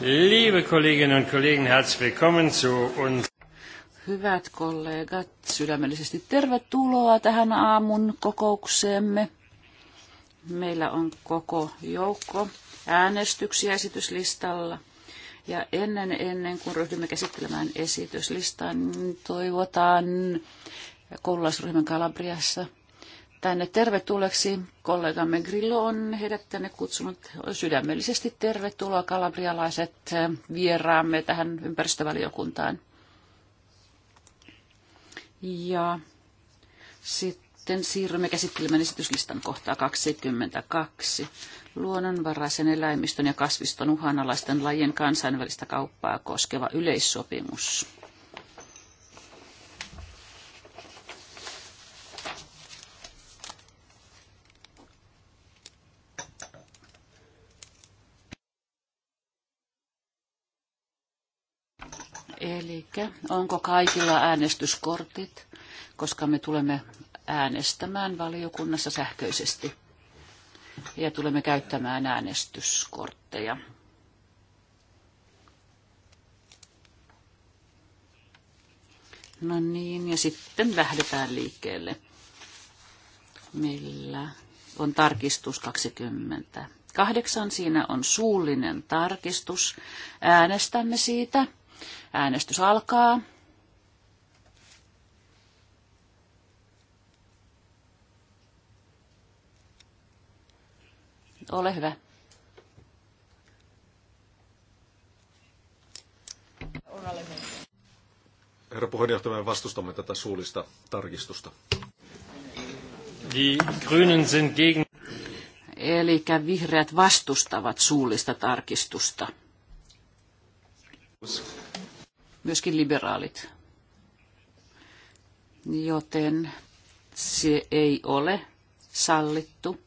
Liebe Kolleginnen und Kollegen, herzlich willkommen zu uns. Hyvät kollegat, sydämellisesti tervetuloa tähän aamun kokoukseemme. Meillä on koko joukko äänestyksiä esityslistalla. Ja ennen, ennen kuin ryhdymme käsittelemään esityslistaa, niin toivotaan koululaisryhmän Kalabriassa – tänne tervetulleeksi. Kollegamme Grillo on heidät tänne kutsunut sydämellisesti tervetuloa kalabrialaiset vieraamme tähän ympäristövaliokuntaan. Ja sitten siirrymme käsittelemään esityslistan kohtaa 22. Luonnonvaraisen eläimistön ja kasviston uhanalaisten lajien kansainvälistä kauppaa koskeva yleissopimus. Elikkä onko kaikilla äänestyskortit, koska me tulemme äänestämään valiokunnassa sähköisesti ja tulemme käyttämään äänestyskortteja. No niin, ja sitten lähdetään liikkeelle. Meillä on tarkistus 20. Kahdeksan Siinä on suullinen tarkistus. Äänestämme siitä. Äänestys alkaa. Ole hyvä. Herra puheenjohtaja, me vastustamme tätä suullista tarkistusta. Die Grünen sind gegen... Eli vihreät vastustavat suullista tarkistusta myöskin liberaalit. Joten se ei ole sallittu.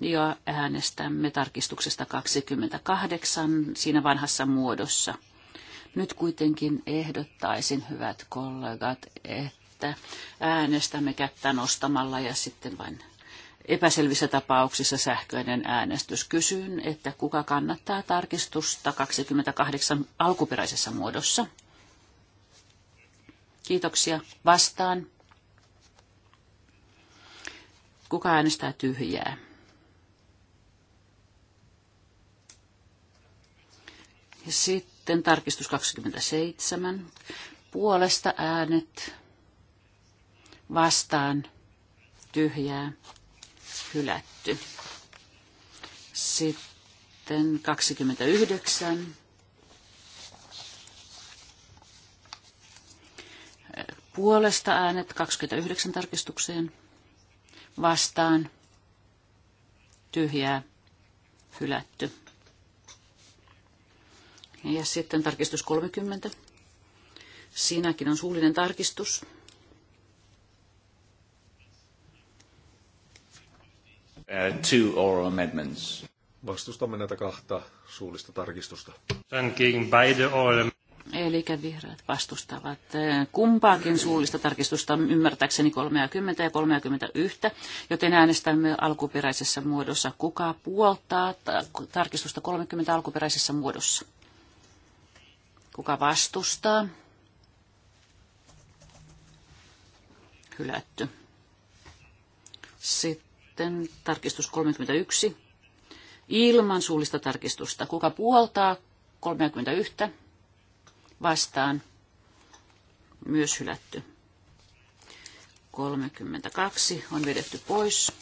Ja äänestämme tarkistuksesta 28 siinä vanhassa muodossa. Nyt kuitenkin ehdottaisin, hyvät kollegat, että äänestämme kättä nostamalla ja sitten vain epäselvissä tapauksissa sähköinen äänestys. Kysyn, että kuka kannattaa tarkistusta 28 alkuperäisessä muodossa. Kiitoksia. Vastaan. Kuka äänestää tyhjää? Ja sitten tarkistus 27. Puolesta äänet vastaan tyhjää hylätty. Sitten 29. Puolesta äänet 29 tarkistukseen. Vastaan. Tyhjää. Hylätty. Ja sitten tarkistus 30. Siinäkin on suullinen tarkistus. Uh, two oral amendments. Vastustamme näitä kahta suullista tarkistusta. Eli vihreät vastustavat eh, kumpaakin suullista tarkistusta, ymmärtääkseni 30 ja 31, joten äänestämme alkuperäisessä muodossa. Kuka puoltaa tarkistusta 30 alkuperäisessä muodossa? Kuka vastustaa? Hylätty. Sitten sitten tarkistus 31. Ilman suullista tarkistusta. Kuka puoltaa 31 vastaan? Myös hylätty. 32 on vedetty pois.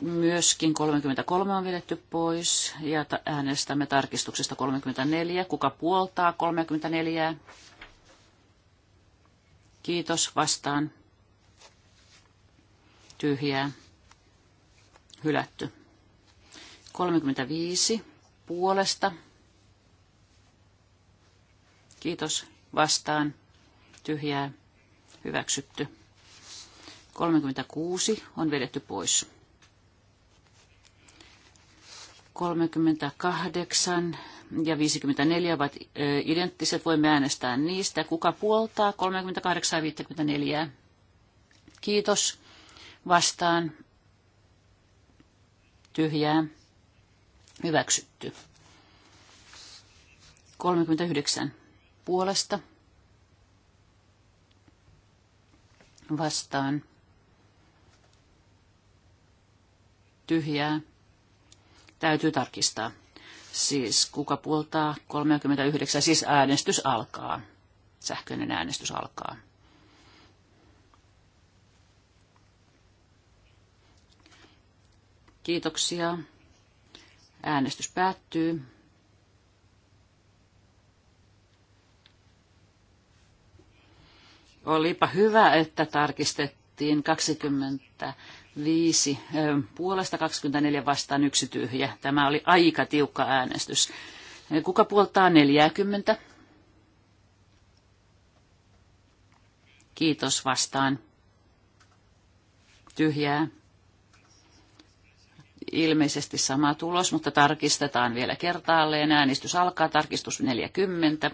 Myöskin 33 on vedetty pois ja äänestämme tarkistuksesta 34. Kuka puoltaa 34? Kiitos vastaan tyhjää, hylätty. 35 puolesta. Kiitos vastaan. Tyhjää. Hyväksytty. 36 on vedetty pois. 38 ja 54 ovat identtiset. Voimme äänestää niistä. Kuka puoltaa 38 ja 54? Kiitos vastaan tyhjää hyväksytty. 39 puolesta vastaan tyhjää täytyy tarkistaa. Siis kuka puoltaa 39, siis äänestys alkaa. Sähköinen äänestys alkaa. Kiitoksia. Äänestys päättyy. Olipa hyvä, että tarkistettiin 25 puolesta 24 vastaan yksi tyhjä. Tämä oli aika tiukka äänestys. Kuka puoltaa 40? Kiitos vastaan. Tyhjää ilmeisesti sama tulos, mutta tarkistetaan vielä kertaalleen. Äänestys alkaa, tarkistus 40.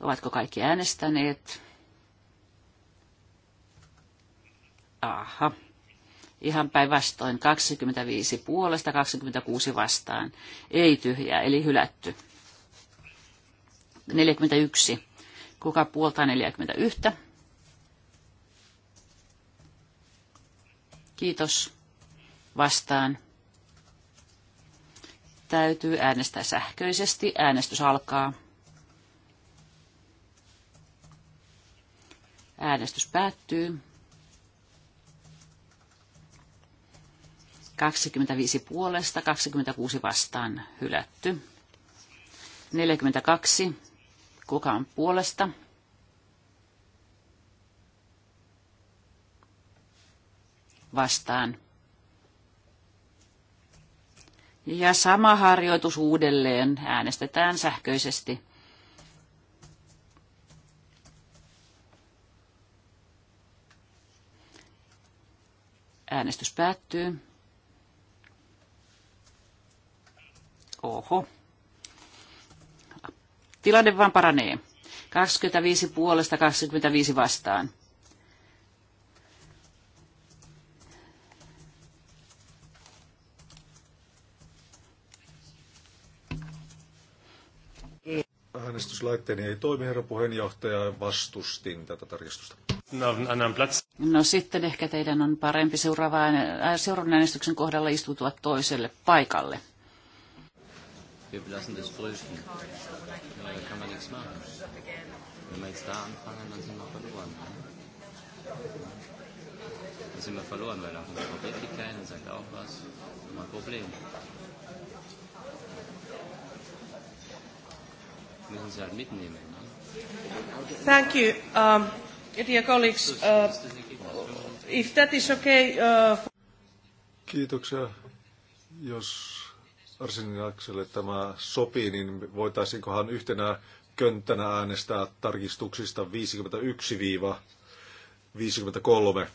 Ovatko kaikki äänestäneet? Aha. Ihan päinvastoin 25 puolesta, 26 vastaan. Ei tyhjää, eli hylätty. 41. Kuka puoltaa 41? Kiitos. Vastaan. Täytyy äänestää sähköisesti. Äänestys alkaa. Äänestys päättyy. 25 puolesta, 26 vastaan hylätty. 42. Kuka on puolesta? vastaan. Ja sama harjoitus uudelleen äänestetään sähköisesti. Äänestys päättyy. Oho. Tilanne vaan paranee. 25 puolesta 25 vastaan. Äänestyslaitteeni ei toimi, herra puheenjohtaja, vastustin tätä tarkistusta. No annan plats. no sitten ehkä teidän on parempi seuraavaan, seuraavan äänestyksen kohdalla istutua toiselle paikalle. Wir Ja, da kann man nichts da anfangen, dann sind wir verloren. Dann sind wir verloren, die Kleine und sagt auch was. Immer Problem. Thank you. Um, dear colleagues, uh, if that is okay... Uh... Kiitoksia. Jos Arseniakselle tämä sopii, niin voitaisiinkohan yhtenä könttänä äänestää tarkistuksista 51-53.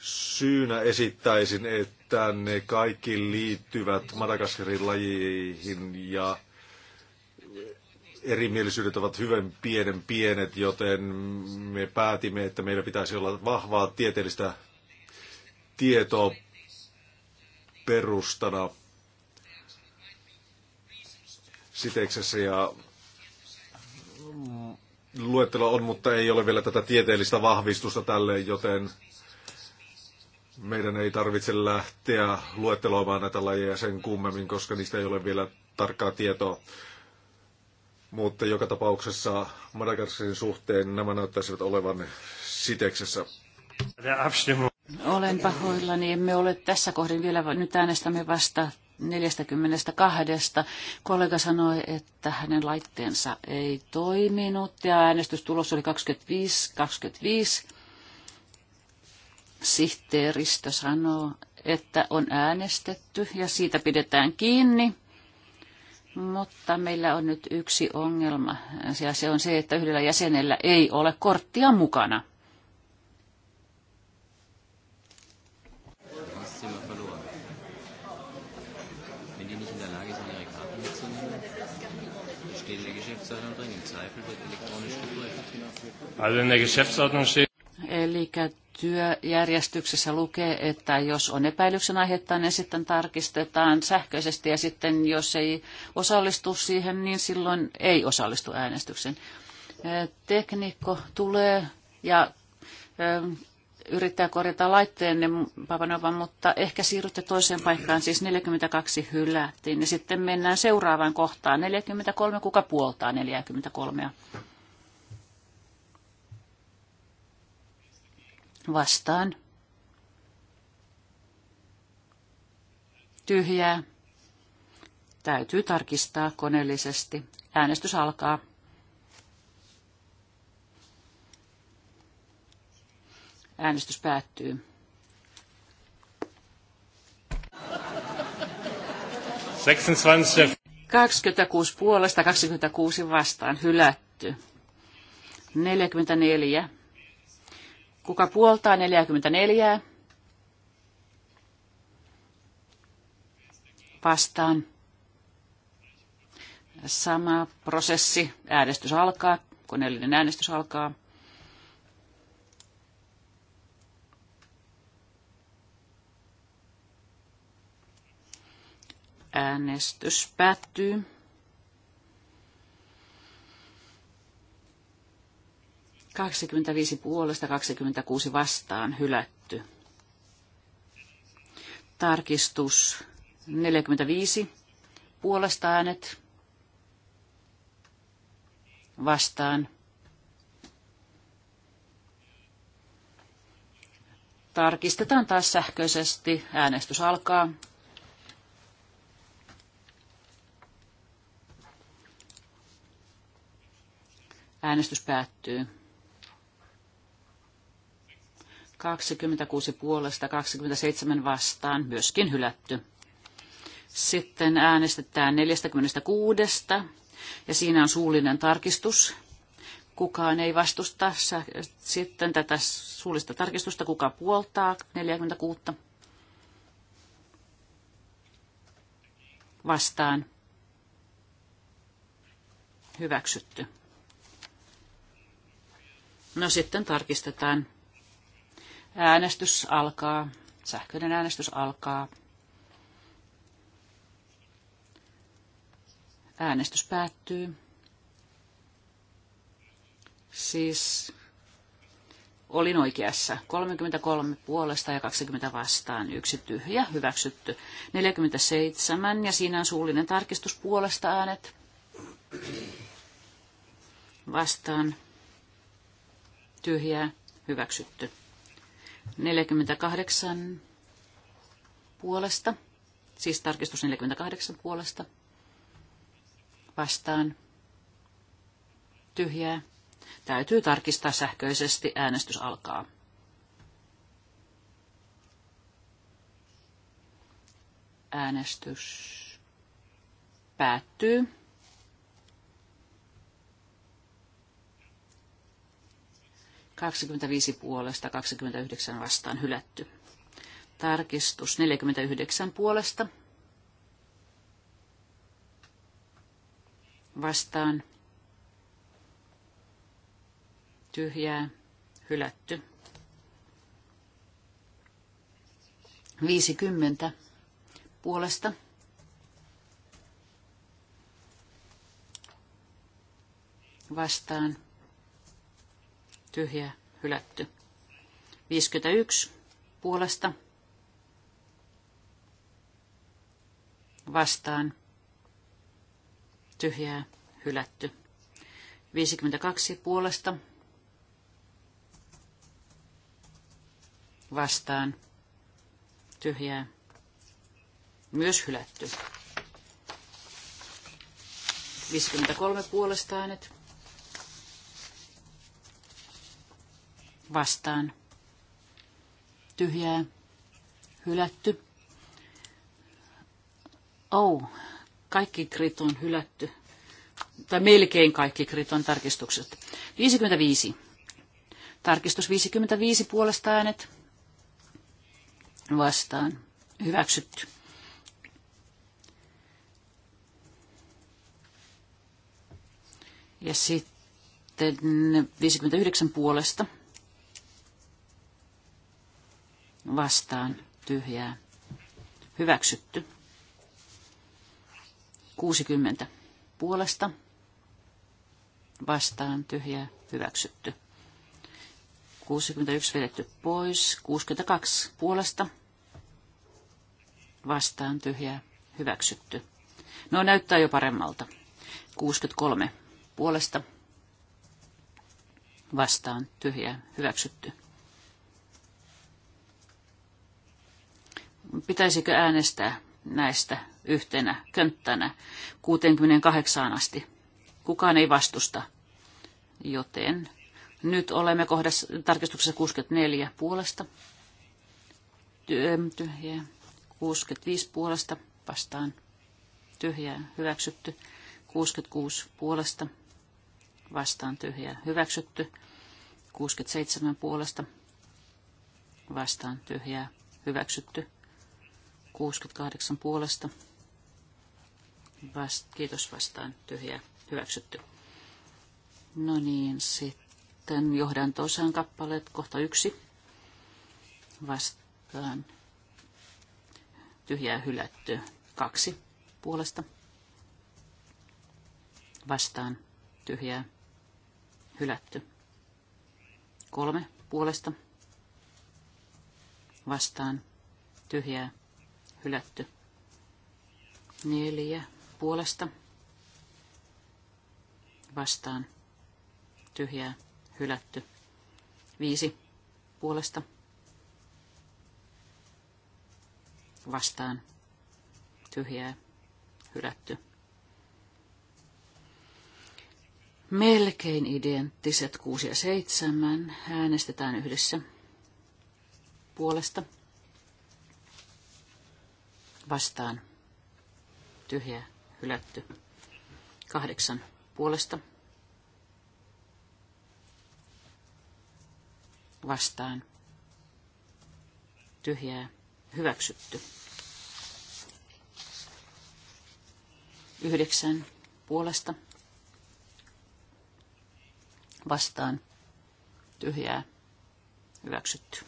Syynä esittäisin, että ne kaikki liittyvät Madagaskarin lajiin ja erimielisyydet ovat hyvin pienen pienet, joten me päätimme, että meillä pitäisi olla vahvaa tieteellistä tietoa perustana siteksessä ja luettelo on, mutta ei ole vielä tätä tieteellistä vahvistusta tälle, joten meidän ei tarvitse lähteä luetteloimaan näitä lajeja sen kummemmin, koska niistä ei ole vielä tarkkaa tietoa. Mutta joka tapauksessa Madagaskarin suhteen nämä näyttäisivät olevan siteksessä. Olen pahoillani, emme ole tässä kohdin vielä, nyt äänestämme vasta 42. Kollega sanoi, että hänen laitteensa ei toiminut ja äänestystulos oli 25, 25. Sihteeristö sanoo, että on äänestetty ja siitä pidetään kiinni. Mutta meillä on nyt yksi ongelma, ja se on se, että yhdellä jäsenellä ei ole korttia mukana. Eli työjärjestyksessä lukee, että jos on epäilyksen aihetta, niin sitten tarkistetaan sähköisesti ja sitten jos ei osallistu siihen, niin silloin ei osallistu äänestykseen. Tekniikko tulee ja yrittää korjata laitteenne, Papanova, mutta ehkä siirrytte toiseen paikkaan, siis 42 hylättiin. Ja sitten mennään seuraavaan kohtaan, 43, kuka puoltaa 43? vastaan. Tyhjää. Täytyy tarkistaa koneellisesti. Äänestys alkaa. Äänestys päättyy. Seksensvanssef. 26 puolesta, 26 vastaan, hylätty. 44 Kuka puoltaa 44? Vastaan. Sama prosessi. Äänestys alkaa. Koneellinen äänestys alkaa. Äänestys päättyy. 25 puolesta 26 vastaan hylätty. Tarkistus 45 puolesta äänet vastaan. Tarkistetaan taas sähköisesti. Äänestys alkaa. Äänestys päättyy. 26 puolesta, 27 vastaan, myöskin hylätty. Sitten äänestetään 46 ja siinä on suullinen tarkistus. Kukaan ei vastusta sitten tätä suullista tarkistusta, kuka puoltaa 46 vastaan. Hyväksytty. No sitten tarkistetaan Äänestys alkaa. Sähköinen äänestys alkaa. Äänestys päättyy. Siis olin oikeassa. 33 puolesta ja 20 vastaan, yksi tyhjä, hyväksytty. 47 ja siinä on suullinen tarkistus puolesta äänet vastaan, tyhjää, hyväksytty. 48 puolesta, siis tarkistus 48 puolesta, vastaan, tyhjää. Täytyy tarkistaa sähköisesti, äänestys alkaa. Äänestys päättyy. 25 puolesta, 29 vastaan hylätty. Tarkistus 49 puolesta. Vastaan tyhjää, hylätty. 50 puolesta. Vastaan tyhjä, hylätty. 51 puolesta vastaan tyhjää, hylätty. 52 puolesta vastaan tyhjää, myös hylätty. 53 puolesta äänet vastaan. Tyhjää, hylätty. Oh, kaikki krit on hylätty. Tai melkein kaikki on tarkistukset. 55. Tarkistus 55 puolesta äänet vastaan. Hyväksytty. Ja sitten 59 puolesta vastaan tyhjää hyväksytty. 60 puolesta vastaan tyhjää hyväksytty. 61 vedetty pois, 62 puolesta vastaan tyhjää hyväksytty. No näyttää jo paremmalta. 63 puolesta vastaan tyhjää hyväksytty. pitäisikö äänestää näistä yhtenä könttänä 68 asti. Kukaan ei vastusta, joten nyt olemme kohdassa tarkistuksessa 64 puolesta. 65 puolesta vastaan. Tyhjää. Hyväksytty. 66 puolesta vastaan. Tyhjää. Hyväksytty. 67 puolesta vastaan. Tyhjää. Hyväksytty. 68 puolesta. Vast, kiitos vastaan. Tyhjä. Hyväksytty. No niin, sitten johdantoosaan kappaleet kohta yksi. Vastaan. Tyhjää hylätty. Kaksi puolesta. Vastaan. Tyhjää hylätty. Kolme puolesta. Vastaan. Tyhjää hylätty. Neljä puolesta vastaan tyhjää hylätty. Viisi puolesta vastaan tyhjää hylätty. Melkein identtiset kuusi ja seitsemän äänestetään yhdessä puolesta vastaan tyhjää hylätty. Kahdeksan puolesta vastaan tyhjää hyväksytty. Yhdeksän puolesta vastaan tyhjää hyväksytty.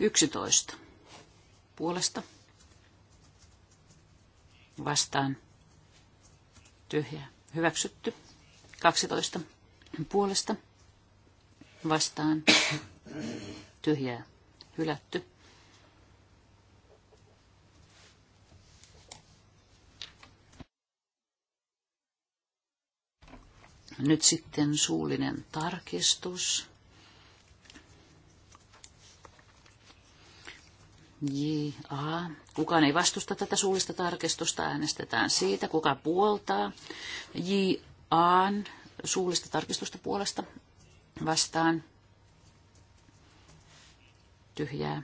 Yksitoista puolesta vastaan tyhjä hyväksytty. kaksitoista puolesta vastaan tyhjää hylätty. Nyt sitten suullinen tarkistus. aha. Kukaan ei vastusta tätä suullista tarkistusta. Äänestetään siitä. Kuka puoltaa? Jaan suullista tarkistusta puolesta vastaan. Tyhjää.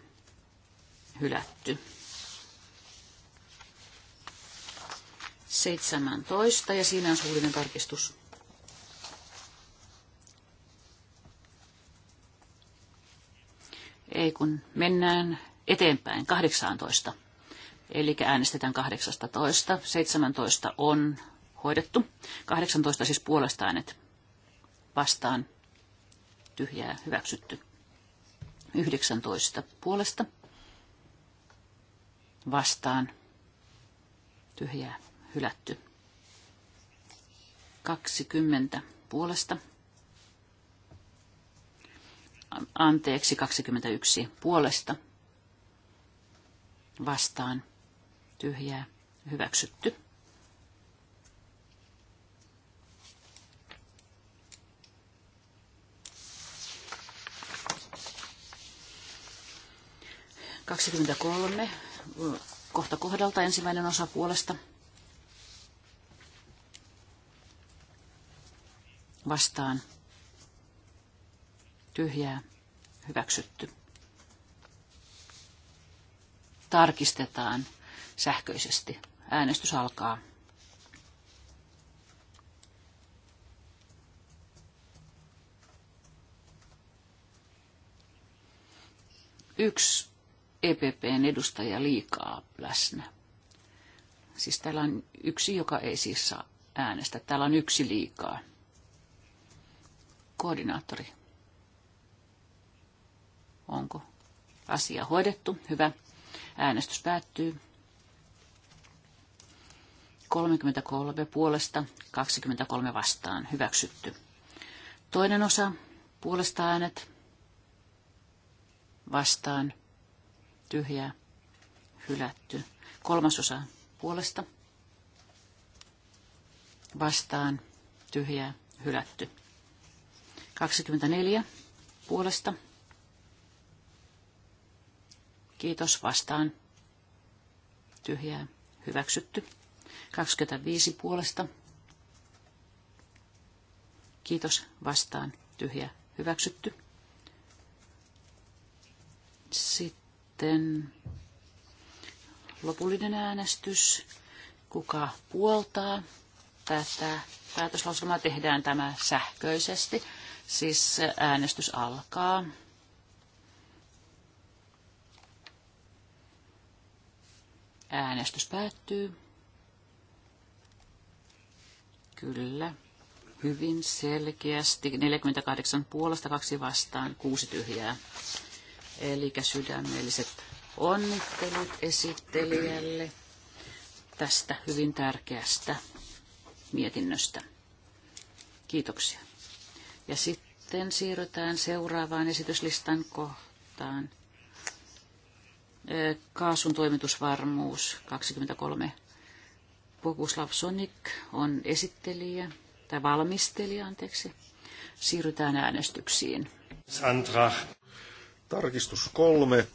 Hylätty. 17 ja siinä on suullinen tarkistus. Ei kun mennään eteenpäin 18. Eli äänestetään 18. 17 on hoidettu. 18 siis puolesta äänet vastaan tyhjää hyväksytty. 19 puolesta vastaan tyhjää hylätty. 20 puolesta. Anteeksi, 21 puolesta vastaan tyhjää hyväksytty. Kaksikymmentäkolme kohta kohdalta ensimmäinen osa puolesta vastaan tyhjää hyväksytty tarkistetaan sähköisesti. Äänestys alkaa. Yksi EPPn edustaja liikaa läsnä. Siis täällä on yksi, joka ei siis saa äänestä. Täällä on yksi liikaa. Koordinaattori. Onko asia hoidettu? Hyvä. Äänestys päättyy. 33 puolesta, 23 vastaan. Hyväksytty. Toinen osa. Puolesta äänet. Vastaan. Tyhjää. Hylätty. Kolmas osa. Puolesta. Vastaan. Tyhjää. Hylätty. 24. Puolesta. Kiitos vastaan. Tyhjää. Hyväksytty. 25 puolesta. Kiitos vastaan. Tyhjä. Hyväksytty. Sitten lopullinen äänestys. Kuka puoltaa tätä päätöslauselmaa? Tehdään tämä sähköisesti. Siis äänestys alkaa. Äänestys päättyy. Kyllä. Hyvin selkeästi. 48 puolesta, kaksi vastaan, kuusi tyhjää. Eli sydämelliset onnittelut esittelijälle tästä hyvin tärkeästä mietinnöstä. Kiitoksia. Ja sitten siirrytään seuraavaan esityslistan kohtaan. Kaasun toimitusvarmuus 23. Boguslav Sonik on esittelijä tai valmistelija, anteeksi. Siirrytään äänestyksiin. Sandra. Tarkistus kolme.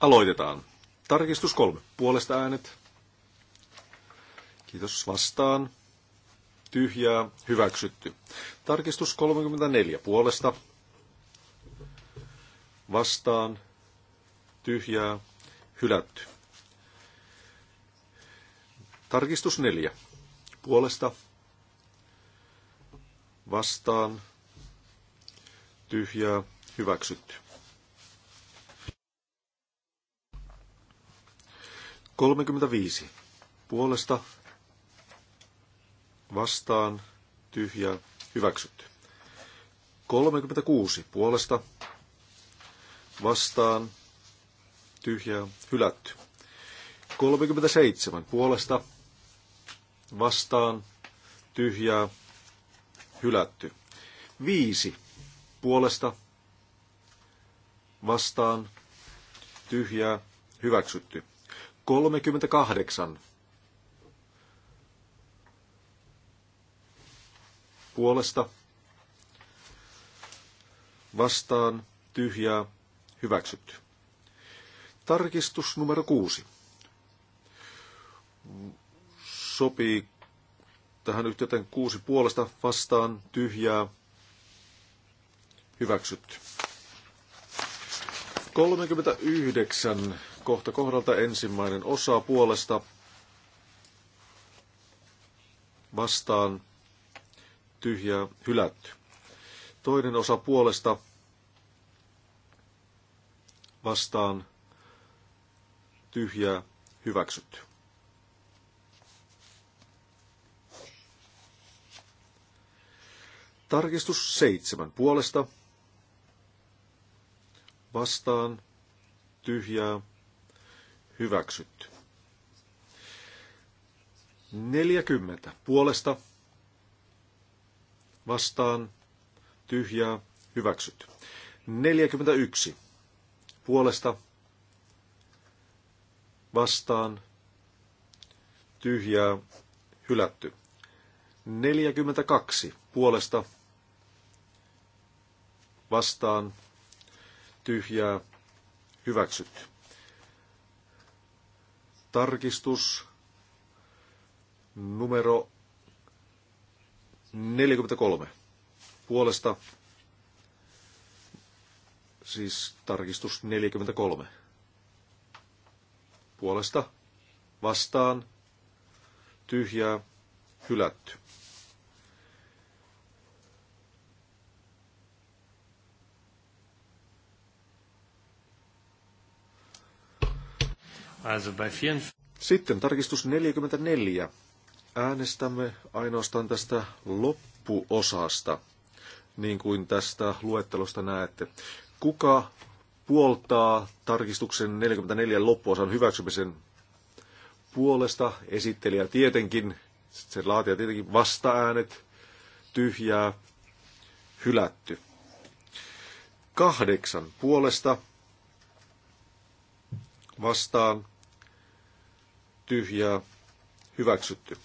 Aloitetaan. Tarkistus kolme. Puolesta äänet. Kiitos vastaan. Tyhjää. Hyväksytty. Tarkistus 34. Puolesta. Vastaan. Tyhjää. Hylätty. Tarkistus 4. Puolesta. Vastaan. Tyhjää. Hyväksytty. 35. Puolesta vastaan tyhjä hyväksytty. 36. Puolesta vastaan tyhjä hylätty. 37. Puolesta vastaan tyhjä hylätty. 5. Puolesta vastaan tyhjä hyväksytty. 38 puolesta vastaan tyhjää hyväksytty. Tarkistus numero 6 sopii tähän yhteyteen kuusi puolesta vastaan tyhjää hyväksytty. 39 kohta kohdalta ensimmäinen osa puolesta vastaan tyhjää hylätty. Toinen osa puolesta vastaan tyhjää hyväksytty. Tarkistus seitsemän puolesta vastaan tyhjää hyväksytty. 40 puolesta vastaan tyhjää hyväksytty. 41 puolesta vastaan tyhjää hylätty. 42 puolesta vastaan tyhjää hyväksytty tarkistus numero 43 puolesta, siis tarkistus 43 puolesta vastaan tyhjää hylätty. Sitten tarkistus 44. Äänestämme ainoastaan tästä loppuosasta, niin kuin tästä luettelosta näette. Kuka puoltaa tarkistuksen 44 loppuosan hyväksymisen puolesta? Esittelijä tietenkin, se laatija tietenkin, vastaäänet, tyhjää, hylätty. Kahdeksan puolesta vastaan tyhjää hyväksytty.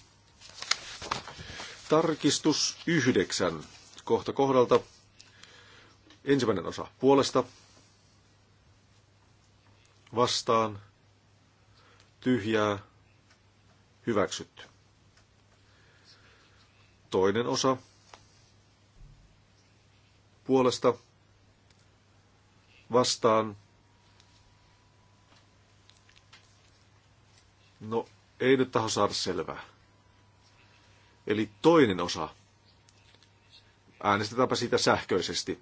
Tarkistus yhdeksän kohta kohdalta. Ensimmäinen osa puolesta. Vastaan. Tyhjää. Hyväksytty. Toinen osa. Puolesta. Vastaan. No, ei nyt taho saada selvää. Eli toinen osa. Äänestetäänpä siitä sähköisesti.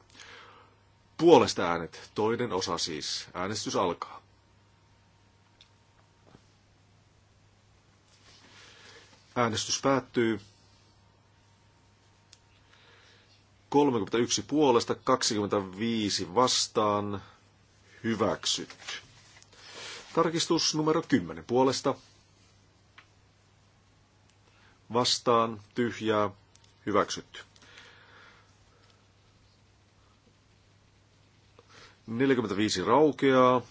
Puolesta äänet. Toinen osa siis. Äänestys alkaa. Äänestys päättyy. 31 puolesta, 25 vastaan. Hyväksytty. Tarkistus numero 10 puolesta. Vastaan tyhjää hyväksytty. 45 raukeaa.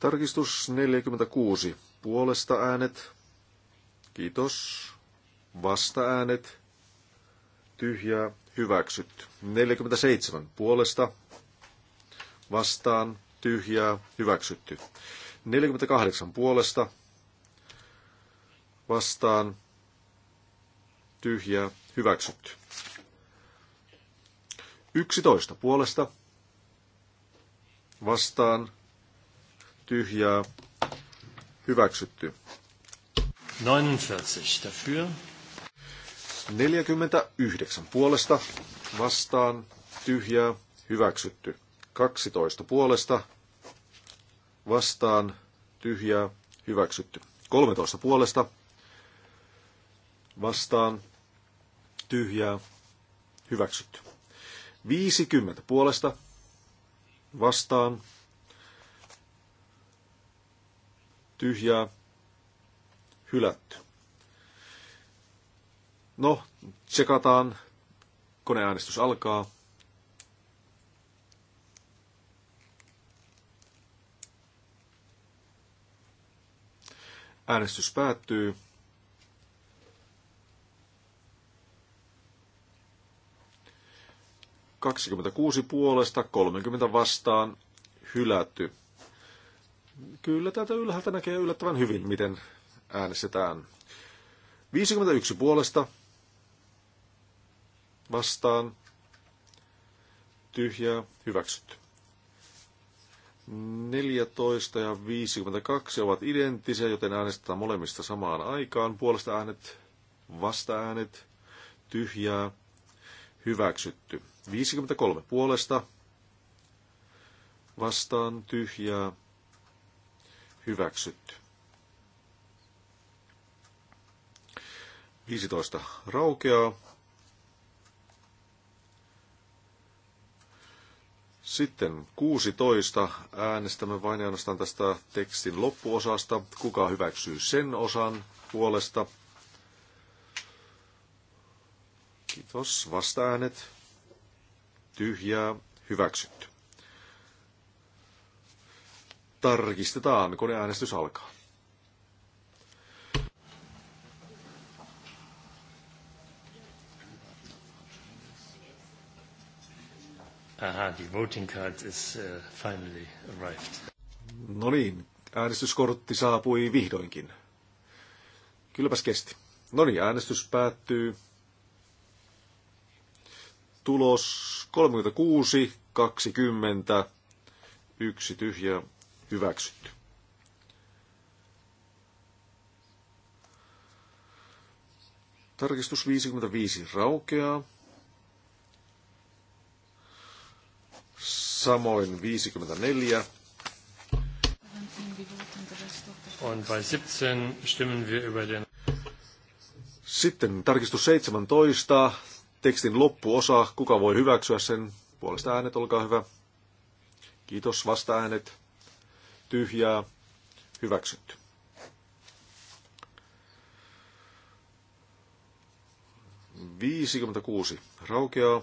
Tarkistus 46. Puolesta äänet. Kiitos. Vasta äänet. Tyhjää hyväksytty. 47 puolesta vastaan tyhjää hyväksytty. 48 puolesta vastaan tyhjää hyväksytty. 11 puolesta vastaan tyhjää hyväksytty. 49 dafür 49 puolesta vastaan tyhjää hyväksytty. 12 puolesta vastaan tyhjää hyväksytty. 13 puolesta vastaan tyhjää hyväksytty. 50 puolesta vastaan tyhjää hylätty. No, tsekataan. Koneäänestys alkaa. Äänestys päättyy. kuusi puolesta, 30 vastaan, hylätty. Kyllä täältä ylhäältä näkee yllättävän hyvin, miten äänestetään. 51 puolesta, vastaan tyhjää hyväksytty. 14 ja 52 ovat identtisiä, joten äänestetään molemmista samaan aikaan. Puolesta äänet, vasta äänet, tyhjää, hyväksytty. 53 puolesta, vastaan tyhjää, hyväksytty. 15 raukeaa. Sitten 16. Äänestämme vain ainoastaan tästä tekstin loppuosasta. Kuka hyväksyy sen osan puolesta? Kiitos. Vastaäänet. Tyhjää. Hyväksytty. Tarkistetaan, kun äänestys alkaa. Aha, the voting card is uh, finally arrived. No niin, äänestyskortti saapui vihdoinkin. Kylläpäs kesti. No niin, äänestys päättyy. Tulos 36, 20, yksi tyhjä, hyväksytty. Tarkistus 55 raukeaa. samoin 54. Und bei 17 stimmen wir über den... Sitten tarkistus 17. Tekstin loppuosa. Kuka voi hyväksyä sen? Puolesta äänet, olkaa hyvä. Kiitos, vasta äänet. Tyhjää. Hyväksytty. Viisikymmentäkuusi raukeaa.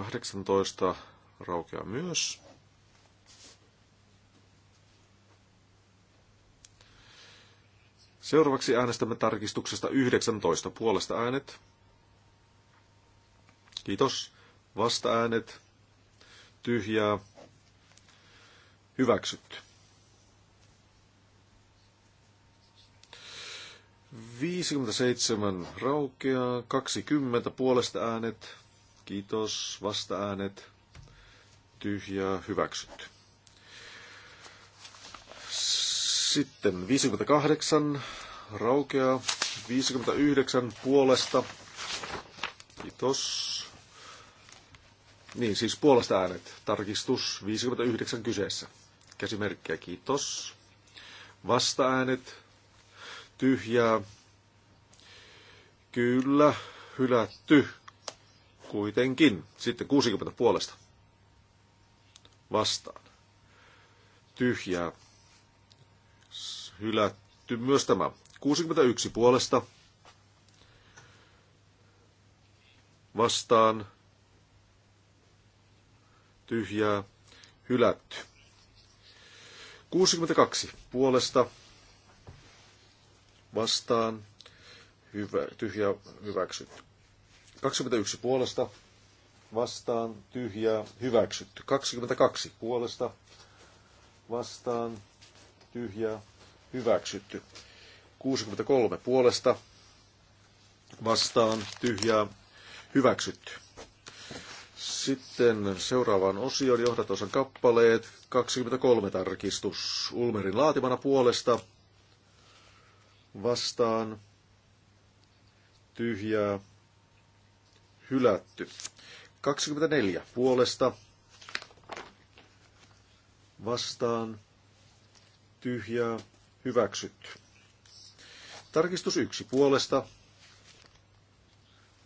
18 raukeaa myös. Seuraavaksi äänestämme tarkistuksesta 19 puolesta äänet. Kiitos. Vasta äänet. Tyhjää. Hyväksytty. 57 raukeaa, 20 puolesta äänet, Kiitos. Vastaäänet. Tyhjää. Hyväksytty. Sitten 58 raukeaa. 59 puolesta. Kiitos. Niin, siis puolesta äänet. Tarkistus 59 kyseessä. Käsimerkkiä, kiitos. Vasta-äänet. Tyhjää. Kyllä, hylätty kuitenkin. Sitten 60 puolesta vastaan. Tyhjää. Hylätty myös tämä. 61 puolesta vastaan. Tyhjää. Hylätty. 62 puolesta vastaan. Hyvä, tyhjä hyväksytty. 21 puolesta vastaan tyhjää hyväksytty. 22 puolesta vastaan tyhjää hyväksytty. 63 puolesta vastaan tyhjää hyväksytty. Sitten seuraavaan osioon johdatosan kappaleet. 23 tarkistus Ulmerin laatimana puolesta vastaan tyhjää hylätty. 24 puolesta vastaan tyhjää hyväksytty. Tarkistus 1 puolesta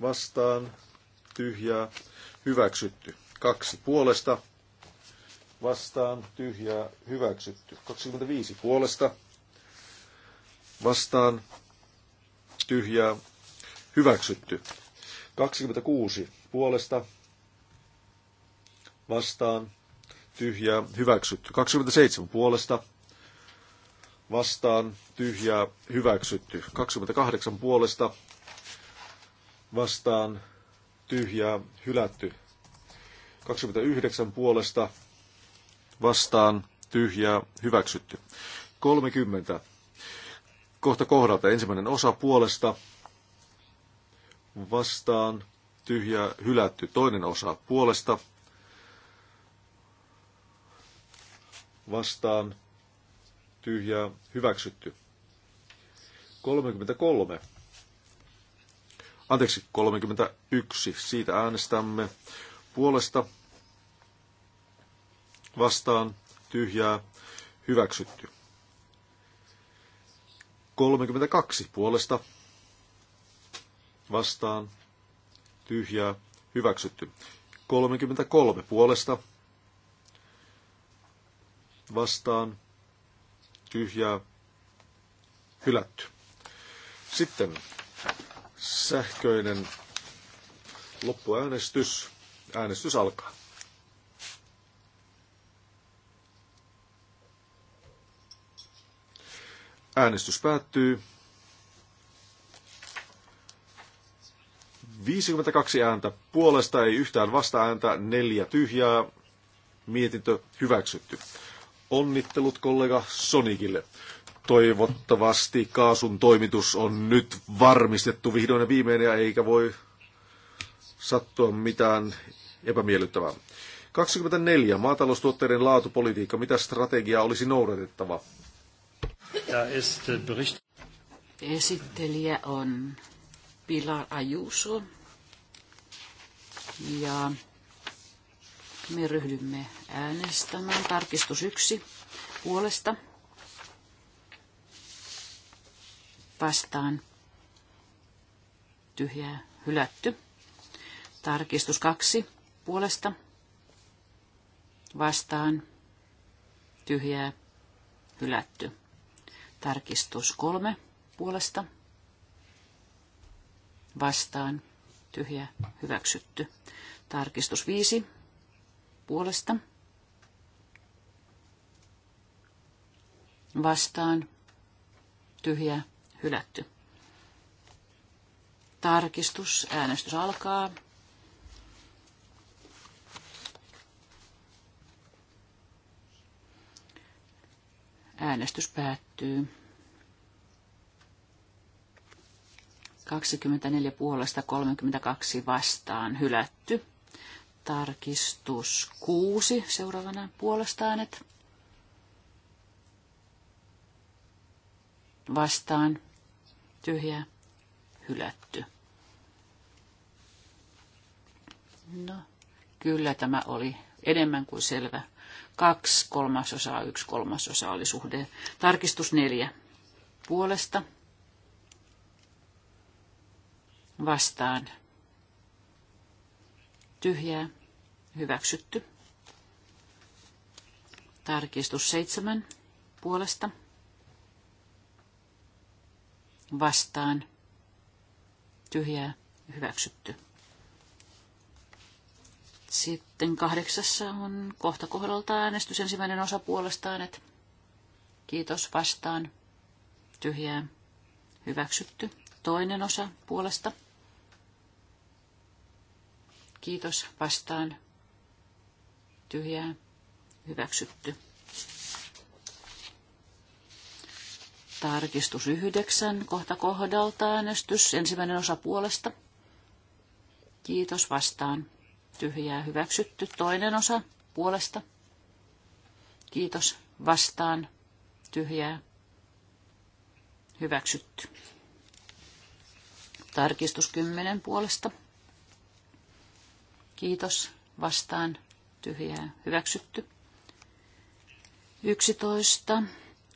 vastaan tyhjää hyväksytty. 2 puolesta vastaan tyhjää hyväksytty. 25 puolesta vastaan tyhjää hyväksytty. 26 puolesta vastaan tyhjää hyväksytty. 27 puolesta vastaan tyhjää hyväksytty. 28 puolesta vastaan tyhjää hylätty. 29 puolesta vastaan tyhjää hyväksytty. 30. Kohta kohdalta ensimmäinen osa puolesta vastaan, tyhjää hylätty. Toinen osa puolesta vastaan, tyhjää hyväksytty. 33. Anteeksi, 31. Siitä äänestämme puolesta vastaan tyhjää hyväksytty. 32 puolesta vastaan, tyhjää, hyväksytty. 33 puolesta, vastaan, tyhjää, hylätty. Sitten sähköinen loppuäänestys. Äänestys alkaa. Äänestys päättyy. 52 ääntä puolesta, ei yhtään vasta-ääntä, neljä tyhjää. Mietintö hyväksytty. Onnittelut kollega Sonikille. Toivottavasti kaasun toimitus on nyt varmistettu vihdoin ja viimein ja eikä voi sattua mitään epämiellyttävää. 24. Maataloustuotteiden laatupolitiikka. Mitä strategiaa olisi noudatettava? Esittelijä on Pilar Ajuso. Ja me ryhdymme äänestämään. Tarkistus yksi puolesta. Vastaan. Tyhjää hylätty. Tarkistus kaksi puolesta. Vastaan. Tyhjää hylätty. Tarkistus kolme puolesta vastaan tyhjä hyväksytty. Tarkistus 5 puolesta vastaan tyhjä hylätty. Tarkistus, äänestys alkaa. Äänestys päättyy. 24 puolesta 32 vastaan hylätty. Tarkistus 6 seuraavana puolestaan, että Vastaan tyhjä hylätty. No, kyllä tämä oli enemmän kuin selvä. Kaksi kolmasosaa, yksi kolmasosa oli suhde. Tarkistus neljä puolesta vastaan tyhjää hyväksytty. Tarkistus seitsemän puolesta vastaan tyhjää hyväksytty. Sitten kahdeksassa on kohta kohdalta äänestys ensimmäinen osa puolestaan että Kiitos vastaan. Tyhjää. Hyväksytty. Toinen osa puolesta. Kiitos vastaan. Tyhjää. Hyväksytty. Tarkistus yhdeksän, kohta kohdalta äänestys, ensimmäinen osa puolesta. Kiitos vastaan. Tyhjää hyväksytty. Toinen osa puolesta. Kiitos vastaan. Tyhjää hyväksytty. Tarkistus kymmenen puolesta. Kiitos. Vastaan. Tyhjää. Hyväksytty. 11.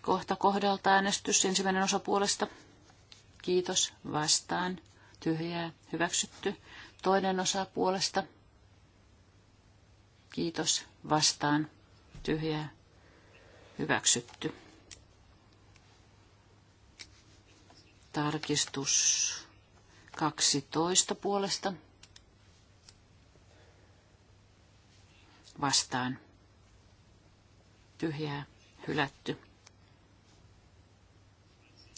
Kohta kohdalta äänestys ensimmäinen osa puolesta. Kiitos. Vastaan. Tyhjää. Hyväksytty. Toinen osa puolesta. Kiitos. Vastaan. Tyhjää. Hyväksytty. Tarkistus 12 puolesta. vastaan. Tyhjää, hylätty.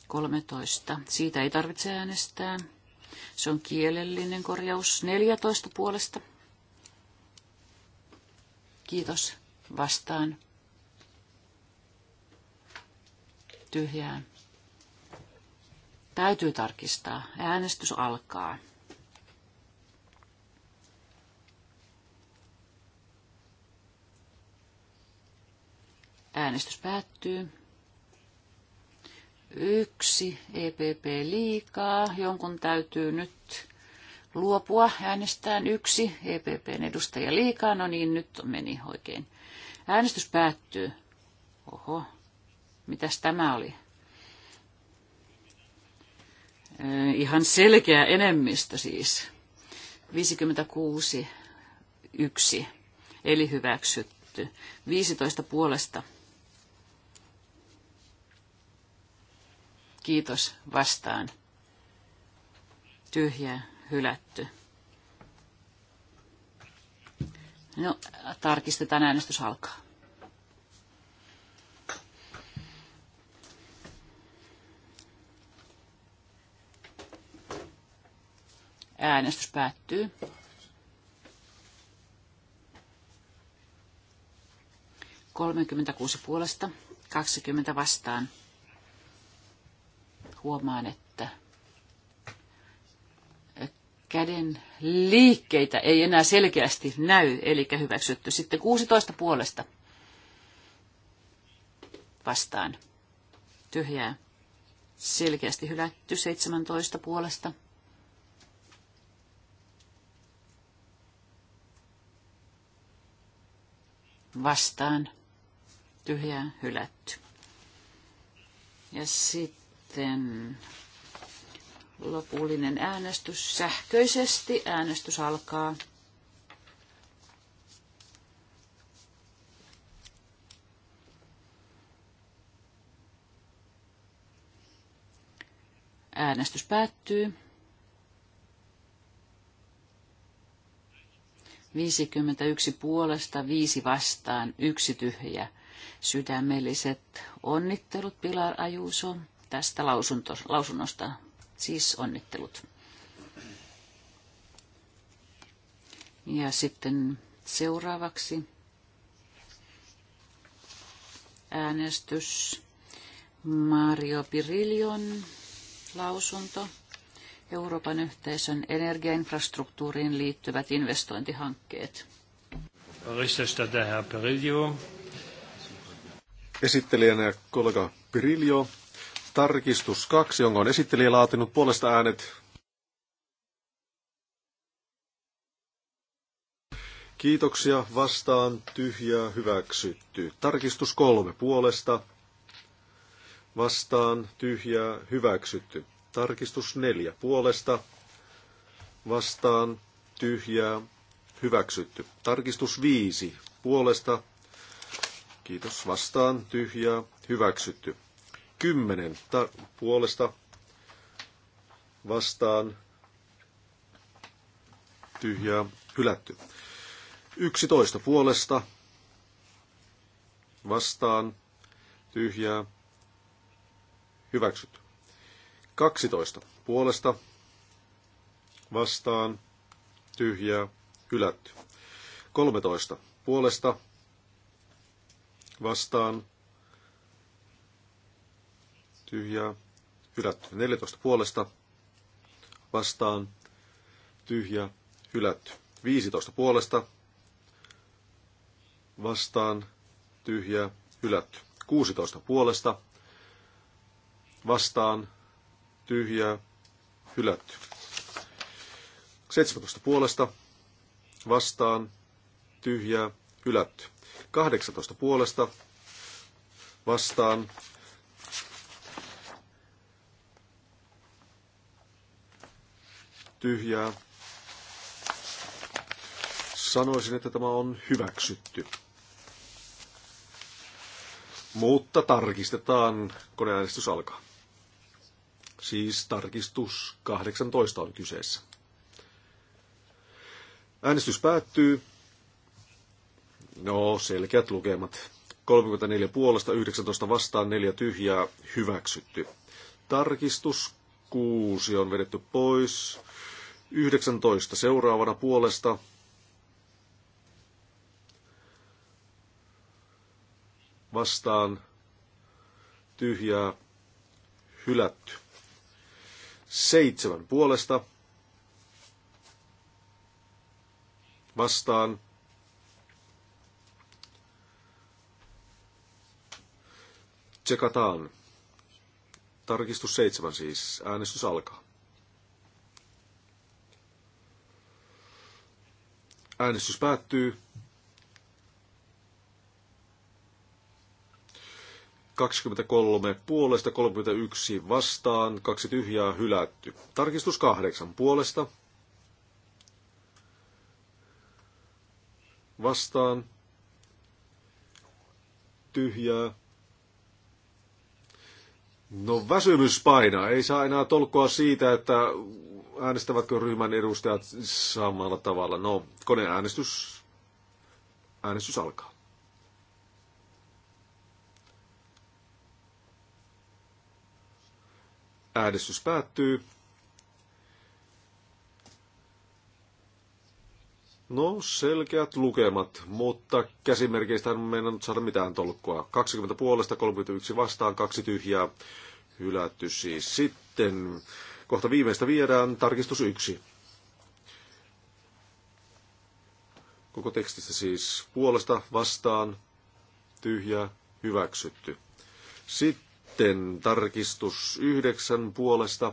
13. Siitä ei tarvitse äänestää. Se on kielellinen korjaus. 14 puolesta. Kiitos. Vastaan. Tyhjää. Täytyy tarkistaa. Äänestys alkaa. Äänestys päättyy. Yksi EPP liikaa. Jonkun täytyy nyt luopua. Äänestään yksi EPPn edustaja liikaa. No niin, nyt meni oikein. Äänestys päättyy. Oho, mitäs tämä oli? Äh, ihan selkeä enemmistö siis. 56, 1, eli hyväksytty. 15 puolesta Kiitos vastaan. Tyhjä, hylätty. No, tarkistetaan äänestys alkaa. Äänestys päättyy. kuusi puolesta, kaksikymmentä vastaan, huomaan, että käden liikkeitä ei enää selkeästi näy, eli hyväksytty. Sitten 16 puolesta vastaan. Tyhjää. Selkeästi hylätty 17 puolesta. Vastaan. Tyhjää hylätty. Ja sitten sitten lopullinen äänestys sähköisesti. Äänestys alkaa. Äänestys päättyy. 51 puolesta, 5 vastaan, yksi tyhjä. Sydämelliset onnittelut Pilar Ajuso tästä lausunto, lausunnosta. Siis onnittelut. Ja sitten seuraavaksi äänestys Mario Pirillion lausunto. Euroopan yhteisön energiainfrastruktuuriin liittyvät investointihankkeet. Esittelijänä kollega Pirillio, Tarkistus kaksi, jonka on esittelijä laatinut puolesta äänet. Kiitoksia, vastaan tyhjää hyväksytty. Tarkistus kolme puolesta. Vastaan tyhjää hyväksytty. Tarkistus neljä puolesta. Vastaan tyhjää hyväksytty. Tarkistus viisi puolesta. Kiitos vastaan tyhjää hyväksytty. 10 puolesta vastaan tyhjää hylätty. 11 puolesta vastaan tyhjää hyväksytty. 12 puolesta vastaan tyhjää hylätty. 13 puolesta vastaan tyhjää, hylätty. 14 puolesta vastaan, Tyhjä, hylätty. 15 puolesta vastaan, Tyhjä, hylätty. 16 puolesta vastaan, Tyhjä, hylätty. 17 puolesta vastaan, Tyhjä, hylätty. 18 puolesta vastaan, tyhjää. Sanoisin, että tämä on hyväksytty. Mutta tarkistetaan, koneäänestys alkaa. Siis tarkistus 18 on kyseessä. Äänestys päättyy. No, selkeät lukemat. 34 puolesta, 19 vastaan, 4 tyhjää, hyväksytty. Tarkistus 6 on vedetty pois. 19 seuraavana puolesta vastaan tyhjää hylätty. Seitsemän puolesta vastaan tsekataan. Tarkistus seitsemän siis. Äänestys alkaa. Äänestys päättyy. 23 puolesta, 31 vastaan, kaksi tyhjää hylätty. Tarkistus 8 puolesta. Vastaan. Tyhjää. No väsymys painaa. Ei saa enää tolkkoa siitä, että äänestävätkö ryhmän edustajat samalla tavalla. No, koneäänestys. Äänestys alkaa. Äänestys päättyy. No, selkeät lukemat, mutta käsimerkeistä en nyt saada mitään tolkkua. 20 puolesta, 31 vastaan, kaksi tyhjää. Hylätty siis sitten. Kohta viimeistä viedään tarkistus yksi. Koko tekstistä siis puolesta, vastaan, tyhjä hyväksytty. Sitten tarkistus yhdeksän puolesta,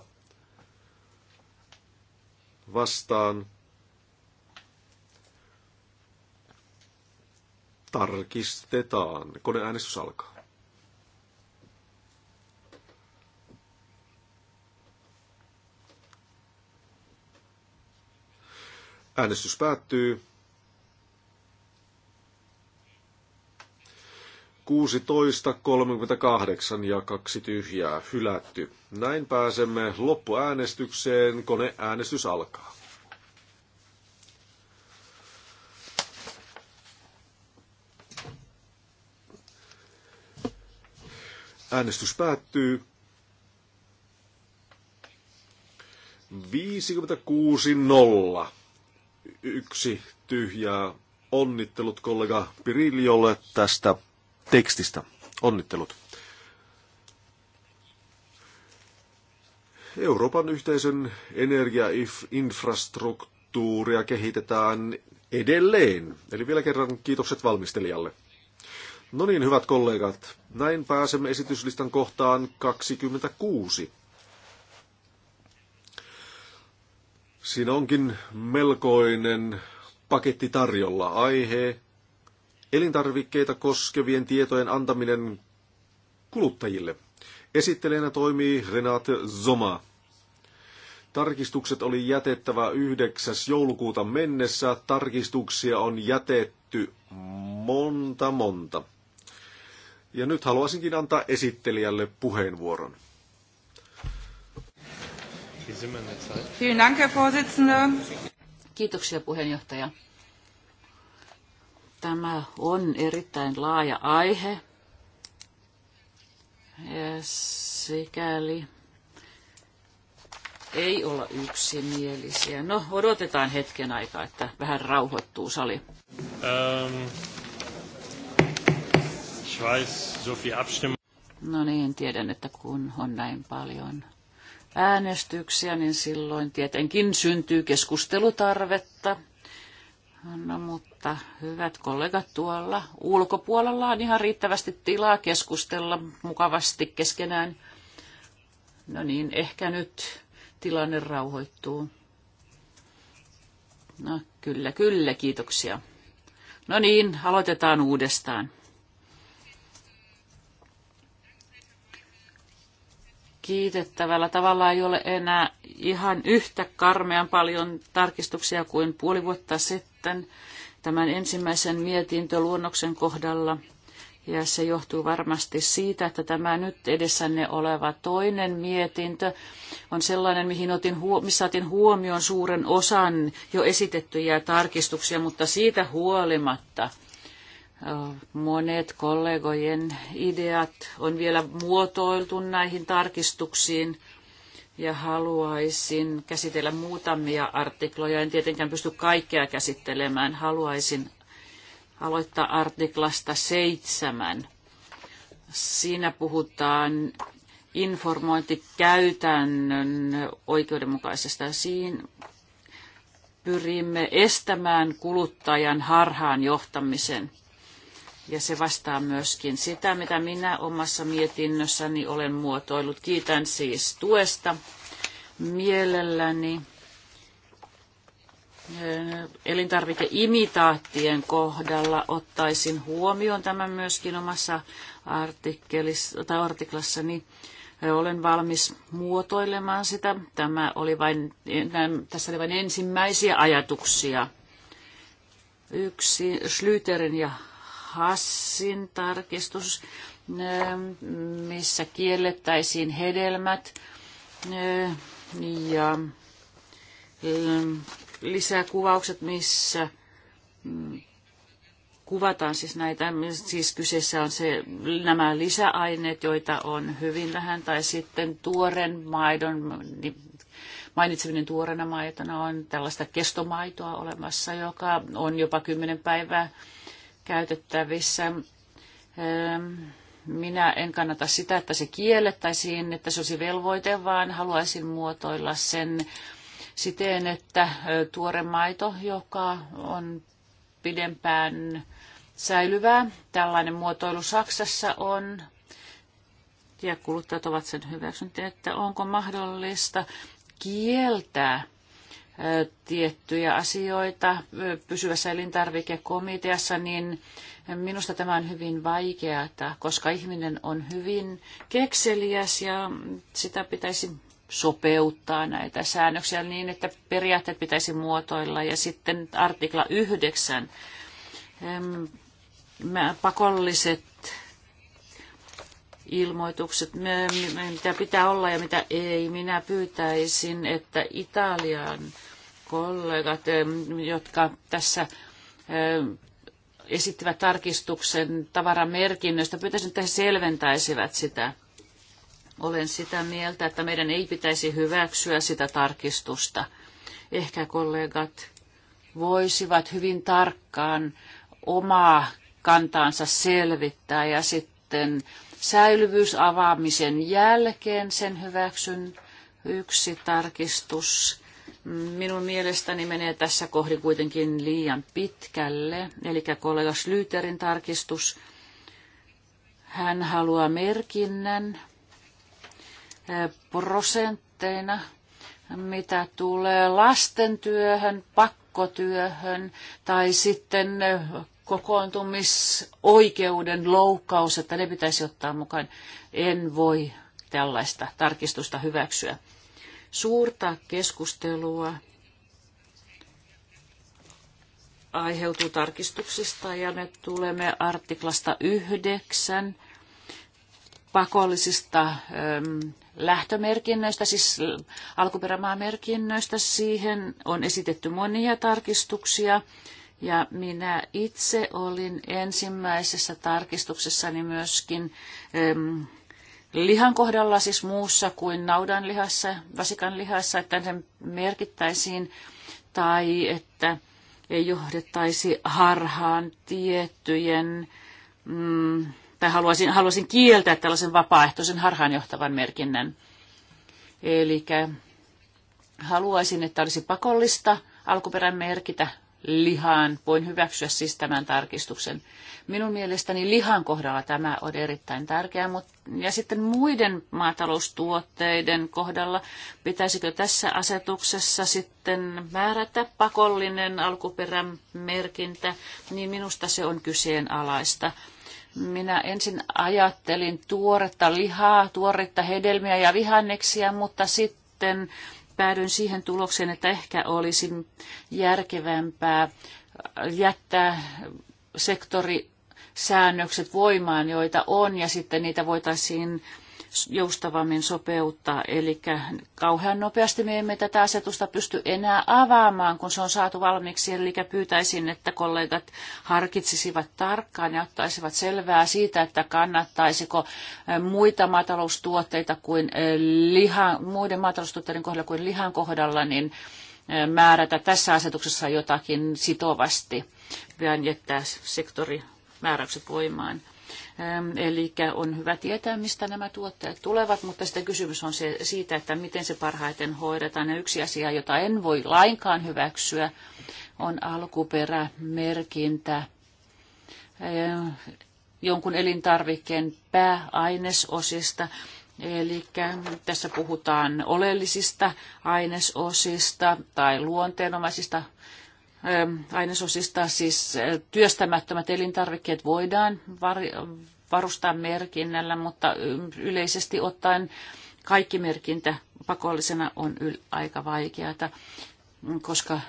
vastaan, Tarkistetaan. Koneäänestys alkaa. Äänestys päättyy. 38 ja kaksi tyhjää hylätty. Näin pääsemme loppuäänestykseen. Koneäänestys alkaa. Äänestys päättyy. 56 nolla. Yksi tyhjää. Onnittelut kollega Piriljolle tästä tekstistä. Onnittelut. Euroopan yhteisön energiainfrastruktuuria kehitetään edelleen. Eli vielä kerran kiitokset valmistelijalle. No niin, hyvät kollegat, näin pääsemme esityslistan kohtaan 26. Siinä onkin melkoinen paketti tarjolla. Aihe elintarvikkeita koskevien tietojen antaminen kuluttajille. Esittelijänä toimii Renate Zoma. Tarkistukset oli jätettävä 9. joulukuuta mennessä. Tarkistuksia on jätetty monta monta. Ja nyt haluaisinkin antaa esittelijälle puheenvuoron. Kiitoksia puheenjohtaja. Tämä on erittäin laaja aihe. Ja sikäli ei olla yksimielisiä. No, odotetaan hetken aikaa, että vähän rauhoittuu sali. Um. No niin, tiedän, että kun on näin paljon äänestyksiä, niin silloin tietenkin syntyy keskustelutarvetta. No mutta hyvät kollegat tuolla ulkopuolella on ihan riittävästi tilaa keskustella mukavasti keskenään. No niin, ehkä nyt tilanne rauhoittuu. No kyllä, kyllä, kiitoksia. No niin, aloitetaan uudestaan. kiitettävällä tavalla ei ole enää ihan yhtä karmean paljon tarkistuksia kuin puoli vuotta sitten tämän ensimmäisen mietintöluonnoksen kohdalla. Ja se johtuu varmasti siitä, että tämä nyt edessänne oleva toinen mietintö on sellainen, mihin otin huo- missä otin huomioon suuren osan jo esitettyjä tarkistuksia, mutta siitä huolimatta – Monet kollegojen ideat on vielä muotoiltu näihin tarkistuksiin ja haluaisin käsitellä muutamia artikloja. En tietenkään pysty kaikkea käsittelemään. Haluaisin aloittaa artiklasta seitsemän. Siinä puhutaan informointikäytännön oikeudenmukaisesta. Siinä pyrimme estämään kuluttajan harhaan johtamisen – ja se vastaa myöskin sitä, mitä minä omassa mietinnössäni olen muotoillut. Kiitän siis tuesta mielelläni eh, elintarvikeimitaattien kohdalla ottaisin huomioon tämän myöskin omassa artikkelissa, tai artiklassani. Eh, olen valmis muotoilemaan sitä. Tämä oli vain, tässä oli vain ensimmäisiä ajatuksia. Yksi Schlüterin ja Hassin tarkistus, missä kiellettäisiin hedelmät ja lisäkuvaukset, missä mm, kuvataan siis näitä, siis kyseessä on se, nämä lisäaineet, joita on hyvin vähän, tai sitten tuoren maidon, niin mainitseminen tuorena maitona on tällaista kestomaitoa olemassa, joka on jopa kymmenen päivää käytettävissä. Ähm, minä en kannata sitä, että se kiellettäisiin, että se olisi velvoite, vaan haluaisin muotoilla sen siten, että äh, tuore maito, joka on pidempään säilyvää, tällainen muotoilu Saksassa on, ja kuluttajat ovat sen hyväksyneet, että onko mahdollista kieltää tiettyjä asioita pysyvässä elintarvikekomiteassa, niin minusta tämä on hyvin vaikeaa, koska ihminen on hyvin kekseliäs ja sitä pitäisi sopeuttaa näitä säännöksiä niin, että periaatteet pitäisi muotoilla. Ja sitten artikla 9, pakolliset ilmoitukset, mitä pitää olla ja mitä ei. Minä pyytäisin, että Italian kollegat, eh, jotka tässä eh, esittivät tarkistuksen tavaramerkinnöstä. Pyytäisin, että he selventäisivät sitä. Olen sitä mieltä, että meidän ei pitäisi hyväksyä sitä tarkistusta. Ehkä kollegat voisivat hyvin tarkkaan omaa kantaansa selvittää ja sitten säilyvyysavaamisen jälkeen sen hyväksyn yksi tarkistus minun mielestäni menee tässä kohdi kuitenkin liian pitkälle. Eli kollega Slyterin tarkistus, hän haluaa merkinnän eh, prosentteina, mitä tulee lastentyöhön, pakkotyöhön tai sitten eh, kokoontumisoikeuden loukkaus, että ne pitäisi ottaa mukaan. En voi tällaista tarkistusta hyväksyä suurta keskustelua aiheutuu tarkistuksista ja me tulemme artiklasta yhdeksän pakollisista ähm, lähtömerkinnöistä, siis äh, alkuperämaamerkinnöistä. Siihen on esitetty monia tarkistuksia ja minä itse olin ensimmäisessä tarkistuksessani myöskin ähm, lihan kohdalla, siis muussa kuin naudan lihassa, vasikan lihassa, että sen merkittäisiin tai että ei johdettaisi harhaan tiettyjen, mm, tai haluaisin, haluaisin kieltää tällaisen vapaaehtoisen harhaanjohtavan merkinnän. Eli haluaisin, että olisi pakollista alkuperän merkitä lihaan. Voin hyväksyä siis tämän tarkistuksen. Minun mielestäni lihan kohdalla tämä on erittäin tärkeää, ja sitten muiden maataloustuotteiden kohdalla pitäisikö tässä asetuksessa sitten määrätä pakollinen alkuperämerkintä, niin minusta se on kyseenalaista. Minä ensin ajattelin tuoretta lihaa, tuoretta hedelmiä ja vihanneksia, mutta sitten sitten päädyin siihen tulokseen, että ehkä olisi järkevämpää jättää sektori säännökset voimaan, joita on, ja sitten niitä voitaisiin joustavammin sopeuttaa. Eli kauhean nopeasti me emme tätä asetusta pysty enää avaamaan, kun se on saatu valmiiksi. Eli pyytäisin, että kollegat harkitsisivat tarkkaan ja ottaisivat selvää siitä, että kannattaisiko muita maataloustuotteita kuin liha, muiden maataloustuotteiden kohdalla kuin lihan kohdalla, niin määrätä tässä asetuksessa jotakin sitovasti, Pyydän jättää sektorimääräykset voimaan. Ähm, eli on hyvä tietää, mistä nämä tuotteet tulevat, mutta sitten kysymys on se, siitä, että miten se parhaiten hoidetaan. Ja yksi asia, jota en voi lainkaan hyväksyä, on alkuperämerkintä. Ähm, jonkun elintarvikkeen pääainesosista. Eli tässä puhutaan oleellisista ainesosista tai luonteenomaisista Ähm, ainesosista, siis äh, työstämättömät elintarvikkeet voidaan varustaa merkinnällä, mutta yleisesti ottaen kaikki merkintä pakollisena on aika vaikeaa, mm, koska äh,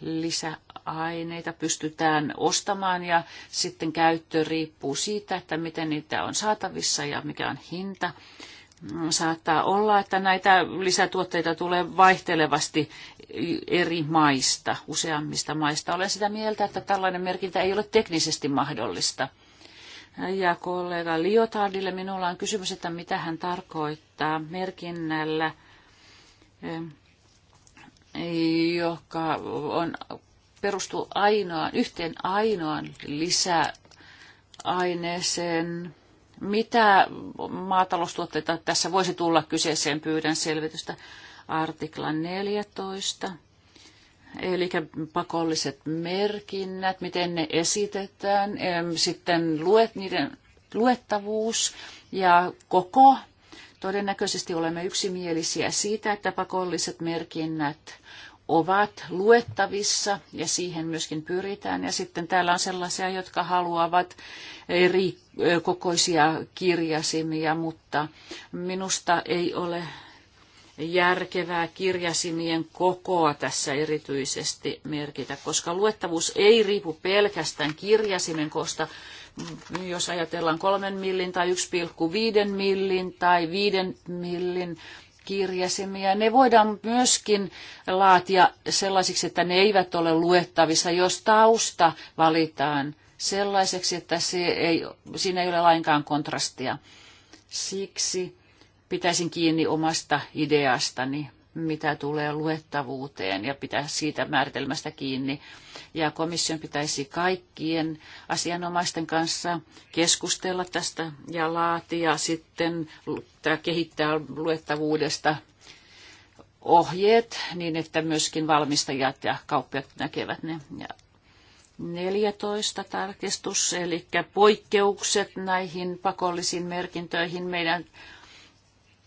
lisäaineita pystytään ostamaan ja sitten käyttö riippuu siitä, että miten niitä on saatavissa ja mikä on hinta. Saattaa olla, että näitä lisätuotteita tulee vaihtelevasti eri maista, useammista maista. Olen sitä mieltä, että tällainen merkintä ei ole teknisesti mahdollista. Ja kollega Liotardille minulla on kysymys, että mitä hän tarkoittaa merkinnällä, eh, joka on, perustuu ainoaan, yhteen ainoan lisäaineeseen, mitä maataloustuotteita tässä voisi tulla kyseeseen? Pyydän selvitystä artikla 14. Eli pakolliset merkinnät, miten ne esitetään, sitten luet, niiden luettavuus ja koko. Todennäköisesti olemme yksimielisiä siitä, että pakolliset merkinnät ovat luettavissa ja siihen myöskin pyritään. Ja sitten täällä on sellaisia, jotka haluavat eri kokoisia kirjasimia, mutta minusta ei ole järkevää kirjasimien kokoa tässä erityisesti merkitä, koska luettavuus ei riipu pelkästään kirjasimen koosta. Jos ajatellaan kolmen millin tai 1,5 millin tai viiden millin kirjasimia. Ne voidaan myöskin laatia sellaisiksi, että ne eivät ole luettavissa, jos tausta valitaan sellaiseksi, että se ei, siinä ei ole lainkaan kontrastia. Siksi pitäisin kiinni omasta ideastani mitä tulee luettavuuteen ja pitää siitä määritelmästä kiinni. Ja komission pitäisi kaikkien asianomaisten kanssa keskustella tästä ja laatia sitten tämä kehittää luettavuudesta ohjeet niin, että myöskin valmistajat ja kauppiat näkevät ne. Ja 14 tarkistus, eli poikkeukset näihin pakollisiin merkintöihin. Meidän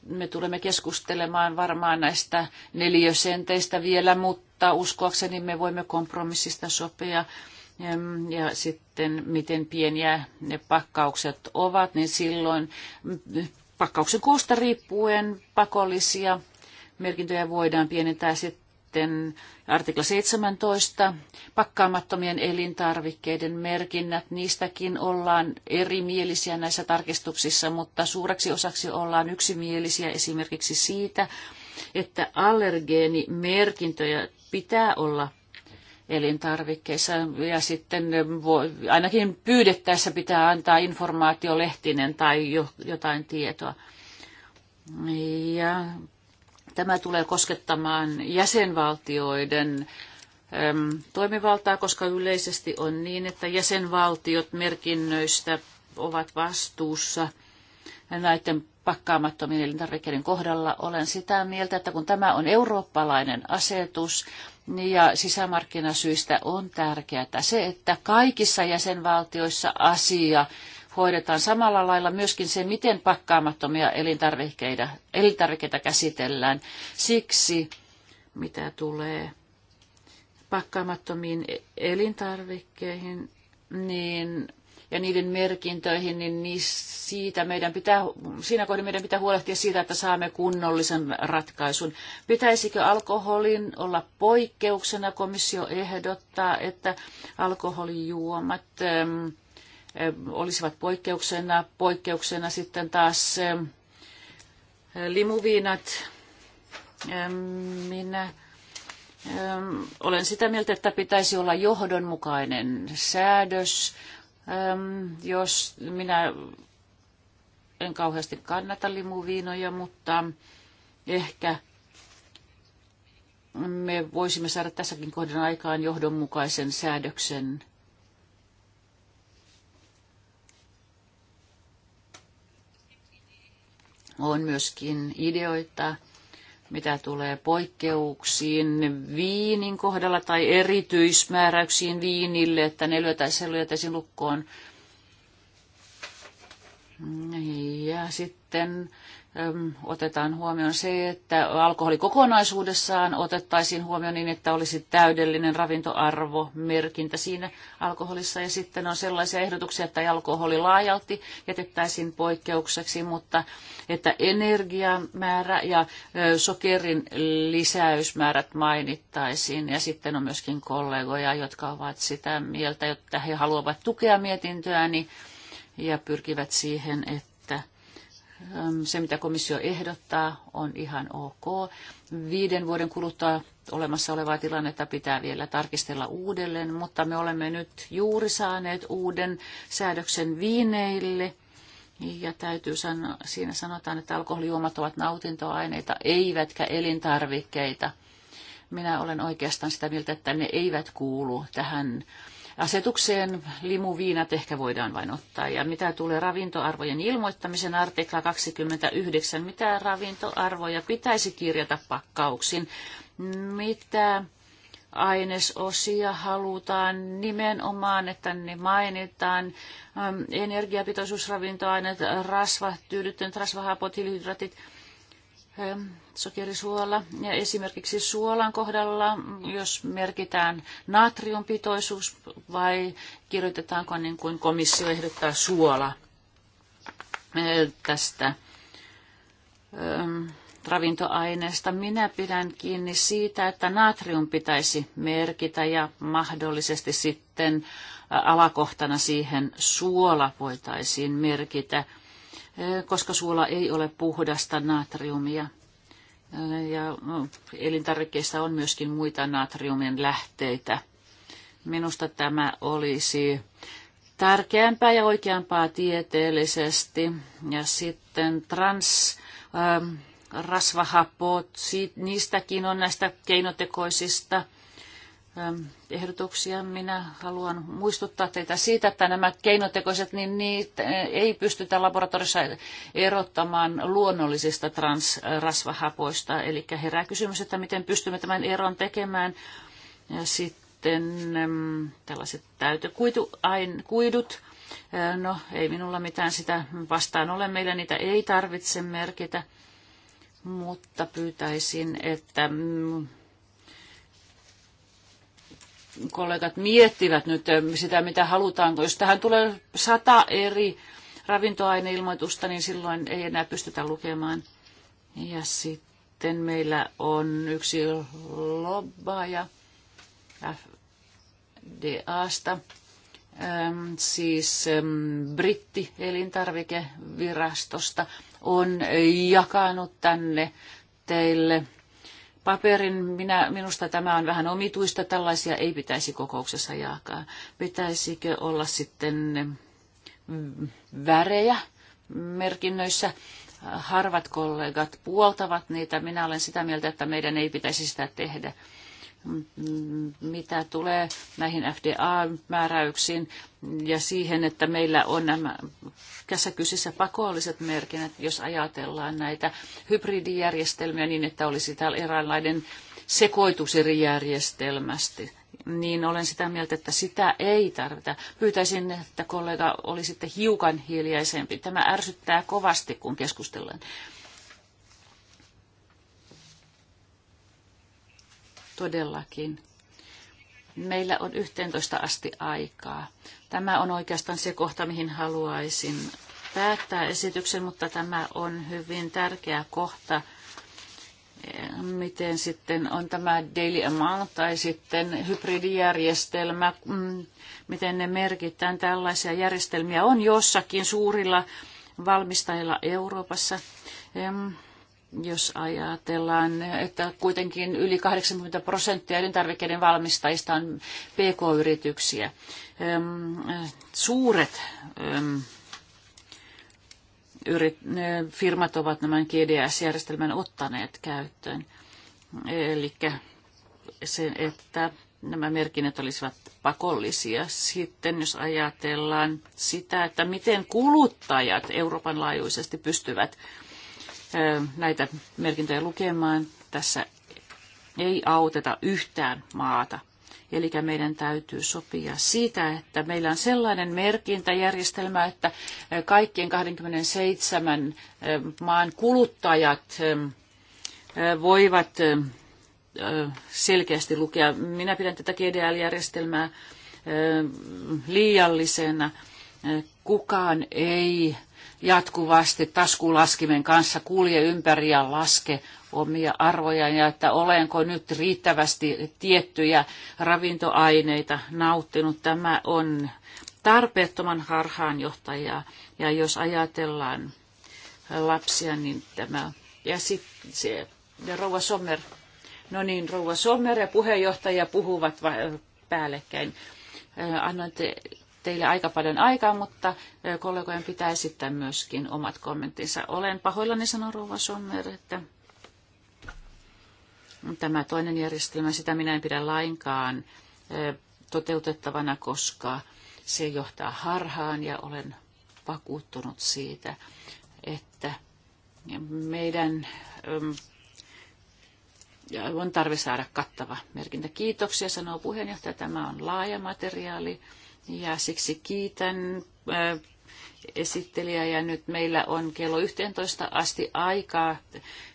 me tulemme keskustelemaan varmaan näistä neliösenteistä vielä, mutta uskoakseni me voimme kompromissista sopia. Ja sitten miten pieniä ne pakkaukset ovat, niin silloin pakkauksen koosta riippuen pakollisia merkintöjä voidaan pienentää sitten sitten artikla 17, pakkaamattomien elintarvikkeiden merkinnät, niistäkin ollaan erimielisiä näissä tarkistuksissa, mutta suureksi osaksi ollaan yksimielisiä esimerkiksi siitä, että allergeenimerkintöjä pitää olla elintarvikkeissa ja sitten voi, ainakin pyydettäessä pitää antaa informaatio lehtinen tai jo, jotain tietoa. Ja Tämä tulee koskettamaan jäsenvaltioiden toimivaltaa, koska yleisesti on niin, että jäsenvaltiot merkinnöistä ovat vastuussa näiden pakkaamattomien elintarvikkeiden kohdalla. Olen sitä mieltä, että kun tämä on eurooppalainen asetus niin ja sisämarkkinasyistä on tärkeää se, että kaikissa jäsenvaltioissa asia hoidetaan samalla lailla myöskin se, miten pakkaamattomia elintarvikkeita, elintarvikkeita käsitellään. Siksi, mitä tulee pakkaamattomiin elintarvikkeihin niin, ja niiden merkintöihin, niin siitä meidän pitää, siinä kohdin meidän pitää huolehtia siitä, että saamme kunnollisen ratkaisun. Pitäisikö alkoholin olla poikkeuksena? Komissio ehdottaa, että alkoholijuomat... Ähm, olisivat poikkeuksena. Poikkeuksena sitten taas limuviinat. Minä olen sitä mieltä, että pitäisi olla johdonmukainen säädös. Jos minä en kauheasti kannata limuviinoja, mutta ehkä me voisimme saada tässäkin kohdan aikaan johdonmukaisen säädöksen On myöskin ideoita, mitä tulee poikkeuksiin viinin kohdalla tai erityismääräyksiin viinille, että ne lyötäisiin, lyötäisiin lukkoon. Ja sitten otetaan huomioon se, että alkoholi kokonaisuudessaan otettaisiin huomioon niin, että olisi täydellinen ravintoarvo, merkintä siinä alkoholissa. Ja sitten on sellaisia ehdotuksia, että alkoholi laajalti jätettäisiin poikkeukseksi, mutta että energiamäärä ja sokerin lisäysmäärät mainittaisiin. Ja sitten on myöskin kollegoja, jotka ovat sitä mieltä, että he haluavat tukea mietintöäni ja pyrkivät siihen, että se, mitä komissio ehdottaa, on ihan ok. Viiden vuoden kuluttua olemassa olevaa tilannetta pitää vielä tarkistella uudelleen, mutta me olemme nyt juuri saaneet uuden säädöksen viineille. Ja täytyy sanoa, siinä sanotaan, että alkoholijuomat ovat nautintoaineita, eivätkä elintarvikkeita. Minä olen oikeastaan sitä mieltä, että ne eivät kuulu tähän asetukseen limuviinat ehkä voidaan vain ottaa. Ja mitä tulee ravintoarvojen ilmoittamisen artikla 29, mitä ravintoarvoja pitäisi kirjata pakkauksin, mitä ainesosia halutaan nimenomaan, että ne mainitaan. Ähm, energiapitoisuusravintoaineet, rasva, tyydyttynyt rasvahapot, hiilihydraatit – Ehm, sokerisuola. Ja esimerkiksi suolan kohdalla, jos merkitään natriumpitoisuus vai kirjoitetaanko niin kuin komissio ehdottaa suola eh, tästä ehm, ravintoaineesta. Minä pidän kiinni siitä, että natrium pitäisi merkitä ja mahdollisesti sitten alakohtana siihen suola voitaisiin merkitä Eh, koska suola ei ole puhdasta natriumia. Eh, ja mm, elintarvikkeissa on myöskin muita natriumin lähteitä. Minusta tämä olisi tärkeämpää ja oikeampaa tieteellisesti. Ja sitten trans ähm, rasvahapot, niistäkin on näistä keinotekoisista Ähm, ehdotuksia. Minä haluan muistuttaa teitä siitä, että nämä keinotekoiset, niin niitä äh, ei pystytä laboratoriossa erottamaan luonnollisista transrasvahapoista. Eli herää kysymys, että miten pystymme tämän eron tekemään. Ja sitten ähm, tällaiset täytökuidut. Äh, no, ei minulla mitään sitä vastaan ole. Meillä niitä ei tarvitse merkitä, mutta pyytäisin, että mm, kollegat miettivät nyt eh, sitä, mitä halutaanko. Jos tähän tulee sata eri ravintoaineilmoitusta, niin silloin ei enää pystytä lukemaan. Ja sitten meillä on yksi lobbaaja FDAsta, ehm, siis ehm, britti elintarvikevirastosta on jakanut tänne teille paperin. Minä, minusta tämä on vähän omituista. Tällaisia ei pitäisi kokouksessa jakaa. Pitäisikö olla sitten mm, värejä merkinnöissä? Harvat kollegat puoltavat niitä. Minä olen sitä mieltä, että meidän ei pitäisi sitä tehdä. Mm, mitä tulee näihin FDA-määräyksiin ja siihen, että meillä on nämä käsäkysissä pakolliset merkinnät, jos ajatellaan näitä hybridijärjestelmiä niin, että olisi täällä eräänlainen sekoitus eri järjestelmästi niin olen sitä mieltä, että sitä ei tarvita. Pyytäisin, että kollega olisitte hiukan hiljaisempi. Tämä ärsyttää kovasti, kun keskustellaan Todellakin. Meillä on 11 asti aikaa. Tämä on oikeastaan se kohta, mihin haluaisin päättää esityksen, mutta tämä on hyvin tärkeä kohta. Eh, miten sitten on tämä daily amount tai sitten hybridijärjestelmä, mm, miten ne merkitään. Tällaisia järjestelmiä on jossakin suurilla valmistajilla Euroopassa jos ajatellaan, että kuitenkin yli 80 prosenttia elintarvikkeiden valmistajista on pk-yrityksiä. Suuret firmat ovat nämä GDS-järjestelmän ottaneet käyttöön. Eli se, että nämä merkinnät olisivat pakollisia. Sitten jos ajatellaan sitä, että miten kuluttajat Euroopan laajuisesti pystyvät näitä merkintöjä lukemaan. Tässä ei auteta yhtään maata. Eli meidän täytyy sopia siitä, että meillä on sellainen merkintäjärjestelmä, että kaikkien 27 maan kuluttajat voivat selkeästi lukea. Minä pidän tätä GDL-järjestelmää liiallisena. Kukaan ei jatkuvasti taskulaskimen kanssa kulje ympäri ja laske omia arvoja ja että olenko nyt riittävästi tiettyjä ravintoaineita nauttinut. Tämä on tarpeettoman harhaanjohtaja ja jos ajatellaan lapsia, niin tämä. Ja sitten se, ja rouva Sommer, no niin, rouva Sommer ja puheenjohtaja puhuvat päällekkäin. Annoitte teille aika paljon aikaa, mutta kollegojen pitää esittää myöskin omat kommenttinsa. Olen pahoillani, sanoo Rouva Sommer, että tämä toinen järjestelmä, sitä minä en pidä lainkaan toteutettavana, koska se johtaa harhaan ja olen vakuuttunut siitä, että meidän on tarve saada kattava merkintä. Kiitoksia, sanoo puheenjohtaja. Tämä on laaja materiaali. Ja siksi kiitän äh, esittelijä ja nyt meillä on kello 11 asti aikaa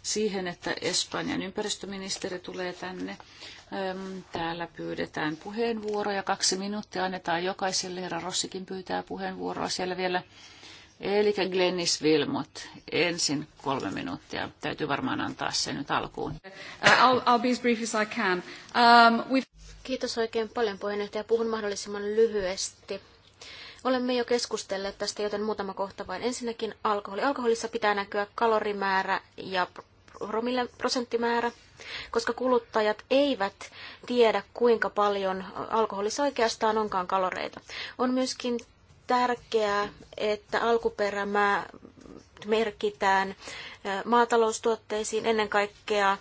siihen, että Espanjan ympäristöministeri tulee tänne. Ähm, täällä pyydetään puheenvuoroja. Kaksi minuuttia annetaan jokaiselle. Herra Rossikin pyytää puheenvuoroa siellä vielä. Eli Glennis Wilmot, ensin kolme minuuttia. Täytyy varmaan antaa se nyt alkuun. Uh, I'll, I'll be as brief as I can. Um, we've... Kiitos oikein paljon puheenjohtaja. Puhun mahdollisimman lyhyesti. Olemme jo keskustelleet tästä, joten muutama kohta vain. Ensinnäkin alkoholi. Alkoholissa pitää näkyä kalorimäärä ja promille prosenttimäärä, koska kuluttajat eivät tiedä, kuinka paljon alkoholissa oikeastaan onkaan kaloreita. On myöskin tärkeää, että alkuperämää merkitään maataloustuotteisiin, ennen kaikkea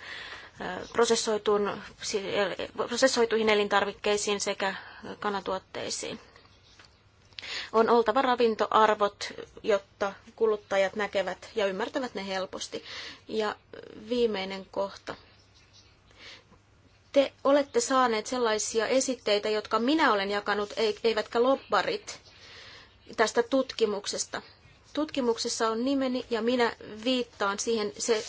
prosessoituihin elintarvikkeisiin sekä kanatuotteisiin. On oltava ravintoarvot, jotta kuluttajat näkevät ja ymmärtävät ne helposti. Ja viimeinen kohta. Te olette saaneet sellaisia esitteitä, jotka minä olen jakanut, eivätkä lobbarit tästä tutkimuksesta. Tutkimuksessa on nimeni ja minä viittaan siihen. Se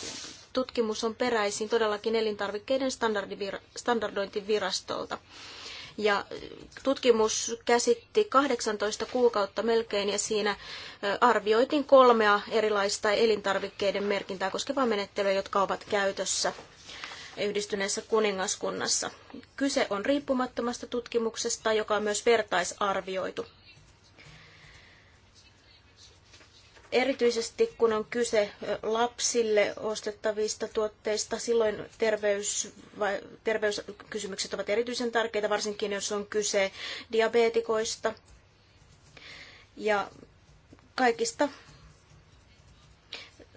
tutkimus on peräisin todellakin elintarvikkeiden standardointivirastolta. Ja tutkimus käsitti 18 kuukautta melkein ja siinä arvioitiin kolmea erilaista elintarvikkeiden merkintää koskevaa menettelyä, jotka ovat käytössä yhdistyneessä kuningaskunnassa. Kyse on riippumattomasta tutkimuksesta, joka on myös vertaisarvioitu. Erityisesti kun on kyse lapsille ostettavista tuotteista, silloin terveys, vai, terveyskysymykset ovat erityisen tärkeitä, varsinkin jos on kyse diabeetikoista ja kaikista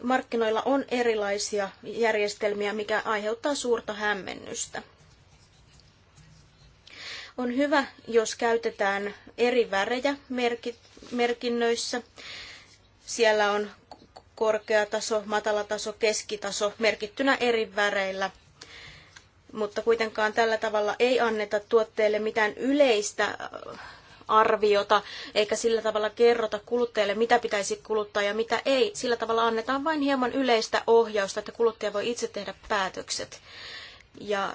markkinoilla on erilaisia järjestelmiä, mikä aiheuttaa suurta hämmennystä. On hyvä, jos käytetään eri värejä merkinnöissä siellä on korkea taso, matala taso, keskitaso merkittynä eri väreillä. Mutta kuitenkaan tällä tavalla ei anneta tuotteelle mitään yleistä äh, arviota, eikä sillä tavalla kerrota kuluttajalle, mitä pitäisi kuluttaa ja mitä ei. Sillä tavalla annetaan vain hieman yleistä ohjausta, että kuluttaja voi itse tehdä päätökset. Ja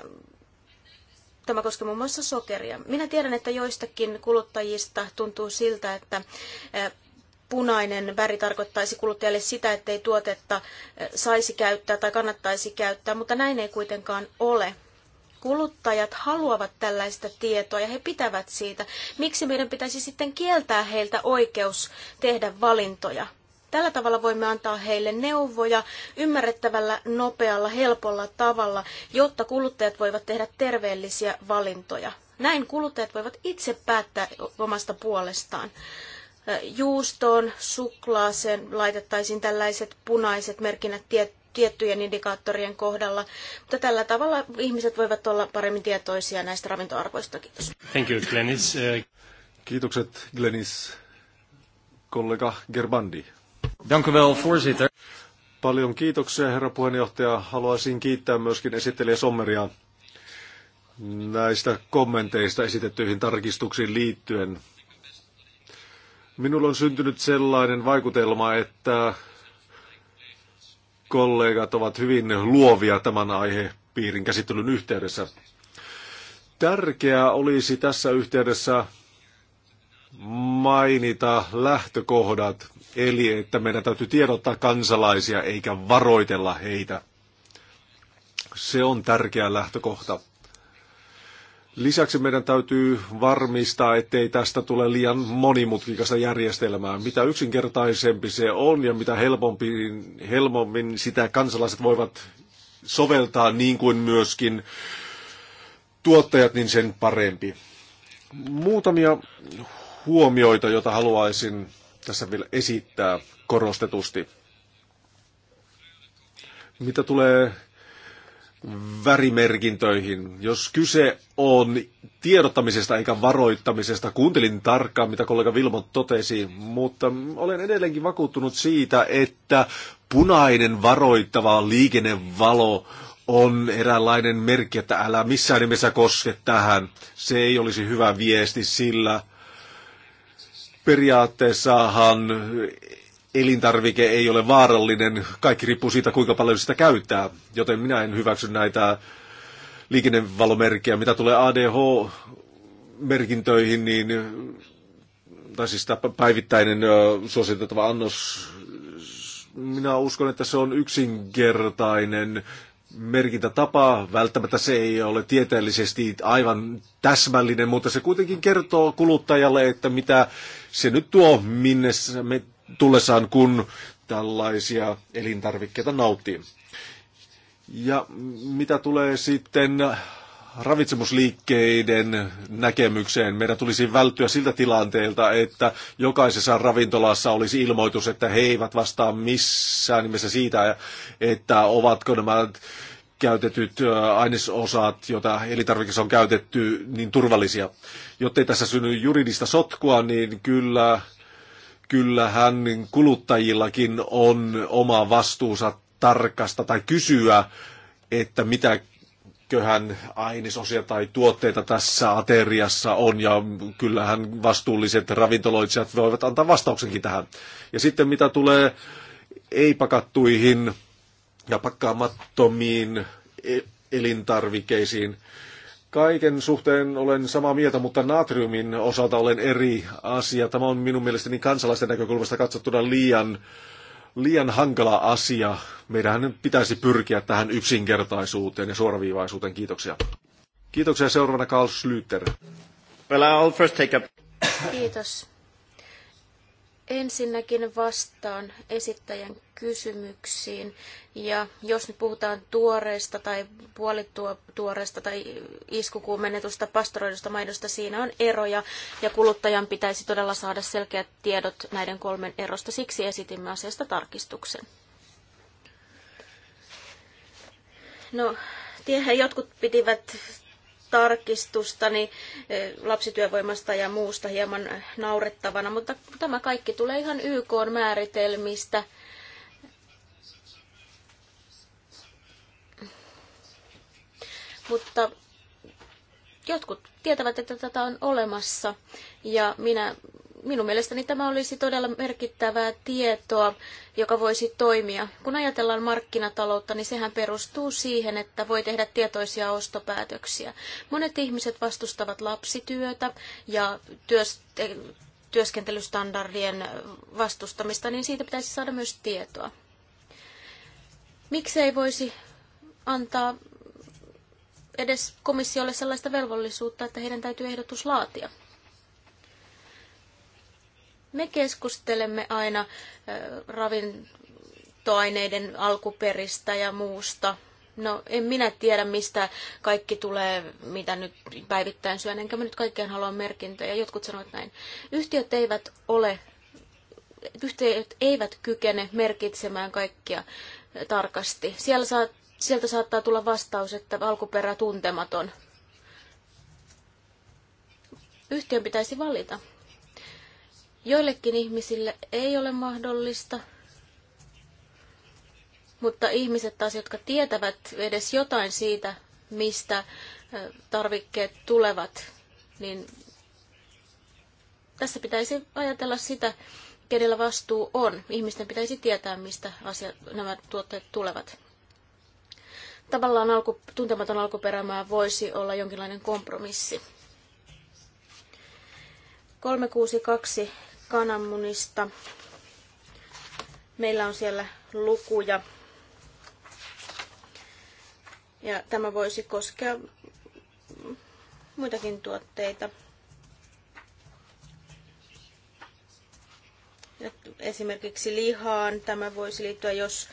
Tämä koskee muun muassa sokeria. Minä tiedän, että joistakin kuluttajista tuntuu siltä, että äh, punainen väri tarkoittaisi kuluttajalle sitä, ettei tuotetta eh, saisi käyttää tai kannattaisi käyttää, mutta näin ei kuitenkaan ole. Kuluttajat haluavat tällaista tietoa ja he pitävät siitä. Miksi meidän pitäisi sitten kieltää heiltä oikeus tehdä valintoja? Tällä tavalla voimme antaa heille neuvoja ymmärrettävällä, nopealla, helpolla tavalla, jotta kuluttajat voivat tehdä terveellisiä valintoja. Näin kuluttajat voivat itse päättää omasta puolestaan juustoon, suklaaseen laitettaisiin tällaiset punaiset merkinnät tiettyjen indikaattorien kohdalla. Mutta tällä tavalla ihmiset voivat olla paremmin tietoisia näistä ravintoarvoista. Kiitos. Thank you, Glenis. Kiitokset, Glenis. Kollega Gerbandi. Dank u wel, voorzitter. Paljon kiitoksia, herra puheenjohtaja. Haluaisin kiittää myöskin esittelijä Sommeria näistä kommenteista esitettyihin tarkistuksiin liittyen. Minulla on syntynyt sellainen vaikutelma, että kollegat ovat hyvin luovia tämän aihepiirin käsittelyn yhteydessä. Tärkeää olisi tässä yhteydessä mainita lähtökohdat, eli että meidän täytyy tiedottaa kansalaisia eikä varoitella heitä. Se on tärkeä lähtökohta. Lisäksi meidän täytyy varmistaa, ettei tästä tule liian monimutkikasta järjestelmää. Mitä yksinkertaisempi se on ja mitä helpompi, helpommin sitä kansalaiset voivat soveltaa, niin kuin myöskin tuottajat, niin sen parempi. Muutamia huomioita, joita haluaisin tässä vielä esittää korostetusti. Mitä tulee värimerkintöihin. Jos kyse on tiedottamisesta eikä varoittamisesta, kuuntelin tarkkaan, mitä kollega Vilmo totesi, mutta olen edelleenkin vakuuttunut siitä, että punainen varoittava liikennevalo on eräänlainen merkki, että älä missään nimessä koske tähän. Se ei olisi hyvä viesti, sillä periaatteessahan elintarvike ei ole vaarallinen. Kaikki riippuu siitä, kuinka paljon sitä käyttää. Joten minä en hyväksy näitä liikennevalomerkkejä. Mitä tulee ADH-merkintöihin, niin tai siis päivittäinen suositettava annos, minä uskon, että se on yksinkertainen merkintätapa. Välttämättä se ei ole tieteellisesti aivan täsmällinen, mutta se kuitenkin kertoo kuluttajalle, että mitä se nyt tuo, minne me tullessaan, kun tällaisia elintarvikkeita nauttii. Ja mitä tulee sitten ravitsemusliikkeiden näkemykseen, meidän tulisi välttyä siltä tilanteelta, että jokaisessa ravintolassa olisi ilmoitus, että he eivät vastaa missään nimessä siitä, että ovatko nämä käytetyt ainesosat, joita elintarvikkeessa on käytetty, niin turvallisia. ei tässä synny juridista sotkua, niin kyllä kyllähän kuluttajillakin on oma vastuunsa tarkasta tai kysyä, että mitä köhän ainesosia tai tuotteita tässä ateriassa on, ja kyllähän vastuulliset ravintoloitsijat voivat antaa vastauksenkin tähän. Ja sitten mitä tulee ei-pakattuihin ja pakkaamattomiin e- elintarvikeisiin, Kaiken suhteen olen samaa mieltä, mutta natriumin osalta olen eri asia. Tämä on minun mielestäni kansalaisten näkökulmasta katsottuna liian, liian hankala asia. Meidän pitäisi pyrkiä tähän yksinkertaisuuteen ja suoraviivaisuuteen. Kiitoksia. Kiitoksia seuraavana Karl Schlüter. Well, I'll first take up. Kiitos. Ensinnäkin vastaan esittäjän kysymyksiin. Ja jos nyt puhutaan tuoreesta tai puolituoreesta tai iskukuumennetusta pastoroidusta maidosta, siinä on eroja. Ja kuluttajan pitäisi todella saada selkeät tiedot näiden kolmen erosta. Siksi esitimme asiasta tarkistuksen. No, jotkut pitivät tarkistustani eh, lapsityövoimasta ja muusta hieman naurettavana, mutta tämä kaikki tulee ihan YK määritelmistä. Mutta jotkut tietävät, että tätä on olemassa ja minä minun mielestäni tämä olisi todella merkittävää tietoa, joka voisi toimia. Kun ajatellaan markkinataloutta, niin sehän perustuu siihen, että voi tehdä tietoisia ostopäätöksiä. Monet ihmiset vastustavat lapsityötä ja työskentelystandardien vastustamista, niin siitä pitäisi saada myös tietoa. Miksei voisi antaa edes komissiolle sellaista velvollisuutta, että heidän täytyy ehdotus laatia? Me keskustelemme aina ravintoaineiden alkuperistä ja muusta. No, en minä tiedä, mistä kaikki tulee, mitä nyt päivittäin syön, enkä mä nyt kaikkeen halua merkintöjä. Jotkut sanovat näin. Yhtiöt eivät ole, yhtiöt eivät kykene merkitsemään kaikkia tarkasti. Siellä saa, sieltä saattaa tulla vastaus, että alkuperä tuntematon. Yhtiön pitäisi valita. Joillekin ihmisille ei ole mahdollista, mutta ihmiset taas, jotka tietävät edes jotain siitä, mistä tarvikkeet tulevat, niin tässä pitäisi ajatella sitä, kenellä vastuu on. Ihmisten pitäisi tietää, mistä asiat, nämä tuotteet tulevat. Tavallaan alku, tuntematon alkuperämaa voisi olla jonkinlainen kompromissi. 362 kananmunista. Meillä on siellä lukuja. Ja tämä voisi koskea muitakin tuotteita. Esimerkiksi lihaan tämä voisi liittyä, jos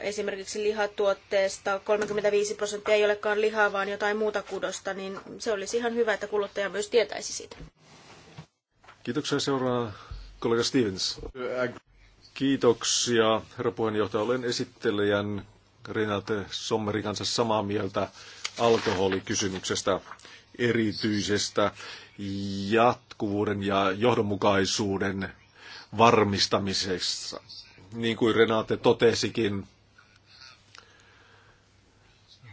esimerkiksi lihatuotteesta 35 prosenttia ei olekaan lihaa, vaan jotain muuta kudosta, niin se olisi ihan hyvä, että kuluttaja myös tietäisi siitä. Kiitoksia seuraava kollega Stevens. Kiitoksia, herra puheenjohtaja. Olen esittelijän Renate Sommerin kanssa samaa mieltä alkoholikysymyksestä, erityisestä jatkuvuuden ja johdonmukaisuuden varmistamisessa. Niin kuin Renate totesikin,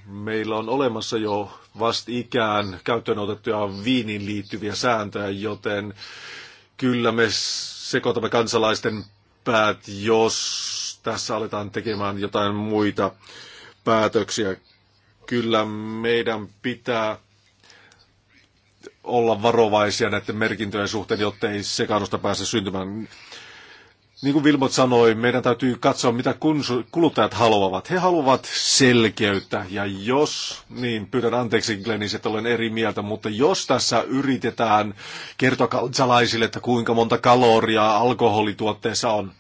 meillä on olemassa jo vastikään käyttöön otettuja viiniin liittyviä sääntöjä, joten kyllä me sekoitamme kansalaisten päät, jos tässä aletaan tekemään jotain muita päätöksiä. Kyllä meidän pitää olla varovaisia näiden merkintöjen suhteen, jotta ei sekaannusta pääse syntymään niin kuin Vilmot sanoi, meidän täytyy katsoa, mitä kuluttajat haluavat. He haluavat selkeyttä, ja jos, niin pyydän anteeksi Glennis, että olen eri mieltä, mutta jos tässä yritetään kertoa kansalaisille, että kuinka monta kaloria alkoholituotteessa on,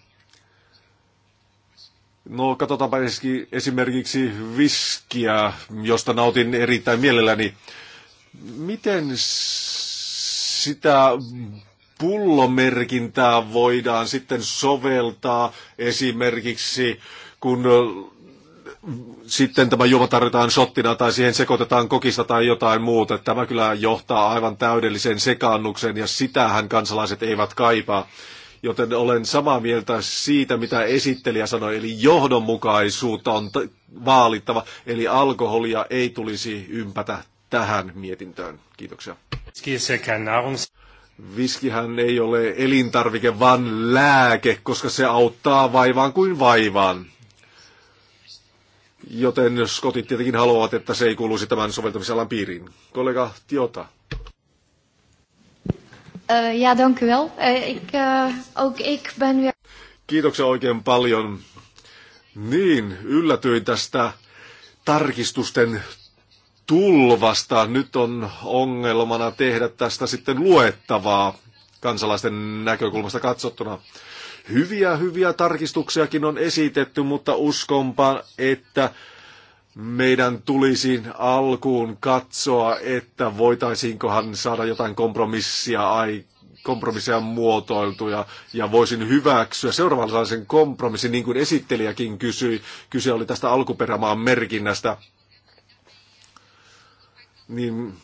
No katsotaanpa esimerkiksi viskiä, josta nautin erittäin mielelläni. Miten sitä pullomerkintää voidaan sitten soveltaa esimerkiksi, kun sitten tämä juoma tarjotaan shottina tai siihen sekoitetaan kokista tai jotain muuta. Tämä kyllä johtaa aivan täydelliseen sekaannukseen ja sitähän kansalaiset eivät kaipaa. Joten olen samaa mieltä siitä, mitä esittelijä sanoi, eli johdonmukaisuutta on vaalittava, eli alkoholia ei tulisi ympätä tähän mietintöön. Kiitoksia. Viskihän ei ole elintarvike, vaan lääke, koska se auttaa vaivaan kuin vaivaan. Joten skotit tietenkin haluavat, että se ei kuuluisi tämän soveltamisalan piiriin. Kollega Tiota. Uh, ja, dank u wel. Uh, ik, uh, ook ik ben Kiitoksia oikein paljon. Niin, yllätyin tästä tarkistusten tulvasta. Nyt on ongelmana tehdä tästä sitten luettavaa kansalaisten näkökulmasta katsottuna. Hyviä, hyviä tarkistuksiakin on esitetty, mutta uskonpa, että meidän tulisi alkuun katsoa, että voitaisiinkohan saada jotain kompromissia ai, kompromisseja muotoiltuja ja voisin hyväksyä seuraavanlaisen kompromissin, niin kuin esittelijäkin kysyi. Kyse oli tästä alkuperämaan merkinnästä niin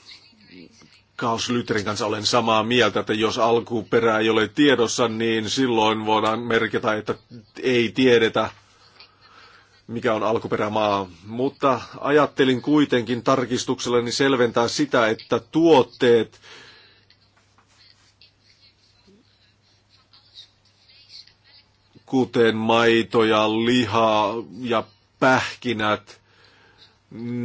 Kaos Lyterin kanssa olen samaa mieltä, että jos alkuperää ei ole tiedossa, niin silloin voidaan merkitä, että ei tiedetä, mikä on alkuperämaa. Mutta ajattelin kuitenkin tarkistuksellani selventää sitä, että tuotteet, kuten maito ja liha ja pähkinät –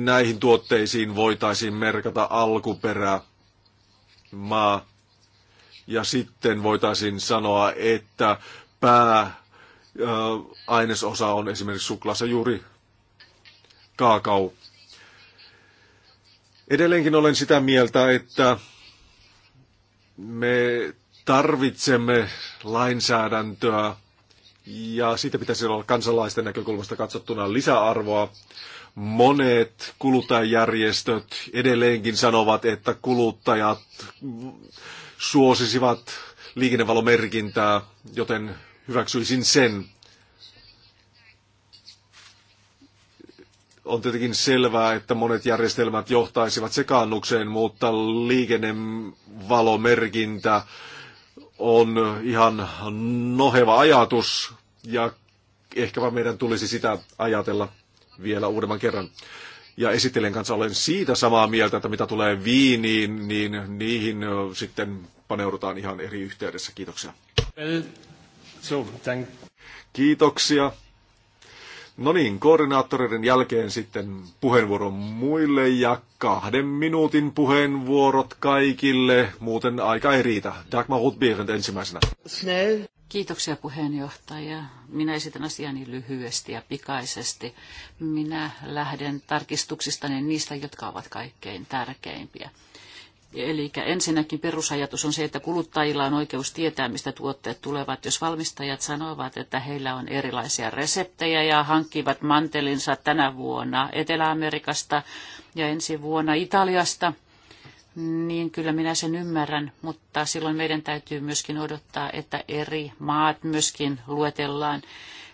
näihin tuotteisiin voitaisiin merkata alkuperä, maa, ja sitten voitaisiin sanoa, että pää ainesosa on esimerkiksi suklaassa juuri kaakao. Edelleenkin olen sitä mieltä, että me tarvitsemme lainsäädäntöä ja siitä pitäisi olla kansalaisten näkökulmasta katsottuna lisäarvoa. Monet kuluttajajärjestöt edelleenkin sanovat, että kuluttajat suosisivat liikennevalomerkintää, joten hyväksyisin sen. On tietenkin selvää, että monet järjestelmät johtaisivat sekaannukseen, mutta liikennevalomerkintä on ihan noheva ajatus ja ehkäpä meidän tulisi sitä ajatella vielä uudemman kerran. Ja esittelen kanssa olen siitä samaa mieltä, että mitä tulee viiniin, niin niihin sitten paneudutaan ihan eri yhteydessä. Kiitoksia. Kiitoksia. No niin, koordinaattoreiden jälkeen sitten puheenvuoro muille ja kahden minuutin puheenvuorot kaikille. Muuten aika ei riitä. Dagmar Hutbierent ensimmäisenä. Snell. Kiitoksia puheenjohtaja. Minä esitän asiani lyhyesti ja pikaisesti. Minä lähden tarkistuksistani niistä, jotka ovat kaikkein tärkeimpiä. Eli ensinnäkin perusajatus on se, että kuluttajilla on oikeus tietää, mistä tuotteet tulevat. Jos valmistajat sanovat, että heillä on erilaisia reseptejä ja hankkivat mantelinsa tänä vuonna Etelä-Amerikasta ja ensi vuonna Italiasta – niin kyllä minä sen ymmärrän, mutta silloin meidän täytyy myöskin odottaa, että eri maat myöskin luetellaan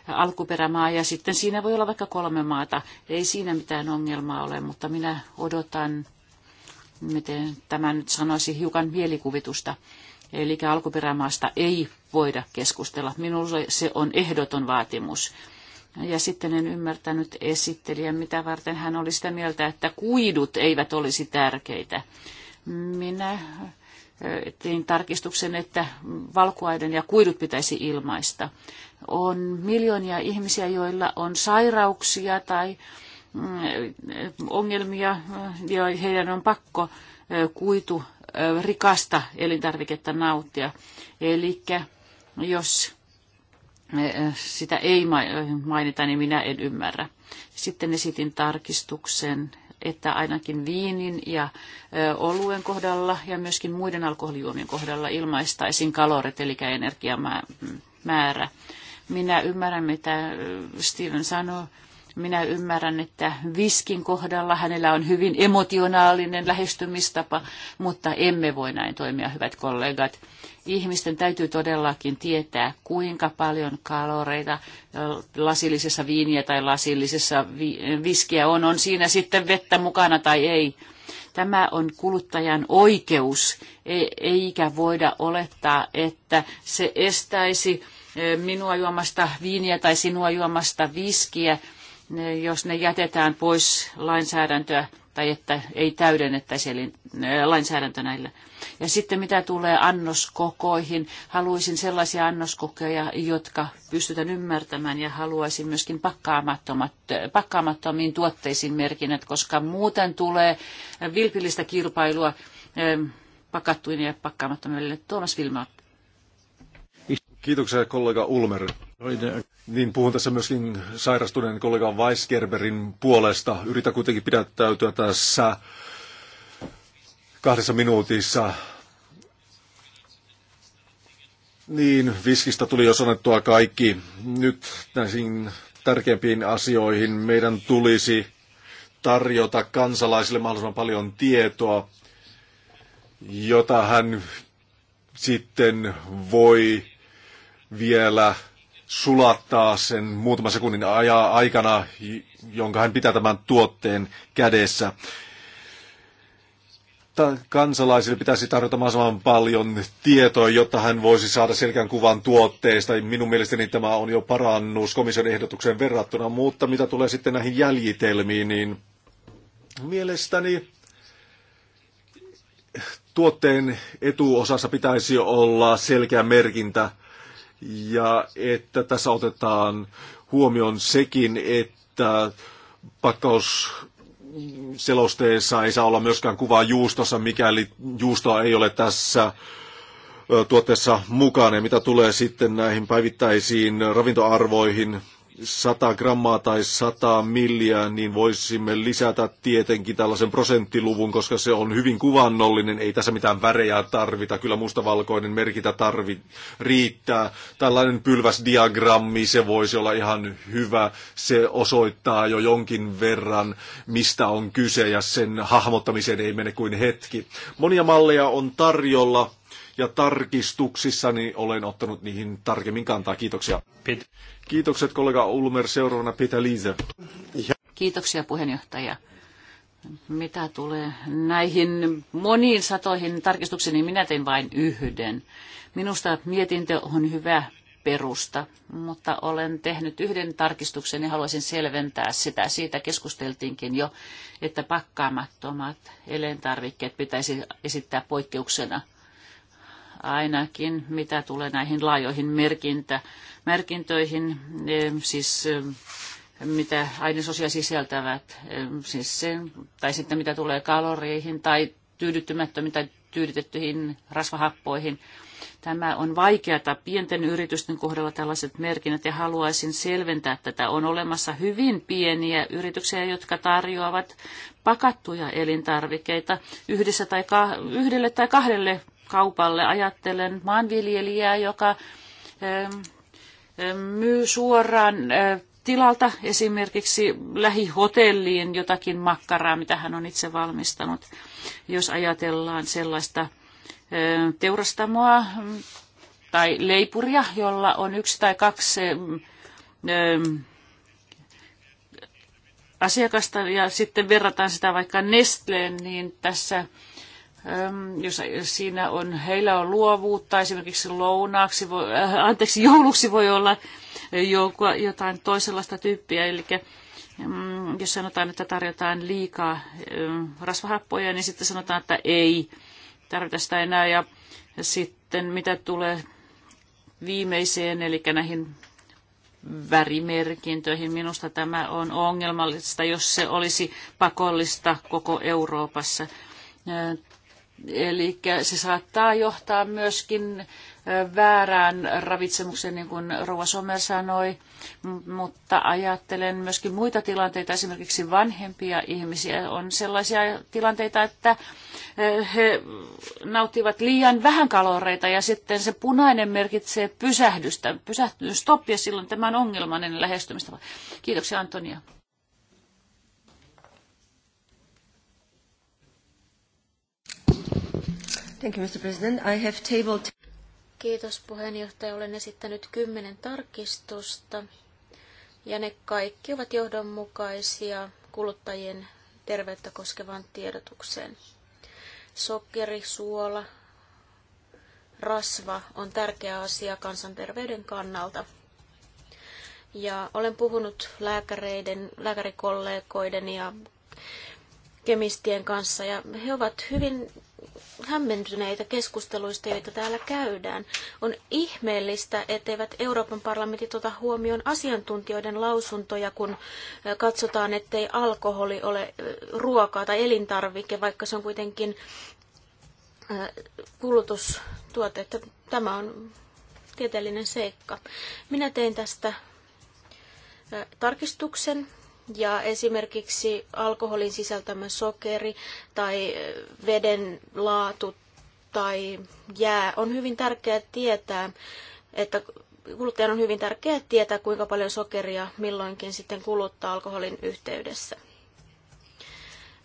alkuperämaa ja sitten siinä voi olla vaikka kolme maata. Ei siinä mitään ongelmaa ole, mutta minä odotan, miten tämä nyt sanoisi, hiukan mielikuvitusta. Eli alkuperämaasta ei voida keskustella. Minulle se on ehdoton vaatimus. Ja sitten en ymmärtänyt esittelijä, mitä varten hän oli sitä mieltä, että kuidut eivät olisi tärkeitä. Minä tein tarkistuksen, että valkuaiden ja kuidut pitäisi ilmaista. On miljoonia ihmisiä, joilla on sairauksia tai mm, ongelmia, ja heidän on pakko kuitu rikasta elintarviketta nauttia. Eli jos sitä ei mainita, niin minä en ymmärrä. Sitten esitin tarkistuksen, että ainakin viinin ja oluen kohdalla ja myöskin muiden alkoholijuomien kohdalla ilmaistaisiin kalorit, eli energiamäärä. Minä ymmärrän, mitä Steven sanoi. Minä ymmärrän, että viskin kohdalla hänellä on hyvin emotionaalinen lähestymistapa, mutta emme voi näin toimia, hyvät kollegat ihmisten täytyy todellakin tietää, kuinka paljon kaloreita lasillisessa viiniä tai lasillisessa viskiä on. On siinä sitten vettä mukana tai ei. Tämä on kuluttajan oikeus, e, eikä voida olettaa, että se estäisi minua juomasta viiniä tai sinua juomasta viskiä, jos ne jätetään pois lainsäädäntöä tai että ei täydennettäisi eli, lainsäädäntö näillä. Ja sitten mitä tulee annoskokoihin, haluaisin sellaisia annoskokoja, jotka pystytään ymmärtämään ja haluaisin myöskin pakkaamattomiin tuotteisiin merkinnät, koska muuten tulee vilpillistä kilpailua pakattujen ja pakkaamattomille Tuomas Vilma, Kiitoksia kollega Ulmer. Niin puhun tässä myöskin sairastuneen kollega Weisgerberin puolesta. Yritä kuitenkin pidättäytyä tässä kahdessa minuutissa. Niin, viskistä tuli jo sanottua kaikki. Nyt näihin tärkeimpiin asioihin meidän tulisi tarjota kansalaisille mahdollisimman paljon tietoa, jota hän sitten voi vielä sulattaa sen muutaman sekunnin ajaa aikana, jonka hän pitää tämän tuotteen kädessä. Kansalaisille pitäisi tarjota mahdollisimman paljon tietoa, jotta hän voisi saada selkeän kuvan tuotteista. Minun mielestäni tämä on jo parannus komission ehdotukseen verrattuna, mutta mitä tulee sitten näihin jäljitelmiin, niin mielestäni tuotteen etuosassa pitäisi olla selkeä merkintä – ja että tässä otetaan huomioon sekin, että pakkaus selosteessa ei saa olla myöskään kuvaa juustossa, mikäli juustoa ei ole tässä tuotteessa mukana. Mitä tulee sitten näihin päivittäisiin ravintoarvoihin, 100 grammaa tai 100 milliä, niin voisimme lisätä tietenkin tällaisen prosenttiluvun, koska se on hyvin kuvannollinen, ei tässä mitään värejä tarvita, kyllä mustavalkoinen merkintä tarvi, riittää. Tällainen pylväsdiagrammi, se voisi olla ihan hyvä, se osoittaa jo jonkin verran, mistä on kyse ja sen hahmottamiseen ei mene kuin hetki. Monia malleja on tarjolla, ja tarkistuksissani olen ottanut niihin tarkemmin kantaa. Kiitoksia. Pit. Kiitokset kollega Ulmer. Seuraavana Peter Liise. Kiitoksia puheenjohtaja. Mitä tulee näihin moniin satoihin tarkistuksiin, niin minä tein vain yhden. Minusta mietintö on hyvä perusta, mutta olen tehnyt yhden tarkistuksen ja haluaisin selventää sitä. Siitä keskusteltiinkin jo, että pakkaamattomat elintarvikkeet pitäisi esittää poikkeuksena ainakin, mitä tulee näihin laajoihin merkintä merkintöihin, e, siis e, mitä ainesosia sisältävät, e, siis se, tai sitten mitä tulee kaloreihin tai tyydyttymättömiin tai tyydytettyihin rasvahappoihin. Tämä on vaikeata pienten yritysten kohdalla tällaiset merkinnät ja haluaisin selventää tätä. On olemassa hyvin pieniä yrityksiä, jotka tarjoavat pakattuja elintarvikkeita yhdessä tai ka- yhdelle tai kahdelle kaupalle. Ajattelen maanviljelijää, joka myy suoraan tilalta esimerkiksi lähihotelliin jotakin makkaraa, mitä hän on itse valmistanut. Jos ajatellaan sellaista teurastamoa mm, tai leipuria, jolla on yksi tai kaksi asiakasta ja sitten verrataan sitä vaikka Nestleen, niin tässä Ähm, jos siinä on, heillä on luovuutta, esimerkiksi lounaaksi, voi, äh, anteeksi, jouluksi voi olla jotain toisenlaista tyyppiä, eli mm, jos sanotaan, että tarjotaan liikaa ähm, rasvahappoja, niin sitten sanotaan, että ei tarvita sitä enää. Ja sitten mitä tulee viimeiseen, eli näihin värimerkintöihin, minusta tämä on ongelmallista, jos se olisi pakollista koko Euroopassa. Äh, Eli se saattaa johtaa myöskin väärään ravitsemukseen, niin kuin Rouva Sommer sanoi, mutta ajattelen myöskin muita tilanteita, esimerkiksi vanhempia ihmisiä. On sellaisia tilanteita, että he nauttivat liian vähän kaloreita ja sitten se punainen merkitsee pysähdystä, pysähtyn stoppia silloin tämän ongelmanen lähestymistä. Kiitoksia Antonia. Thank you, Mr. President. I have tabled... Kiitos puheenjohtaja. Olen esittänyt kymmenen tarkistusta ja ne kaikki ovat johdonmukaisia kuluttajien terveyttä koskevaan tiedotukseen. Sokeri, suola, rasva on tärkeä asia kansanterveyden kannalta. Ja olen puhunut lääkäreiden, lääkärikollegoiden ja kemistien kanssa ja he ovat hyvin hämmentyneitä keskusteluista, joita täällä käydään. On ihmeellistä, etteivät Euroopan parlamentit ota huomioon asiantuntijoiden lausuntoja, kun katsotaan, ettei alkoholi ole ruokaa tai elintarvike, vaikka se on kuitenkin kulutustuote. Tämä on tieteellinen seikka. Minä tein tästä tarkistuksen ja esimerkiksi alkoholin sisältämä sokeri tai veden laatu tai jää on hyvin tärkeää tietää, että kuluttajan on hyvin tärkeää tietää, kuinka paljon sokeria milloinkin sitten kuluttaa alkoholin yhteydessä.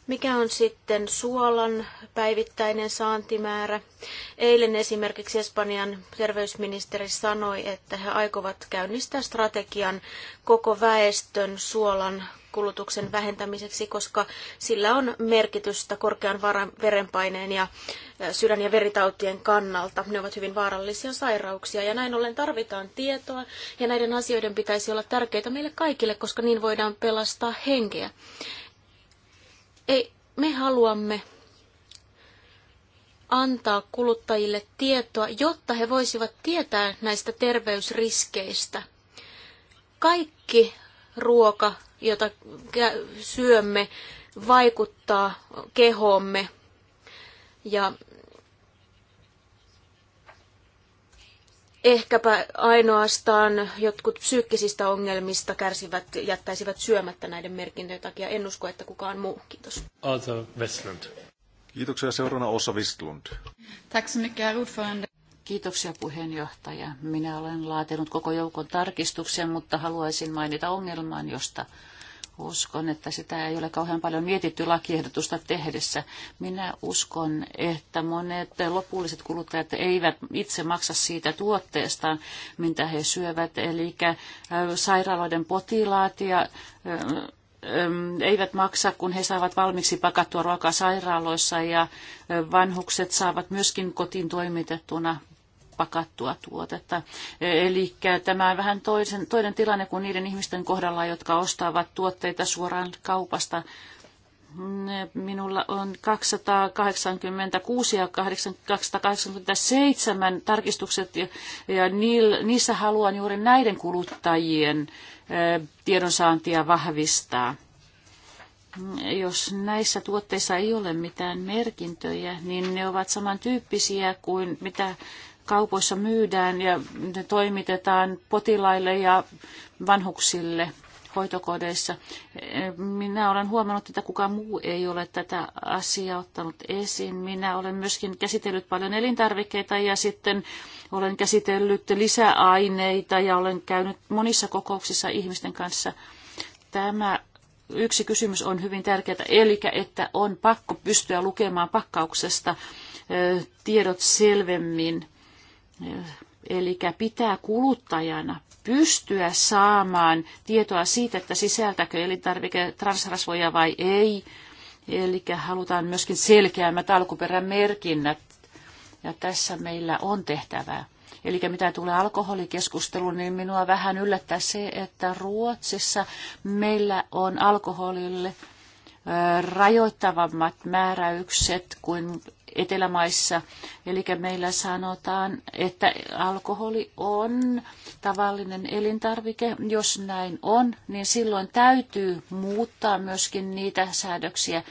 Mikä on sitten suolan päivittäinen saantimäärä? Eilen esimerkiksi Espanjan terveysministeri sanoi, että he aikovat käynnistää strategian koko väestön suolan kulutuksen vähentämiseksi, koska sillä on merkitystä korkean verenpaineen ja sydän- ja veritautien kannalta. Ne ovat hyvin vaarallisia sairauksia ja näin ollen tarvitaan tietoa ja näiden asioiden pitäisi olla tärkeitä meille kaikille, koska niin voidaan pelastaa henkeä. Ei, me haluamme antaa kuluttajille tietoa, jotta he voisivat tietää näistä terveysriskeistä. Kaikki ruoka, jota syömme, vaikuttaa kehoomme ja ehkäpä ainoastaan jotkut psyykkisistä ongelmista kärsivät, jättäisivät syömättä näiden merkintöjen takia. En usko, että kukaan muu. Kiitos. Asa Westlund. Kiitoksia seurana Osa Westlund. Kiitoksia puheenjohtaja. Minä olen laatinut koko joukon tarkistuksen, mutta haluaisin mainita ongelman, josta uskon, että sitä ei ole kauhean paljon mietitty lakiehdotusta tehdessä. Minä uskon, että monet lopulliset kuluttajat eivät itse maksa siitä tuotteesta, mitä he syövät. Eli äh, sairaaloiden potilaat ja äh, ähm, eivät maksa, kun he saavat valmiiksi pakattua ruokaa sairaaloissa ja äh, vanhukset saavat myöskin kotiin toimitettuna pakattua tuotetta. Eli tämä on vähän toisen, toinen tilanne kuin niiden ihmisten kohdalla, jotka ostavat tuotteita suoraan kaupasta. Minulla on 286 ja 287 tarkistukset ja niissä haluan juuri näiden kuluttajien eh, tiedonsaantia vahvistaa jos näissä tuotteissa ei ole mitään merkintöjä, niin ne ovat samantyyppisiä kuin mitä kaupoissa myydään ja ne toimitetaan potilaille ja vanhuksille hoitokodeissa. Minä olen huomannut, että kukaan muu ei ole tätä asiaa ottanut esiin. Minä olen myöskin käsitellyt paljon elintarvikkeita ja sitten olen käsitellyt lisäaineita ja olen käynyt monissa kokouksissa ihmisten kanssa. Tämä yksi kysymys on hyvin tärkeää, eli että on pakko pystyä lukemaan pakkauksesta tiedot selvemmin Eli pitää kuluttajana pystyä saamaan tietoa siitä, että sisältäkö elintarvike transrasvoja vai ei. Eli halutaan myöskin selkeämmät alkuperämerkinnät. Ja tässä meillä on tehtävää. Eli mitä tulee alkoholikeskusteluun, niin minua vähän yllättää se, että Ruotsissa meillä on alkoholille rajoittavammat määräykset kuin etelämaissa. Eli meillä sanotaan, että alkoholi on tavallinen elintarvike. Jos näin on, niin silloin täytyy muuttaa myöskin niitä säädöksiä,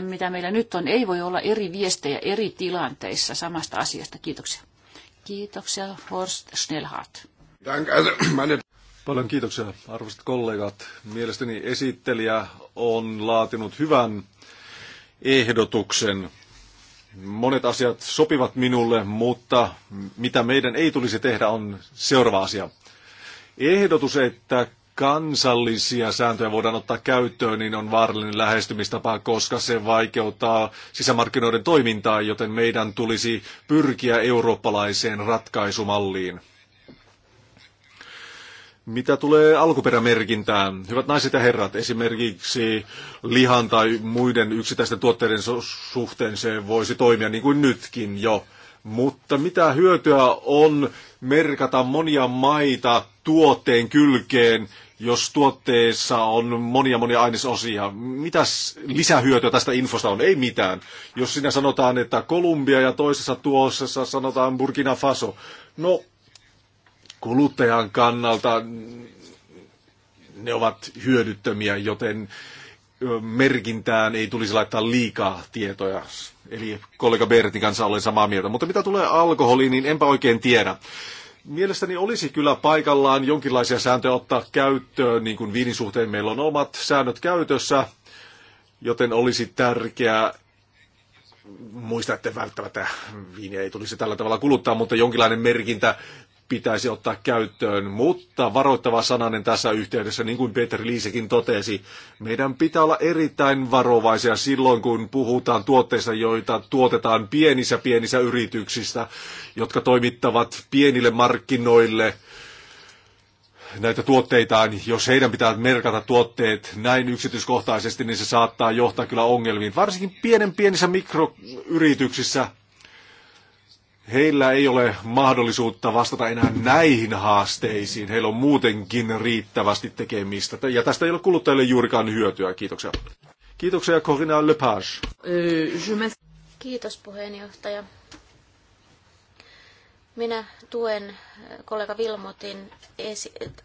mitä meillä nyt on. Ei voi olla eri viestejä eri tilanteissa samasta asiasta. Kiitoksia. Kiitoksia Horst Schnellhardt. Paljon kiitoksia, arvoisat kollegat. Mielestäni esittelijä on laatinut hyvän ehdotuksen Monet asiat sopivat minulle, mutta mitä meidän ei tulisi tehdä on seuraava asia. Ehdotus, että kansallisia sääntöjä voidaan ottaa käyttöön, niin on vaarallinen lähestymistapa, koska se vaikeuttaa sisämarkkinoiden toimintaa, joten meidän tulisi pyrkiä eurooppalaiseen ratkaisumalliin. Mitä tulee alkuperämerkintään? Hyvät naiset ja herrat, esimerkiksi lihan tai muiden yksittäisten tuotteiden suhteen se voisi toimia niin kuin nytkin jo. Mutta mitä hyötyä on merkata monia maita tuotteen kylkeen, jos tuotteessa on monia monia ainesosia, mitä lisähyötyä tästä infosta on? Ei mitään. Jos sinä sanotaan, että Kolumbia ja toisessa tuossa sanotaan Burkina Faso. No, kuluttajan kannalta ne ovat hyödyttömiä, joten merkintään ei tulisi laittaa liikaa tietoja. Eli kollega Bertin kanssa olen samaa mieltä. Mutta mitä tulee alkoholiin, niin enpä oikein tiedä. Mielestäni olisi kyllä paikallaan jonkinlaisia sääntöjä ottaa käyttöön, niin kuin viinin suhteen meillä on omat säännöt käytössä, joten olisi tärkeää muistaa, että välttämättä viiniä ei tulisi tällä tavalla kuluttaa, mutta jonkinlainen merkintä pitäisi ottaa käyttöön, mutta varoittava sananen tässä yhteydessä, niin kuin Peter Liisekin totesi, meidän pitää olla erittäin varovaisia silloin, kun puhutaan tuotteista, joita tuotetaan pienissä pienissä yrityksistä, jotka toimittavat pienille markkinoille näitä tuotteitaan, jos heidän pitää merkata tuotteet näin yksityiskohtaisesti, niin se saattaa johtaa kyllä ongelmiin. Varsinkin pienen pienissä mikroyrityksissä heillä ei ole mahdollisuutta vastata enää näihin haasteisiin. Heillä on muutenkin riittävästi tekemistä. Ja tästä ei ole kuluttajille juurikaan hyötyä. Kiitoksia. Kiitoksia Corina Lepage. Kiitos puheenjohtaja. Minä tuen kollega Vilmotin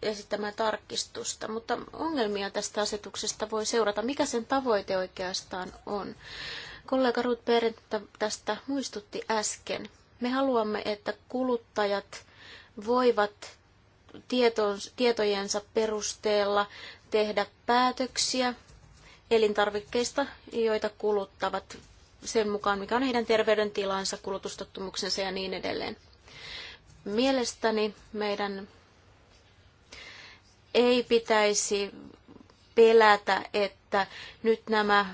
esittämää tarkistusta, mutta ongelmia tästä asetuksesta voi seurata. Mikä sen tavoite oikeastaan on? Kollega Ruth Berendt tästä muistutti äsken. Me haluamme, että kuluttajat voivat tietojensa perusteella tehdä päätöksiä elintarvikkeista, joita kuluttavat sen mukaan, mikä on heidän terveydentilansa, kulutustottumuksensa ja niin edelleen. Mielestäni meidän ei pitäisi pelätä, että nyt nämä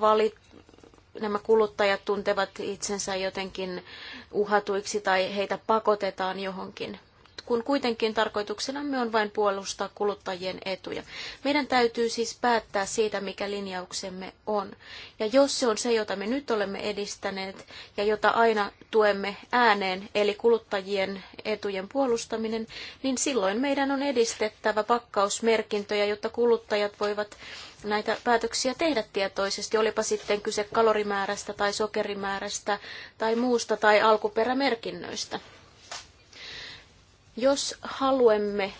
valit, nämä kuluttajat tuntevat itsensä jotenkin uhatuiksi tai heitä pakotetaan johonkin kun kuitenkin tarkoituksenamme on vain puolustaa kuluttajien etuja. Meidän täytyy siis päättää siitä, mikä linjauksemme on. Ja jos se on se, jota me nyt olemme edistäneet ja jota aina tuemme ääneen, eli kuluttajien etujen puolustaminen, niin silloin meidän on edistettävä pakkausmerkintöjä, jotta kuluttajat voivat näitä päätöksiä tehdä tietoisesti, olipa sitten kyse kalorimäärästä tai sokerimäärästä tai muusta tai alkuperämerkinnöistä. Jos haluamme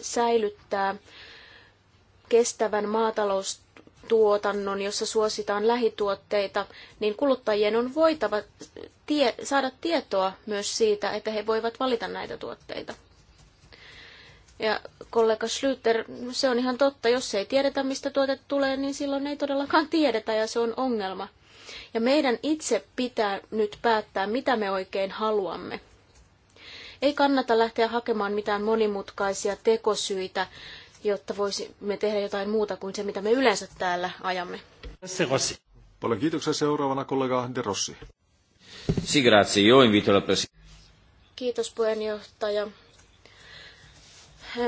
säilyttää kestävän maataloustuotannon, jossa suositaan lähituotteita, niin kuluttajien on voitava tie- saada tietoa myös siitä, että he voivat valita näitä tuotteita. Ja kollega Schlüter, se on ihan totta, jos ei tiedetä, mistä tuote tulee, niin silloin ei todellakaan tiedetä ja se on ongelma. Ja meidän itse pitää nyt päättää, mitä me oikein haluamme. Ei kannata lähteä hakemaan mitään monimutkaisia tekosyitä, jotta voisimme tehdä jotain muuta kuin se, mitä me yleensä täällä ajamme. Paljon kiitoksia seuraavana kollega De Rossi. grazie. Io invito Kiitos puheenjohtaja.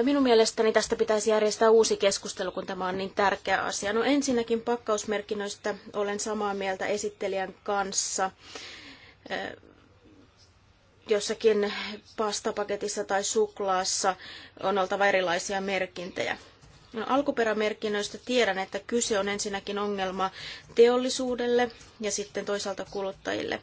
Minun mielestäni tästä pitäisi järjestää uusi keskustelu, kun tämä on niin tärkeä asia. No ensinnäkin pakkausmerkinnöistä olen samaa mieltä esittelijän kanssa jossakin pastapaketissa tai suklaassa on oltava erilaisia merkintöjä. No, alkuperämerkinnöistä tiedän, että kyse on ensinnäkin ongelma teollisuudelle ja sitten toisaalta kuluttajille.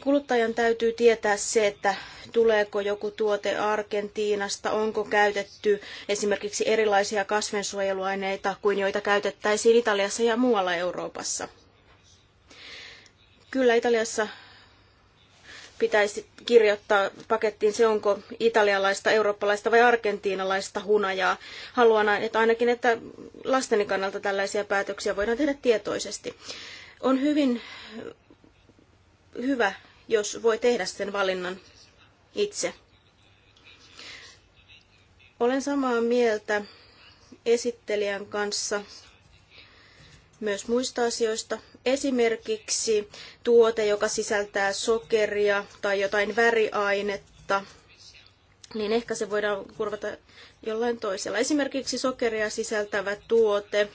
Kuluttajan täytyy tietää se, että tuleeko joku tuote Argentiinasta, onko käytetty esimerkiksi erilaisia kasvensuojeluaineita kuin joita käytettäisiin Italiassa ja muualla Euroopassa. Kyllä Italiassa pitäisi kirjoittaa pakettiin se, onko italialaista, eurooppalaista vai argentiinalaista hunajaa. Haluan että ainakin, että lasteni kannalta tällaisia päätöksiä voidaan tehdä tietoisesti. On hyvin hyvä, jos voi tehdä sen valinnan itse. Olen samaa mieltä esittelijän kanssa myös muista asioista, Esimerkiksi tuote, joka sisältää sokeria tai jotain väriainetta, niin ehkä se voidaan kurvata jollain toisella. Esimerkiksi sokeria sisältävä tuote.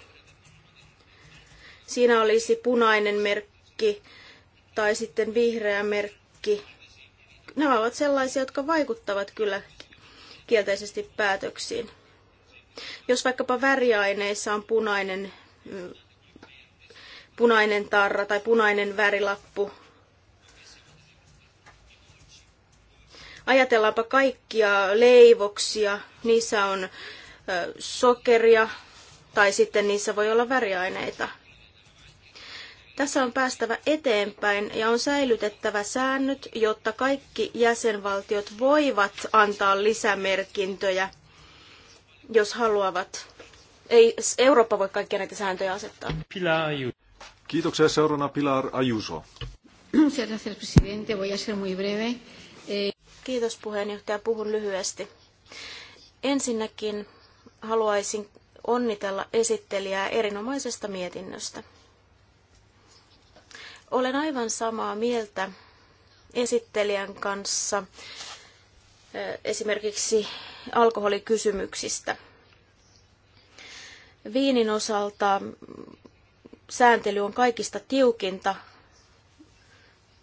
Siinä olisi punainen merkki tai sitten vihreä merkki. Nämä ovat sellaisia, jotka vaikuttavat kyllä kielteisesti päätöksiin. Jos vaikkapa väriaineissa on punainen mm, punainen tarra tai punainen värilappu. Ajatellaanpa kaikkia leivoksia. Niissä on sokeria tai sitten niissä voi olla väriaineita. Tässä on päästävä eteenpäin ja on säilytettävä säännöt, jotta kaikki jäsenvaltiot voivat antaa lisämerkintöjä, jos haluavat. Ei Eurooppa voi kaikkia näitä sääntöjä asettaa. Kiitoksia seurana Pilar Ajuso. Eh, Kiitos puheenjohtaja, puhun lyhyesti. Ensinnäkin haluaisin onnitella esittelijää erinomaisesta mietinnöstä. Olen aivan samaa mieltä esittelijän kanssa eh, esimerkiksi alkoholikysymyksistä. Viinin osalta sääntely on kaikista tiukinta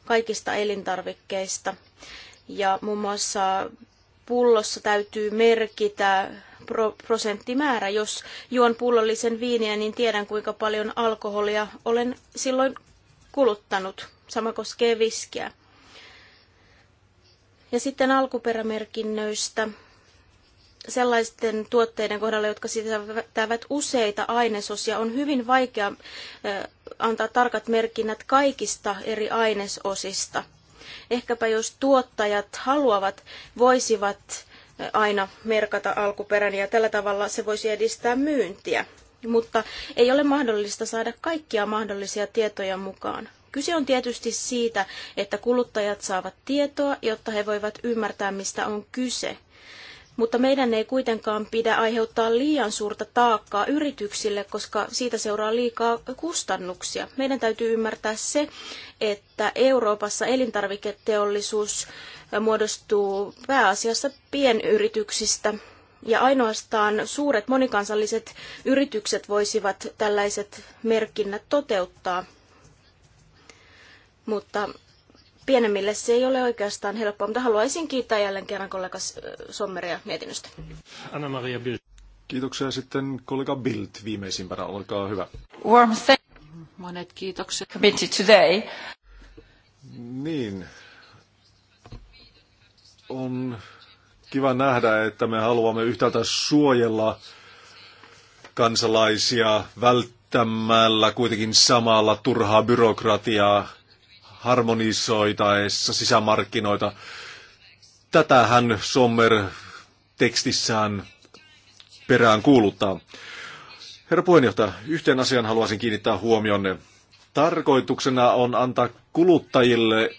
kaikista elintarvikkeista. Ja muun muassa pullossa täytyy merkitä prosenttimäärä. Jos juon pullollisen viiniä, niin tiedän kuinka paljon alkoholia olen silloin kuluttanut. Sama koskee viskiä. Ja sitten alkuperämerkinnöistä sellaisten tuotteiden kohdalla, jotka sisältävät useita ainesosia, on hyvin vaikea antaa tarkat merkinnät kaikista eri ainesosista. Ehkäpä jos tuottajat haluavat, voisivat aina merkata alkuperän ja tällä tavalla se voisi edistää myyntiä. Mutta ei ole mahdollista saada kaikkia mahdollisia tietoja mukaan. Kyse on tietysti siitä, että kuluttajat saavat tietoa, jotta he voivat ymmärtää, mistä on kyse mutta meidän ei kuitenkaan pidä aiheuttaa liian suurta taakkaa yrityksille, koska siitä seuraa liikaa kustannuksia. Meidän täytyy ymmärtää se, että Euroopassa elintarviketeollisuus muodostuu pääasiassa pienyrityksistä, ja ainoastaan suuret monikansalliset yritykset voisivat tällaiset merkinnät toteuttaa. Mutta pienemmille se ei ole oikeastaan helppoa, mutta haluaisin kiittää jälleen kerran kollega Sommeria mietinnöstä. Anna-Maria Bild. Kiitoksia sitten kollega Bild viimeisimpänä, olkaa hyvä. Warm Monet kiitokset. Committee today. Niin. On kiva nähdä, että me haluamme yhtäältä suojella kansalaisia välttämällä kuitenkin samalla turhaa byrokratiaa harmonisoitaessa sisämarkkinoita. Tätähän Sommer tekstissään perään kuuluttaa. Herra puheenjohtaja, yhteen asian haluaisin kiinnittää huomionne. Tarkoituksena on antaa kuluttajille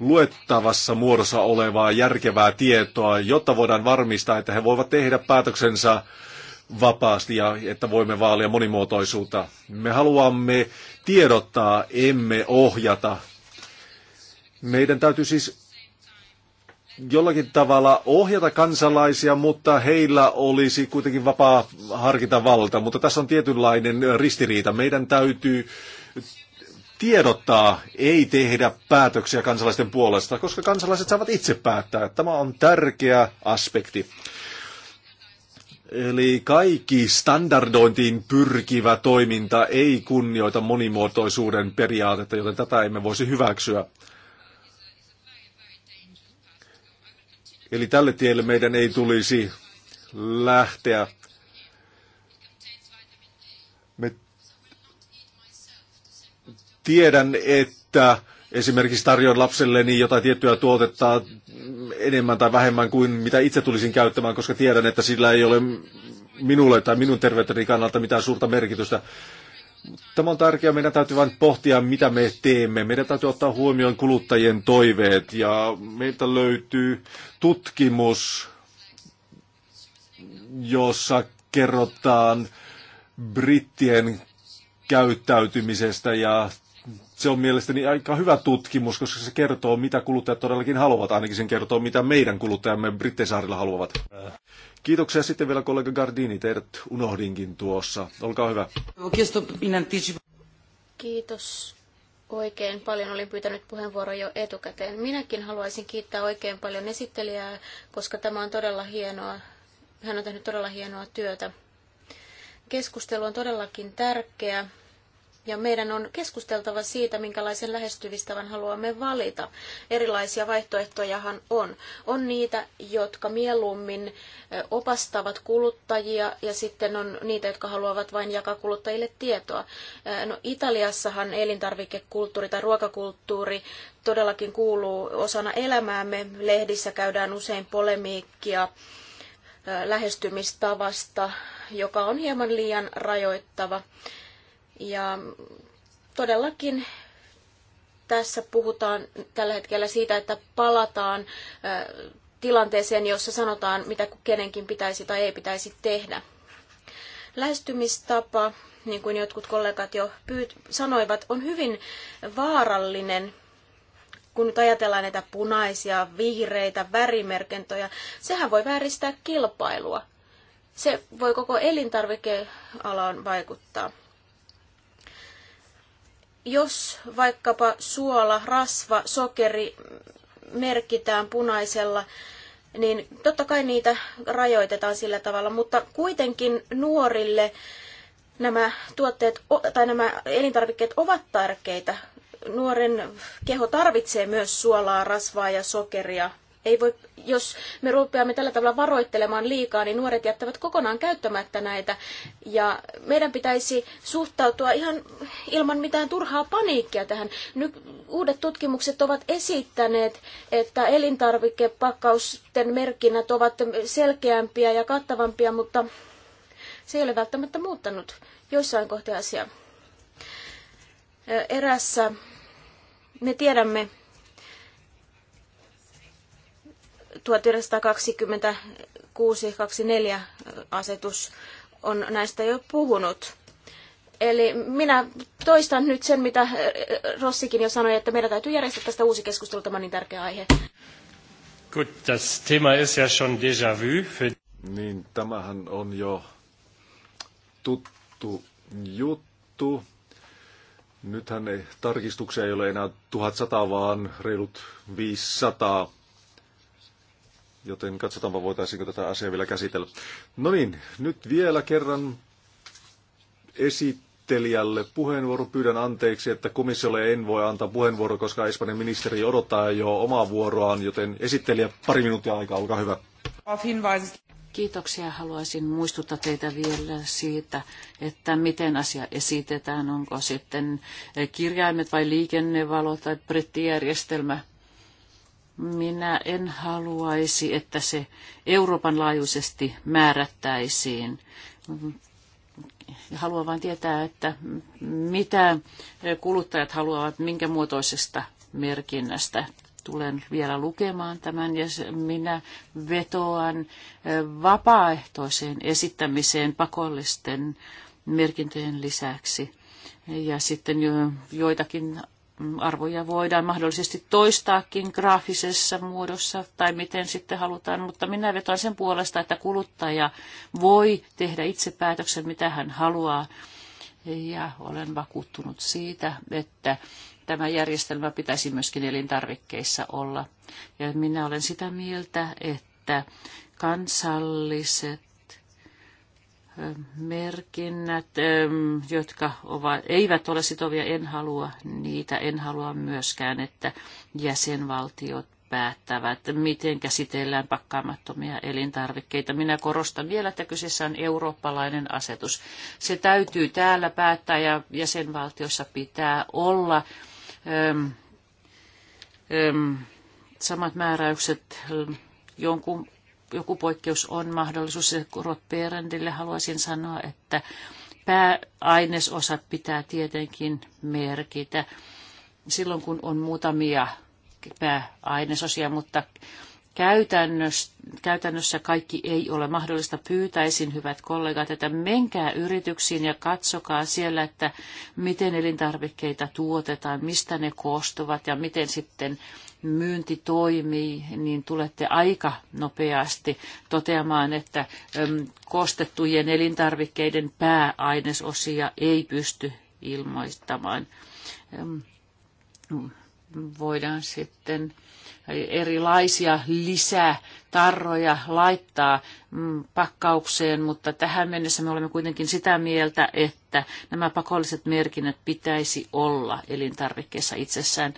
luettavassa muodossa olevaa järkevää tietoa, jotta voidaan varmistaa, että he voivat tehdä päätöksensä vapaasti ja että voimme vaalia monimuotoisuutta. Me haluamme tiedottaa, emme ohjata. Meidän täytyy siis jollakin tavalla ohjata kansalaisia, mutta heillä olisi kuitenkin vapaa harkintavalta. Mutta tässä on tietynlainen ristiriita. Meidän täytyy tiedottaa, ei tehdä päätöksiä kansalaisten puolesta, koska kansalaiset saavat itse päättää. Tämä on tärkeä aspekti. Eli kaikki standardointiin pyrkivä toiminta ei kunnioita monimuotoisuuden periaatetta, joten tätä emme voisi hyväksyä. Eli tälle tielle meidän ei tulisi lähteä. Me tiedän, että esimerkiksi tarjoan lapselleni jotain tiettyä tuotetta enemmän tai vähemmän kuin mitä itse tulisin käyttämään, koska tiedän, että sillä ei ole minulle tai minun terveyteni kannalta mitään suurta merkitystä. Tämä on tärkeää. Meidän täytyy vain pohtia, mitä me teemme. Meidän täytyy ottaa huomioon kuluttajien toiveet ja meiltä löytyy tutkimus, jossa kerrotaan brittien käyttäytymisestä ja se on mielestäni aika hyvä tutkimus, koska se kertoo, mitä kuluttajat todellakin haluavat. Ainakin sen kertoo, mitä meidän kuluttajamme Brittesaarilla haluavat. Kiitoksia sitten vielä kollega Gardini. Teidät unohdinkin tuossa. Olkaa hyvä. Kiitos oikein paljon. Olin pyytänyt puheenvuoron jo etukäteen. Minäkin haluaisin kiittää oikein paljon esittelijää, koska tämä on todella hienoa. Hän on tehnyt todella hienoa työtä. Keskustelu on todellakin tärkeä ja meidän on keskusteltava siitä, minkälaisen lähestyvistävän haluamme valita. Erilaisia vaihtoehtojahan on. On niitä, jotka mieluummin opastavat kuluttajia ja sitten on niitä, jotka haluavat vain jakaa kuluttajille tietoa. No, Italiassahan elintarvikekulttuuri tai ruokakulttuuri todellakin kuuluu osana elämäämme. Lehdissä käydään usein polemiikkia lähestymistavasta, joka on hieman liian rajoittava. Ja todellakin tässä puhutaan tällä hetkellä siitä, että palataan tilanteeseen, jossa sanotaan, mitä kenenkin pitäisi tai ei pitäisi tehdä. Lähestymistapa, niin kuin jotkut kollegat jo pyyt- sanoivat, on hyvin vaarallinen, kun nyt ajatellaan näitä punaisia, vihreitä, värimerkintöjä. Sehän voi vääristää kilpailua. Se voi koko elintarvikealaan vaikuttaa. Jos vaikkapa suola, rasva, sokeri merkitään punaisella, niin totta kai niitä rajoitetaan sillä tavalla, mutta kuitenkin nuorille nämä tuotteet tai nämä elintarvikkeet ovat tärkeitä. Nuoren keho tarvitsee myös suolaa, rasvaa ja sokeria ei voi, jos me rupeamme tällä tavalla varoittelemaan liikaa, niin nuoret jättävät kokonaan käyttämättä näitä. Ja meidän pitäisi suhtautua ihan ilman mitään turhaa paniikkia tähän. Nyt uudet tutkimukset ovat esittäneet, että elintarvikepakkausten merkinnät ovat selkeämpiä ja kattavampia, mutta se ei ole välttämättä muuttanut joissain kohtia asiaa. Erässä me tiedämme, 1926-24 äh, asetus on näistä jo puhunut. Eli minä toistan nyt sen, mitä äh, Rossikin jo sanoi, että meidän täytyy järjestää tästä uusi keskustelu, tämä on niin tärkeä aihe. Gut, das Thema ist ja schon déjà vu. Für... Niin, tämähän on jo tuttu juttu. Nythän ei, tarkistuksia ei ole enää 1100, vaan reilut 500 joten katsotaanpa voitaisiinko tätä asiaa vielä käsitellä. No niin, nyt vielä kerran esittelijälle puheenvuoro. Pyydän anteeksi, että komissiolle en voi antaa puheenvuoro, koska Espanjan ministeri odottaa jo omaa vuoroaan, joten esittelijä pari minuuttia aikaa, olkaa hyvä. Kiitoksia. Haluaisin muistuttaa teitä vielä siitä, että miten asia esitetään. Onko sitten kirjaimet vai liikennevalot tai brittijärjestelmä minä en haluaisi, että se Euroopan laajuisesti määrättäisiin. Haluan vain tietää, että mitä kuluttajat haluavat, minkä muotoisesta merkinnästä tulen vielä lukemaan tämän ja minä vetoan vapaaehtoiseen esittämiseen pakollisten merkintöjen lisäksi. Ja sitten jo, joitakin arvoja voidaan mahdollisesti toistaakin graafisessa muodossa tai miten sitten halutaan, mutta minä vetoan sen puolesta, että kuluttaja voi tehdä itse päätöksen, mitä hän haluaa. Ja olen vakuuttunut siitä, että tämä järjestelmä pitäisi myöskin elintarvikkeissa olla. Ja minä olen sitä mieltä, että kansalliset merkinnät, jotka ovat, eivät ole sitovia, en halua niitä, en halua myöskään, että jäsenvaltiot päättävät, miten käsitellään pakkaamattomia elintarvikkeita. Minä korostan vielä, että kyseessä on eurooppalainen asetus. Se täytyy täällä päättää ja jäsenvaltiossa pitää olla äm, äm, samat määräykset jonkun joku poikkeus on mahdollisuus. että Perendille haluaisin sanoa, että pääainesosat pitää tietenkin merkitä silloin, kun on muutamia pääainesosia, mutta käytännössä, käytännössä kaikki ei ole mahdollista. Pyytäisin, hyvät kollegat, että menkää yrityksiin ja katsokaa siellä, että miten elintarvikkeita tuotetaan, mistä ne koostuvat ja miten sitten myynti toimii, niin tulette aika nopeasti toteamaan, että kostettujen elintarvikkeiden pääainesosia ei pysty ilmoittamaan. Voidaan sitten erilaisia lisätarroja laittaa mm, pakkaukseen, mutta tähän mennessä me olemme kuitenkin sitä mieltä, että nämä pakolliset merkinnät pitäisi olla elintarvikkeessa itsessään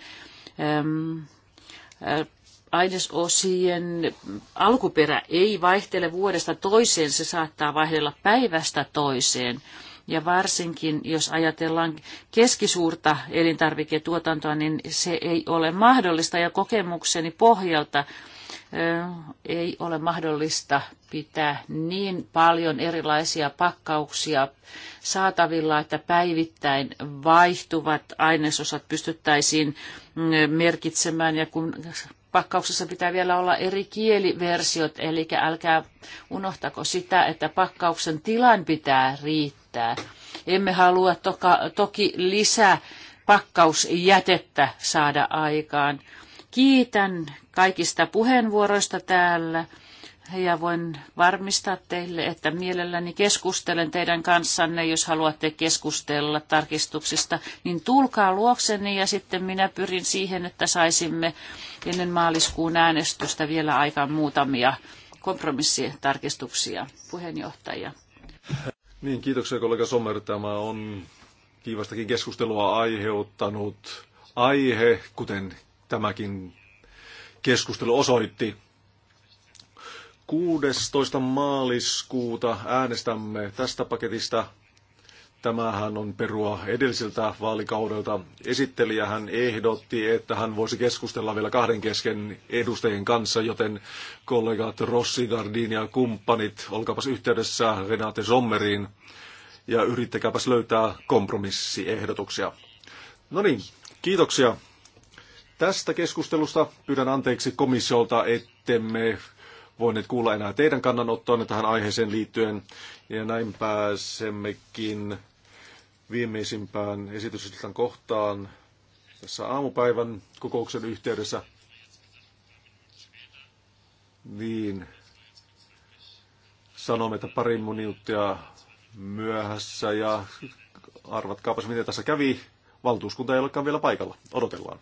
ainesosien alkuperä ei vaihtele vuodesta toiseen, se saattaa vaihdella päivästä toiseen. Ja varsinkin, jos ajatellaan keskisuurta elintarviketuotantoa, niin se ei ole mahdollista. Ja kokemukseni pohjalta ei ole mahdollista pitää niin paljon erilaisia pakkauksia saatavilla, että päivittäin vaihtuvat ainesosat pystyttäisiin mm, merkitsemään ja kun pakkauksessa pitää vielä olla eri kieliversiot, eli älkää unohtako sitä, että pakkauksen tilan pitää riittää. Emme halua toka, toki lisää pakkausjätettä saada aikaan. Kiitän kaikista puheenvuoroista täällä ja voin varmistaa teille, että mielelläni keskustelen teidän kanssanne, jos haluatte keskustella tarkistuksista, niin tulkaa luokseni ja sitten minä pyrin siihen, että saisimme ennen maaliskuun äänestystä vielä aikaan muutamia kompromissitarkistuksia puheenjohtaja. Niin, kiitoksia kollega Sommer. Tämä on kiivastakin keskustelua aiheuttanut aihe, kuten tämäkin keskustelu osoitti. 16. maaliskuuta äänestämme tästä paketista. Tämähän on perua edelliseltä vaalikaudelta. Esittelijä hän ehdotti, että hän voisi keskustella vielä kahden kesken edustajien kanssa, joten kollegat Rossi, Gardini ja kumppanit, olkaapas yhteydessä Renate Sommeriin ja yrittäkääpäs löytää kompromissiehdotuksia. No niin, kiitoksia tästä keskustelusta. Pyydän anteeksi komissiolta, ettemme voineet kuulla enää teidän kannanottoanne tähän aiheeseen liittyen. Ja näin pääsemmekin viimeisimpään esityslistan kohtaan tässä aamupäivän kokouksen yhteydessä. Niin, sanomme, että pari minuuttia myöhässä ja arvatkaapas miten tässä kävi. Valtuuskunta ei olekaan vielä paikalla. Odotellaan.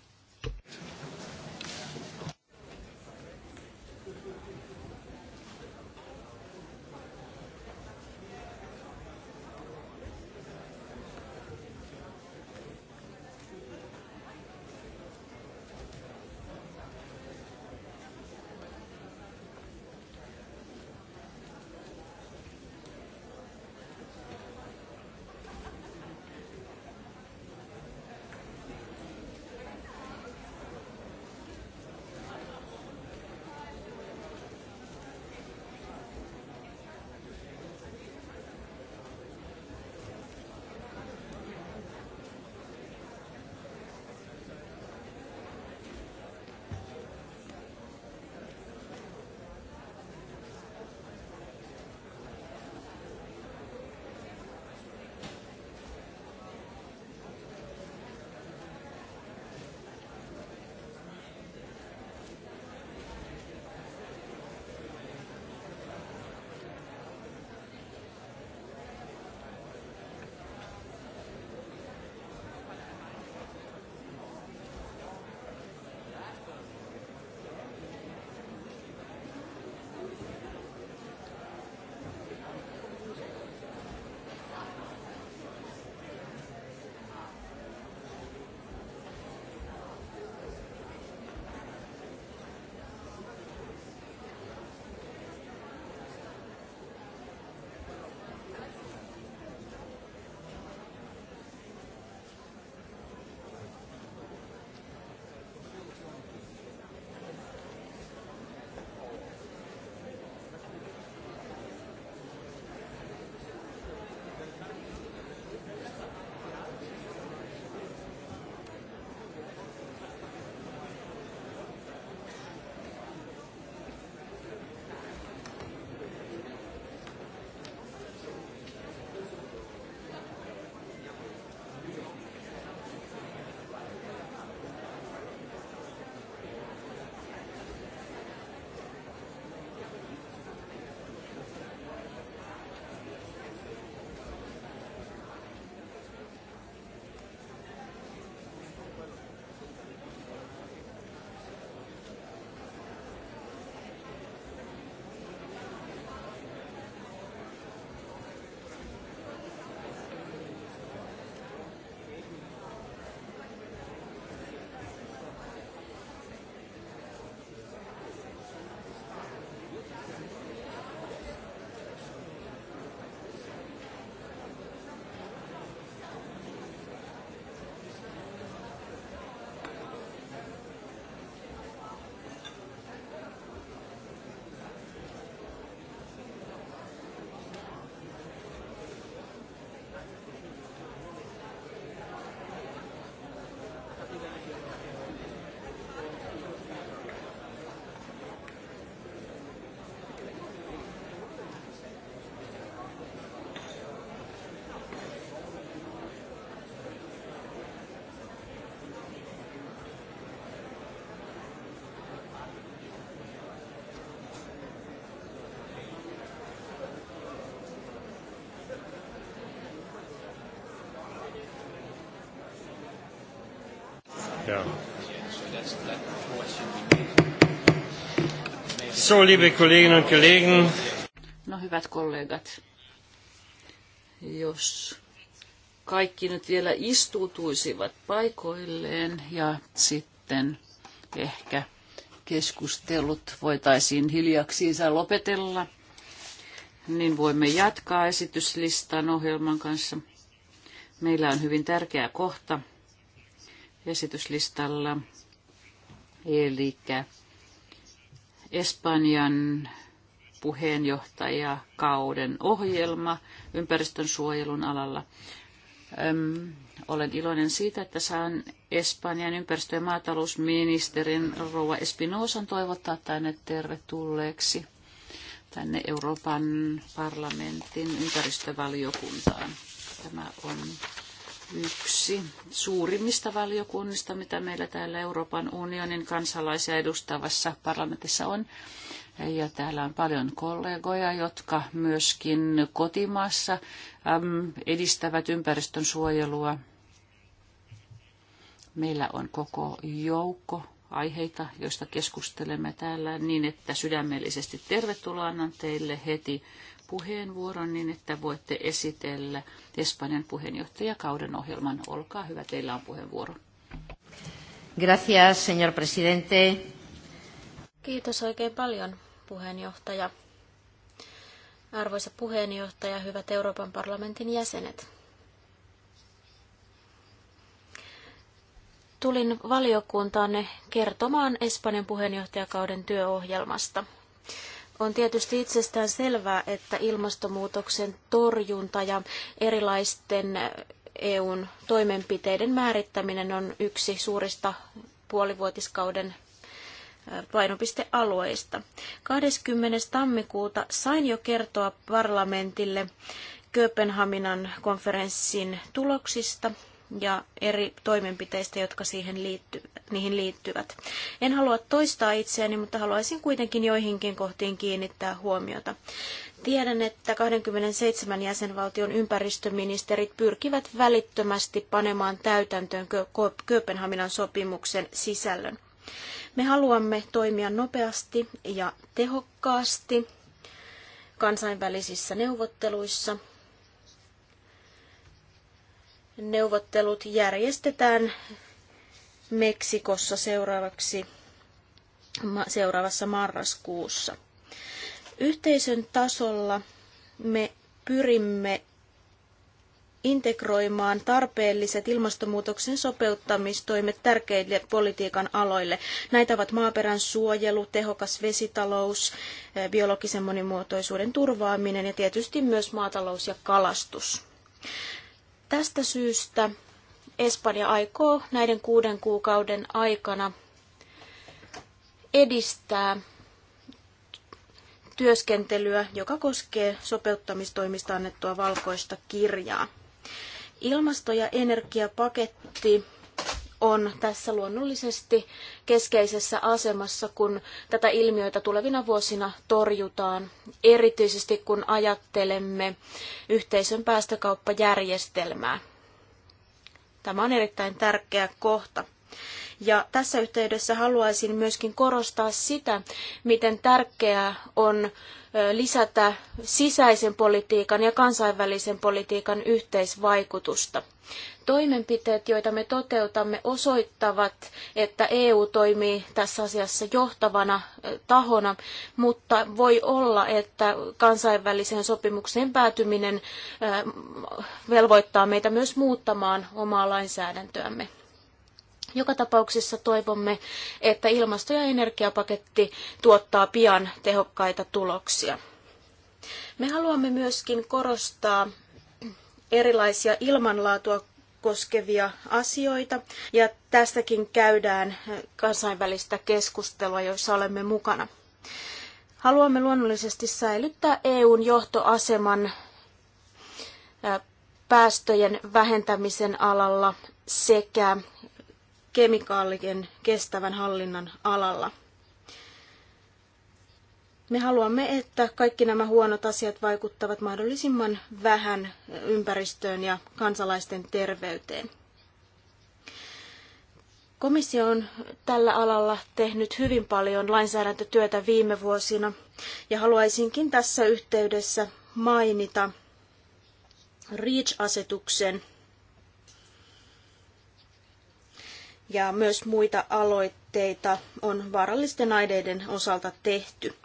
Ja. So, liebe Kolleginnen und Kollegen. No hyvät kollegat, jos kaikki nyt vielä istuutuisivat paikoilleen ja sitten ehkä keskustelut voitaisiin hiljaksiinsa lopetella, niin voimme jatkaa esityslistan ohjelman kanssa. Meillä on hyvin tärkeä kohta, esityslistalla. Eli Espanjan puheenjohtajakauden ohjelma ympäristön suojelun alalla. Öm, olen iloinen siitä, että saan Espanjan ympäristö- ja maatalousministerin Rouva Espinosan toivottaa tänne tervetulleeksi tänne Euroopan parlamentin ympäristövaliokuntaan. Tämä on yksi suurimmista valiokunnista, mitä meillä täällä Euroopan unionin kansalaisia edustavassa parlamentissa on. Ja täällä on paljon kollegoja, jotka myöskin kotimaassa äm, edistävät ympäristön suojelua. Meillä on koko joukko aiheita, joista keskustelemme täällä niin, että sydämellisesti tervetuloa annan teille heti puheenvuoron niin, että voitte esitellä Espanjan puheenjohtajakauden ohjelman. Olkaa hyvä, teillä on puheenvuoro. Gracias, señor presidente. Kiitos oikein paljon, puheenjohtaja. Arvoisa puheenjohtaja, hyvät Euroopan parlamentin jäsenet. Tulin valiokuntaanne kertomaan Espanjan puheenjohtajakauden työohjelmasta – on tietysti itsestään selvää, että ilmastonmuutoksen torjunta ja erilaisten EUn toimenpiteiden määrittäminen on yksi suurista puolivuotiskauden painopistealueista. 20. tammikuuta sain jo kertoa parlamentille Kööpenhaminan konferenssin tuloksista ja eri toimenpiteistä, jotka siihen liitty, niihin liittyvät. En halua toistaa itseäni, mutta haluaisin kuitenkin joihinkin kohtiin kiinnittää huomiota. Tiedän, että 27 jäsenvaltion ympäristöministerit pyrkivät välittömästi panemaan täytäntöön Kööpenhaminan sopimuksen sisällön. Me haluamme toimia nopeasti ja tehokkaasti kansainvälisissä neuvotteluissa neuvottelut järjestetään Meksikossa seuraavaksi, seuraavassa marraskuussa. Yhteisön tasolla me pyrimme integroimaan tarpeelliset ilmastonmuutoksen sopeuttamistoimet tärkeille politiikan aloille. Näitä ovat maaperän suojelu, tehokas vesitalous, eh, biologisen monimuotoisuuden turvaaminen ja tietysti myös maatalous ja kalastus. Tästä syystä Espanja aikoo näiden kuuden kuukauden aikana edistää työskentelyä, joka koskee sopeuttamistoimista annettua valkoista kirjaa. Ilmasto- ja energiapaketti on tässä luonnollisesti keskeisessä asemassa, kun tätä ilmiötä tulevina vuosina torjutaan, erityisesti kun ajattelemme yhteisön päästökauppajärjestelmää. Tämä on erittäin tärkeä kohta. Ja tässä yhteydessä haluaisin myöskin korostaa sitä, miten tärkeää on lisätä sisäisen politiikan ja kansainvälisen politiikan yhteisvaikutusta. Toimenpiteet, joita me toteutamme, osoittavat, että EU toimii tässä asiassa johtavana tahona, mutta voi olla, että kansainväliseen sopimukseen päätyminen velvoittaa meitä myös muuttamaan omaa lainsäädäntöämme. Joka tapauksessa toivomme, että ilmasto- ja energiapaketti tuottaa pian tehokkaita tuloksia. Me haluamme myöskin korostaa erilaisia ilmanlaatua koskevia asioita, ja tästäkin käydään kansainvälistä keskustelua, joissa olemme mukana. Haluamme luonnollisesti säilyttää EUn johtoaseman päästöjen vähentämisen alalla sekä kemikaalien kestävän hallinnan alalla. Me haluamme, että kaikki nämä huonot asiat vaikuttavat mahdollisimman vähän ympäristöön ja kansalaisten terveyteen. Komissio on tällä alalla tehnyt hyvin paljon lainsäädäntötyötä viime vuosina ja haluaisinkin tässä yhteydessä mainita REACH-asetuksen – ja myös muita aloitteita on vaarallisten aineiden osalta tehty.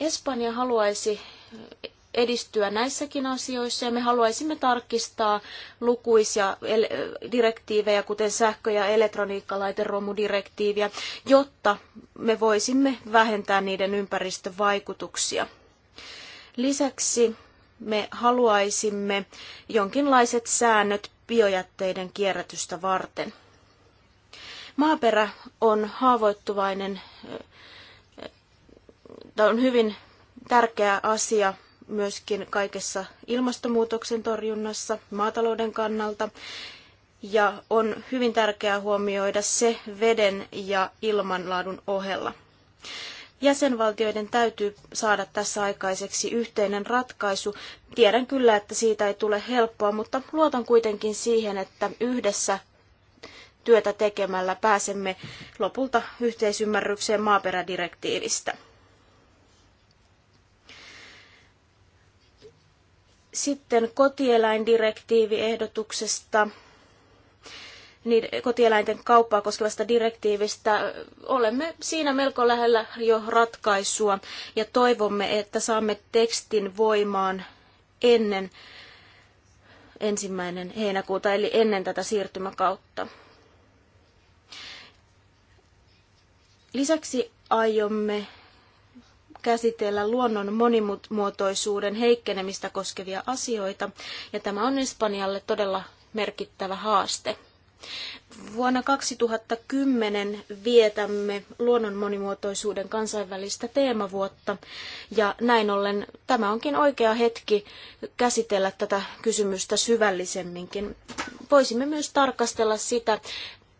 Espanja haluaisi edistyä näissäkin asioissa ja me haluaisimme tarkistaa lukuisia direktiivejä, kuten sähkö- ja elektroniikkalaiteromudirektiiviä, jotta me voisimme vähentää niiden ympäristövaikutuksia. Lisäksi me haluaisimme jonkinlaiset säännöt biojätteiden kierrätystä varten. Maaperä on haavoittuvainen, tämä on hyvin tärkeä asia myöskin kaikessa ilmastonmuutoksen torjunnassa maatalouden kannalta. Ja on hyvin tärkeää huomioida se veden ja ilmanlaadun ohella. Jäsenvaltioiden täytyy saada tässä aikaiseksi yhteinen ratkaisu. Tiedän kyllä, että siitä ei tule helppoa, mutta luotan kuitenkin siihen, että yhdessä työtä tekemällä pääsemme lopulta yhteisymmärrykseen maaperädirektiivistä. Sitten kotieläindirektiiviehdotuksesta, niin kotieläinten kauppaa koskevasta direktiivistä. Olemme siinä melko lähellä jo ratkaisua ja toivomme, että saamme tekstin voimaan ennen ensimmäinen heinäkuuta, eli ennen tätä siirtymäkautta. Lisäksi aiomme käsitellä luonnon monimuotoisuuden heikkenemistä koskevia asioita, ja tämä on Espanjalle todella merkittävä haaste. Vuonna 2010 vietämme luonnon monimuotoisuuden kansainvälistä teemavuotta, ja näin ollen tämä onkin oikea hetki käsitellä tätä kysymystä syvällisemminkin. Voisimme myös tarkastella sitä,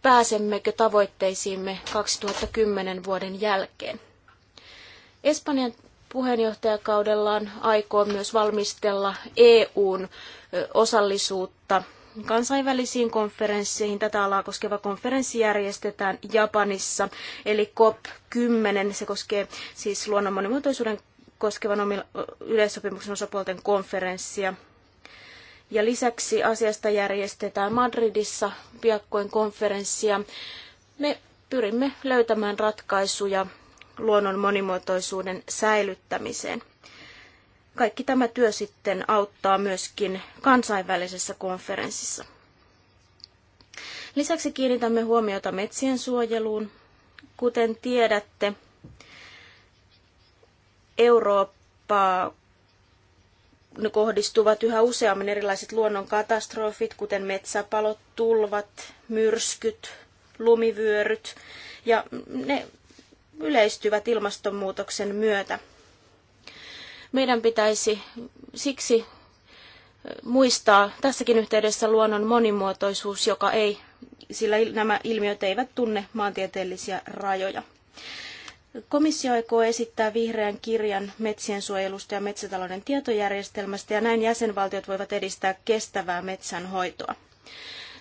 pääsemmekö tavoitteisiimme 2010 vuoden jälkeen. Espanjan puheenjohtajakaudellaan aikoo myös valmistella EUn osallisuutta kansainvälisiin konferensseihin. Tätä alaa koskeva konferenssi järjestetään Japanissa, eli COP10. Se koskee siis luonnon monimuotoisuuden koskevan yleissopimuksen osapuolten konferenssia ja lisäksi asiasta järjestetään Madridissa piakkoin konferenssia. Me pyrimme löytämään ratkaisuja luonnon monimuotoisuuden säilyttämiseen. Kaikki tämä työ sitten auttaa myöskin kansainvälisessä konferenssissa. Lisäksi kiinnitämme huomiota metsien suojeluun. Kuten tiedätte, Eurooppaa kohdistuvat yhä useammin erilaiset luonnonkatastrofit, kuten metsäpalot, tulvat, myrskyt, lumivyöryt, ja ne yleistyvät ilmastonmuutoksen myötä. Meidän pitäisi siksi muistaa tässäkin yhteydessä luonnon monimuotoisuus, joka ei, sillä nämä ilmiöt eivät tunne maantieteellisiä rajoja. Komissio aikoo esittää vihreän kirjan metsien suojelusta ja metsätalouden tietojärjestelmästä ja näin jäsenvaltiot voivat edistää kestävää metsänhoitoa.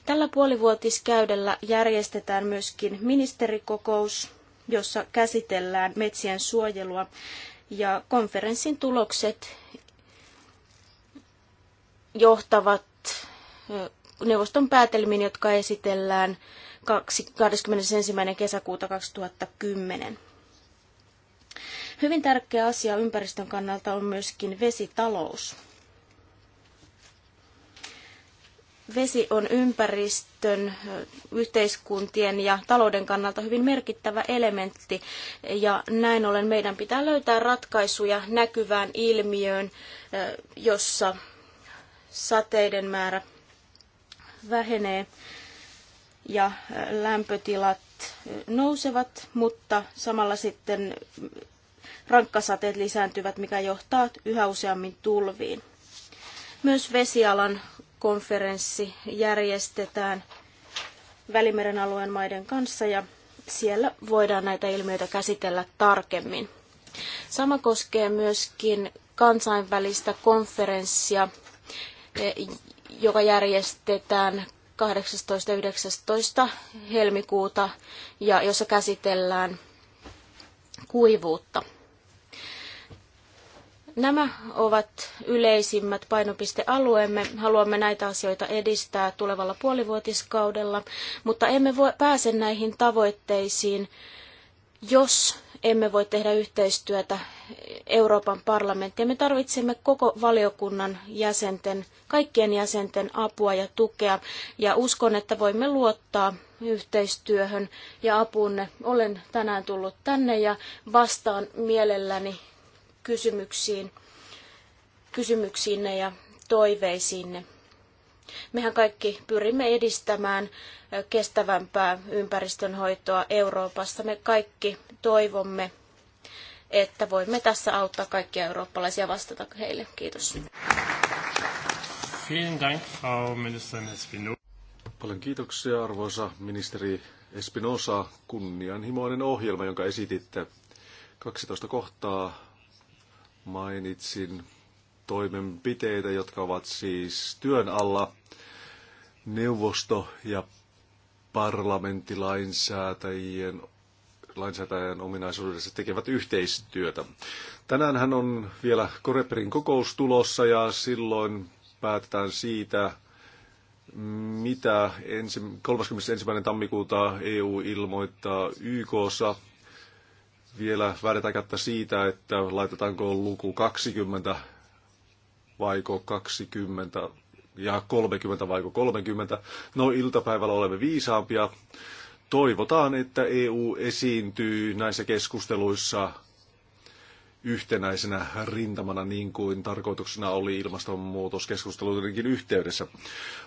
Tällä puolivuotiskäydellä järjestetään myöskin ministerikokous, jossa käsitellään metsien suojelua ja konferenssin tulokset johtavat neuvoston päätelmiin, jotka esitellään 21. kesäkuuta 2010. Hyvin tärkeä asia ympäristön kannalta on myöskin vesitalous. Vesi on ympäristön, yhteiskuntien ja talouden kannalta hyvin merkittävä elementti ja näin ollen meidän pitää löytää ratkaisuja näkyvään ilmiöön, jossa sateiden määrä vähenee ja lämpötilat nousevat, mutta samalla sitten rankkasateet lisääntyvät, mikä johtaa yhä useammin tulviin. Myös vesialan konferenssi järjestetään Välimeren alueen maiden kanssa ja siellä voidaan näitä ilmiöitä käsitellä tarkemmin. Sama koskee myöskin kansainvälistä konferenssia, eh, joka järjestetään 18. 19. helmikuuta ja jossa käsitellään kuivuutta. Nämä ovat yleisimmät painopistealueemme. Haluamme näitä asioita edistää tulevalla puolivuotiskaudella, mutta emme voi, pääse näihin tavoitteisiin, jos emme voi tehdä yhteistyötä Euroopan parlamenttiin. Me tarvitsemme koko valiokunnan jäsenten, kaikkien jäsenten apua ja tukea, ja uskon, että voimme luottaa yhteistyöhön ja apuunne. Olen tänään tullut tänne ja vastaan mielelläni kysymyksiin, kysymyksiinne ja toiveisiinne. Mehän kaikki pyrimme edistämään kestävämpää ympäristönhoitoa Euroopassa. Me kaikki toivomme, että voimme tässä auttaa kaikkia eurooppalaisia vastata heille. Kiitos. Paljon kiitoksia arvoisa ministeri Espinosa. Kunnianhimoinen ohjelma, jonka esititte. 12 kohtaa Mainitsin toimenpiteitä, jotka ovat siis työn alla. Neuvosto ja parlamenttilainsäätäjien lainsäätäjän ominaisuudessa tekevät yhteistyötä. hän on vielä Koreperin kokous tulossa ja silloin päätetään siitä, mitä ensi, 31. tammikuuta EU ilmoittaa YKssa vielä väritä kättä siitä, että laitetaanko luku 20 vaiko 20 ja 30 vaiko 30. No iltapäivällä olemme viisaampia. Toivotaan, että EU esiintyy näissä keskusteluissa yhtenäisenä rintamana, niin kuin tarkoituksena oli ilmastonmuutoskeskusteluidenkin yhteydessä.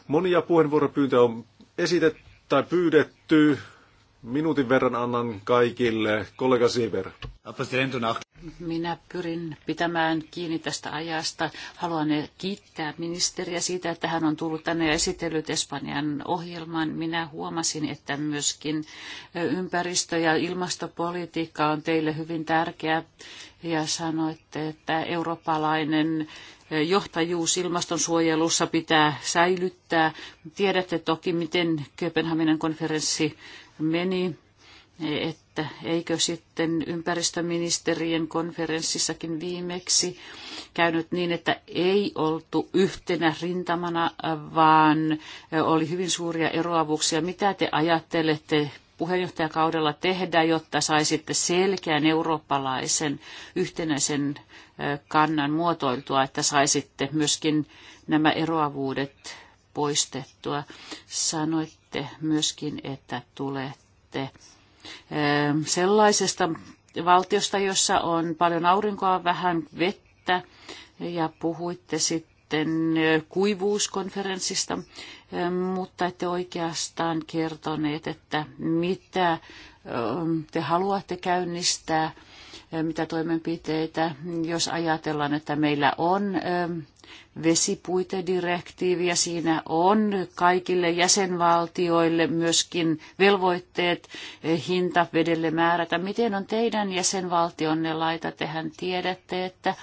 Monia puheenvuoropyyntöjä on esitetty tai pyydetty. Minuutin verran annan kaikille. Kollega Siever. Minä pyrin pitämään kiinni tästä ajasta. Haluan kiittää ministeriä siitä, että hän on tullut tänne ja esitellyt Espanjan ohjelman. Minä huomasin, että myöskin ympäristö- ja ilmastopolitiikka on teille hyvin tärkeä. Ja sanoitte, että eurooppalainen johtajuus ilmastonsuojelussa pitää säilyttää. Tiedätte toki, miten Kööpenhaminan konferenssi meni, että eikö sitten ympäristöministerien konferenssissakin viimeksi käynyt niin, että ei oltu yhtenä rintamana, vaan oli hyvin suuria eroavuuksia. Mitä te ajattelette puheenjohtajakaudella tehdä, jotta saisitte selkeän eurooppalaisen yhtenäisen kannan muotoiltua, että saisitte myöskin nämä eroavuudet poistettua. Sanoit sanoitte myöskin, että tulette sellaisesta valtiosta, jossa on paljon aurinkoa, vähän vettä ja puhuitte sitten kuivuuskonferenssista, mutta ette oikeastaan kertoneet, että mitä te haluatte käynnistää, mitä toimenpiteitä, jos ajatellaan, että meillä on vesipuitedirektiiviä. Siinä on kaikille jäsenvaltioille myöskin velvoitteet eh, hinta vedelle määrätä. Miten on teidän jäsenvaltionne laita? Tehän tiedätte, että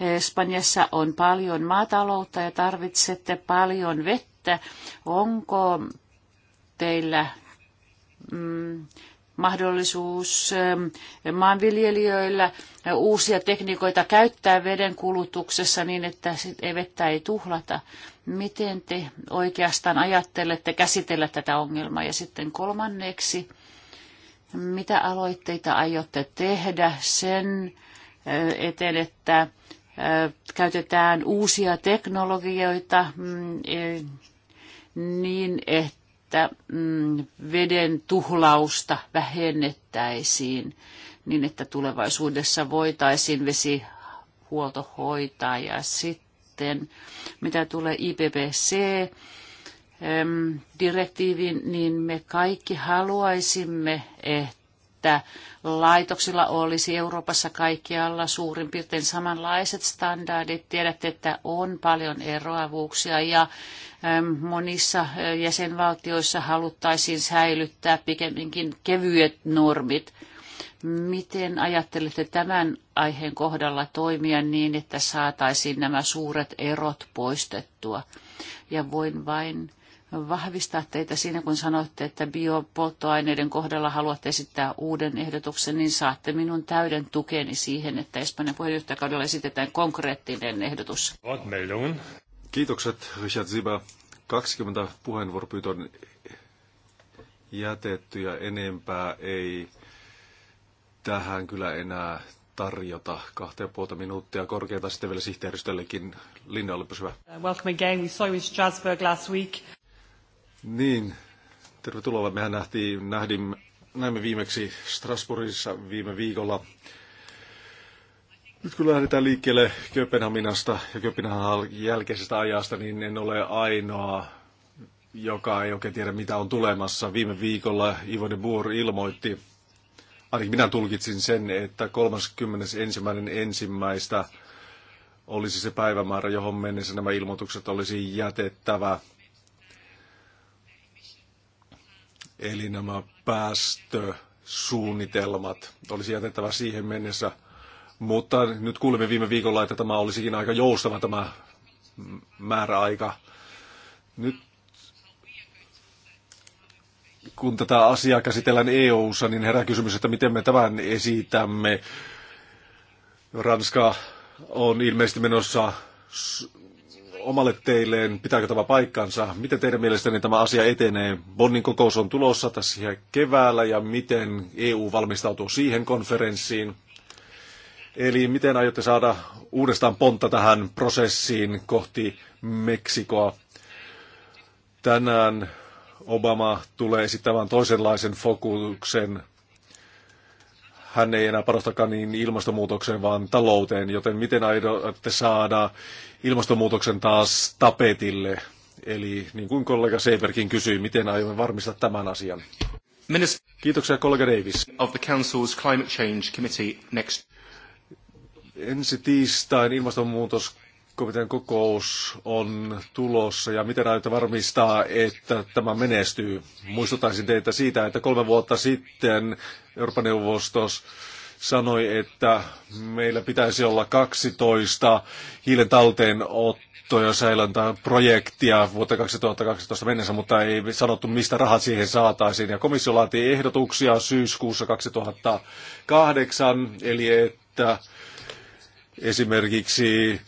eh, Espanjassa on paljon maataloutta ja tarvitsette paljon vettä. Onko teillä mm, mahdollisuus ähm, maanviljelijöillä uusia tekniikoita käyttää veden kulutuksessa niin, että vettä ei tuhlata. Miten te oikeastaan ajattelette käsitellä tätä ongelmaa? Ja sitten kolmanneksi, mitä aloitteita aiotte tehdä sen äh, eteen, että äh, käytetään uusia teknologioita mm, e, niin, että että mm, veden tuhlausta vähennettäisiin niin, että tulevaisuudessa voitaisiin vesihuolto hoitaa. Ja sitten, mitä tulee IPPC, direktiiviin, niin me kaikki haluaisimme, että että laitoksilla olisi Euroopassa kaikkialla suurin piirtein samanlaiset standardit. Tiedätte, että on paljon eroavuuksia ja ähm, monissa äh, jäsenvaltioissa haluttaisiin säilyttää pikemminkin kevyet normit. Miten ajattelette tämän aiheen kohdalla toimia niin, että saataisiin nämä suuret erot poistettua? Ja voin vain vahvistaa teitä siinä, kun sanoitte, että biopolttoaineiden kohdalla haluatte esittää uuden ehdotuksen, niin saatte minun täyden tukeni siihen, että Espanjan puheenjohtajakaudella esitetään konkreettinen ehdotus. Kiitokset, Richard Ziba. 20 puheenvuoropyyt on jätetty ja enempää ei tähän kyllä enää tarjota kahteen puolta minuuttia korkeata sitten vielä sihteeristöllekin linjoille pysyvä. Welcome again. We saw you in Strasbourg last week. Niin, tervetuloa. Mehän nähtiin, nähdim, näimme viimeksi Strasbourgissa viime viikolla. Nyt kun lähdetään liikkeelle Kööpenhaminasta ja Kööpenhaminan jälkeisestä ajasta, niin en ole ainoa, joka ei oikein tiedä, mitä on tulemassa. Viime viikolla Ivo de Boer ilmoitti, ainakin minä tulkitsin sen, että 31.1. olisi se päivämäärä, johon mennessä nämä ilmoitukset olisi jätettävä Eli nämä päästösuunnitelmat olisi jätettävä siihen mennessä. Mutta nyt kuulimme viime viikolla, että tämä olisikin aika joustava tämä määräaika. Nyt kun tätä asiaa käsitellään EU-ssa, niin herää kysymys, että miten me tämän esitämme. Ranska on ilmeisesti menossa omalle teilleen, pitääkö tämä paikkansa? Miten teidän mielestänne tämä asia etenee? Bonnin kokous on tulossa tässä keväällä ja miten EU valmistautuu siihen konferenssiin? Eli miten aiotte saada uudestaan pontta tähän prosessiin kohti Meksikoa? Tänään Obama tulee esittämään toisenlaisen fokuksen hän ei enää panostakaan niin ilmastonmuutokseen, vaan talouteen, joten miten aiotte saada ilmastonmuutoksen taas tapetille? Eli niin kuin kollega Seiberkin kysyi, miten aiomme varmistaa tämän asian? Kiitoksia kollega Davis. Of the Council's Climate Change Committee next. Ensi tiistain ilmastonmuutos komitean kokous on tulossa ja miten aiotte varmistaa, että tämä menestyy? Muistuttaisin teitä siitä, että kolme vuotta sitten Euroopan neuvostos sanoi, että meillä pitäisi olla 12 hiilen talteenottoja ja säilöntää projektia vuoteen 2012 mennessä, mutta ei sanottu, mistä rahat siihen saataisiin. Ja komissio laati ehdotuksia syyskuussa 2008, eli että esimerkiksi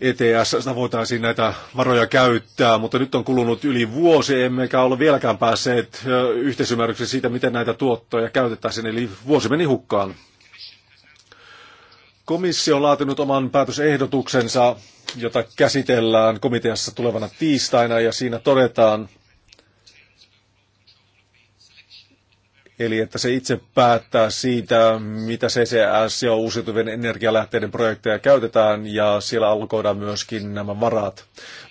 ETS voitaisiin näitä varoja käyttää, mutta nyt on kulunut yli vuosi, emmekä ole vieläkään päässeet yhteisymmärrykseen siitä, miten näitä tuottoja käytettäisiin, eli vuosi meni hukkaan. Komissio on laatinut oman päätösehdotuksensa, jota käsitellään komiteassa tulevana tiistaina, ja siinä todetaan, Eli että se itse päättää siitä, mitä CCS ja uusiutuvien energialähteiden projekteja käytetään, ja siellä alkoidaan myöskin nämä varat.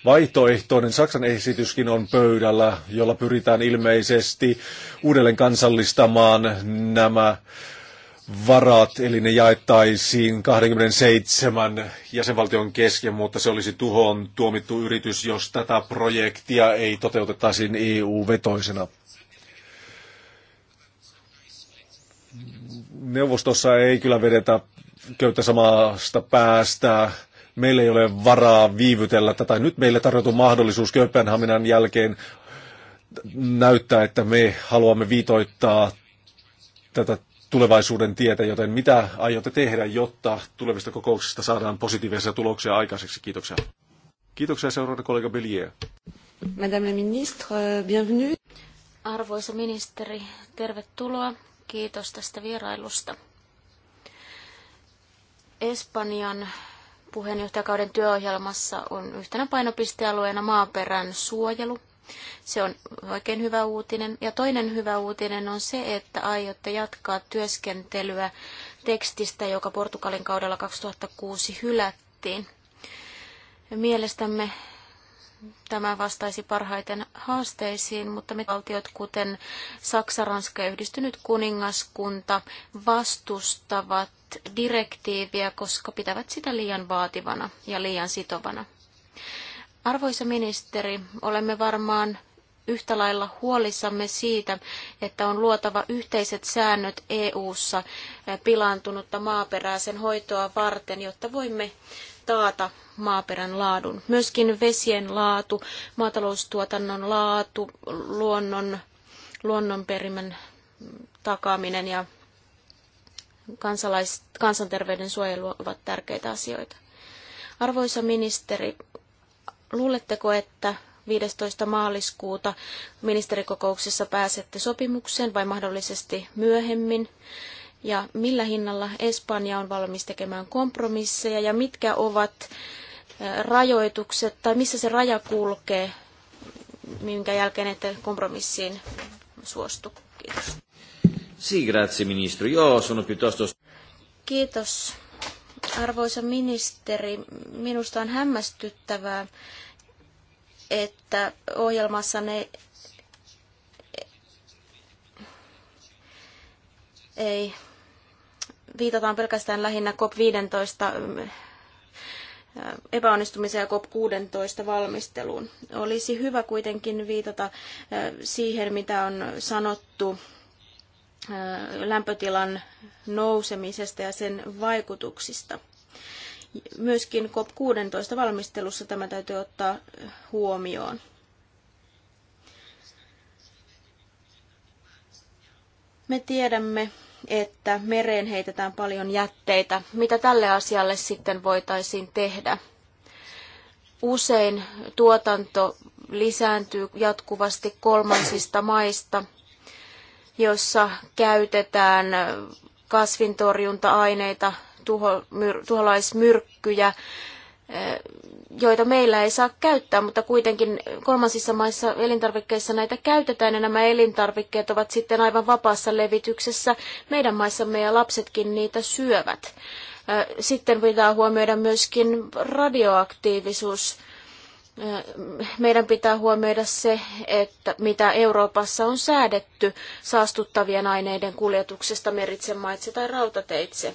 Vaihtoehtoinen Saksan esityskin on pöydällä, jolla pyritään ilmeisesti uudelleen kansallistamaan nämä varat, eli ne jaettaisiin 27 jäsenvaltion kesken, mutta se olisi tuhoon tuomittu yritys, jos tätä projektia ei toteutettaisiin EU-vetoisena. neuvostossa ei kyllä vedetä köyttä samasta päästä. Meillä ei ole varaa viivytellä tätä. Nyt meille tarjotu mahdollisuus Kööpenhaminan jälkeen näyttää, että me haluamme viitoittaa tätä tulevaisuuden tietä, joten mitä aiotte tehdä, jotta tulevista kokouksista saadaan positiivisia tuloksia aikaiseksi? Kiitoksia. Kiitoksia seuraava kollega Bellier. Madame la ministre, bienvenue. Arvoisa ministeri, tervetuloa. Kiitos tästä vierailusta. Espanjan puheenjohtajakauden työohjelmassa on yhtenä painopistealueena maaperän suojelu. Se on oikein hyvä uutinen. Ja toinen hyvä uutinen on se, että aiotte jatkaa työskentelyä tekstistä, joka Portugalin kaudella 2006 hylättiin. Mielestämme Tämä vastaisi parhaiten haasteisiin, mutta me valtiot, kuten Saksa, Ranska ja yhdistynyt kuningaskunta, vastustavat direktiiviä, koska pitävät sitä liian vaativana ja liian sitovana. Arvoisa ministeri, olemme varmaan yhtä lailla huolissamme siitä, että on luotava yhteiset säännöt EU-ssa eh, pilaantunutta maaperää sen hoitoa varten, jotta voimme taata maaperän laadun. Myöskin vesien laatu, maataloustuotannon laatu, luonnon, luonnonperimän takaaminen ja kansalais, kansanterveyden suojelu ovat tärkeitä asioita. Arvoisa ministeri, luuletteko, että 15. maaliskuuta ministerikokouksessa pääsette sopimukseen vai mahdollisesti myöhemmin? ja millä hinnalla Espanja on valmis tekemään kompromisseja ja mitkä ovat eh, rajoitukset tai missä se raja kulkee, minkä jälkeen ette kompromissiin suostu. Kiitos. Sì, grazie ministro. Io sono piuttosto... Kiitos. Arvoisa ministeri, minusta on hämmästyttävää, että ohjelmassanne ei viitataan pelkästään lähinnä COP15 mm, äh, epäonnistumiseen ja COP16 valmisteluun. Olisi hyvä kuitenkin viitata äh, siihen, mitä on sanottu äh, lämpötilan nousemisesta ja sen vaikutuksista. Myöskin COP16 valmistelussa tämä täytyy ottaa huomioon. Me tiedämme, että mereen heitetään paljon jätteitä. Mitä tälle asialle sitten voitaisiin tehdä? Usein tuotanto lisääntyy jatkuvasti kolmansista maista, jossa käytetään kasvintorjunta-aineita, tuho, tuholaismyrkkyjä, joita meillä ei saa käyttää, mutta kuitenkin kolmansissa maissa elintarvikkeissa näitä käytetään ja nämä elintarvikkeet ovat sitten aivan vapaassa levityksessä meidän maissamme ja lapsetkin niitä syövät. Sitten pitää huomioida myöskin radioaktiivisuus. Meidän pitää huomioida se, että mitä Euroopassa on säädetty saastuttavien aineiden kuljetuksesta meritse, maitse tai rautateitse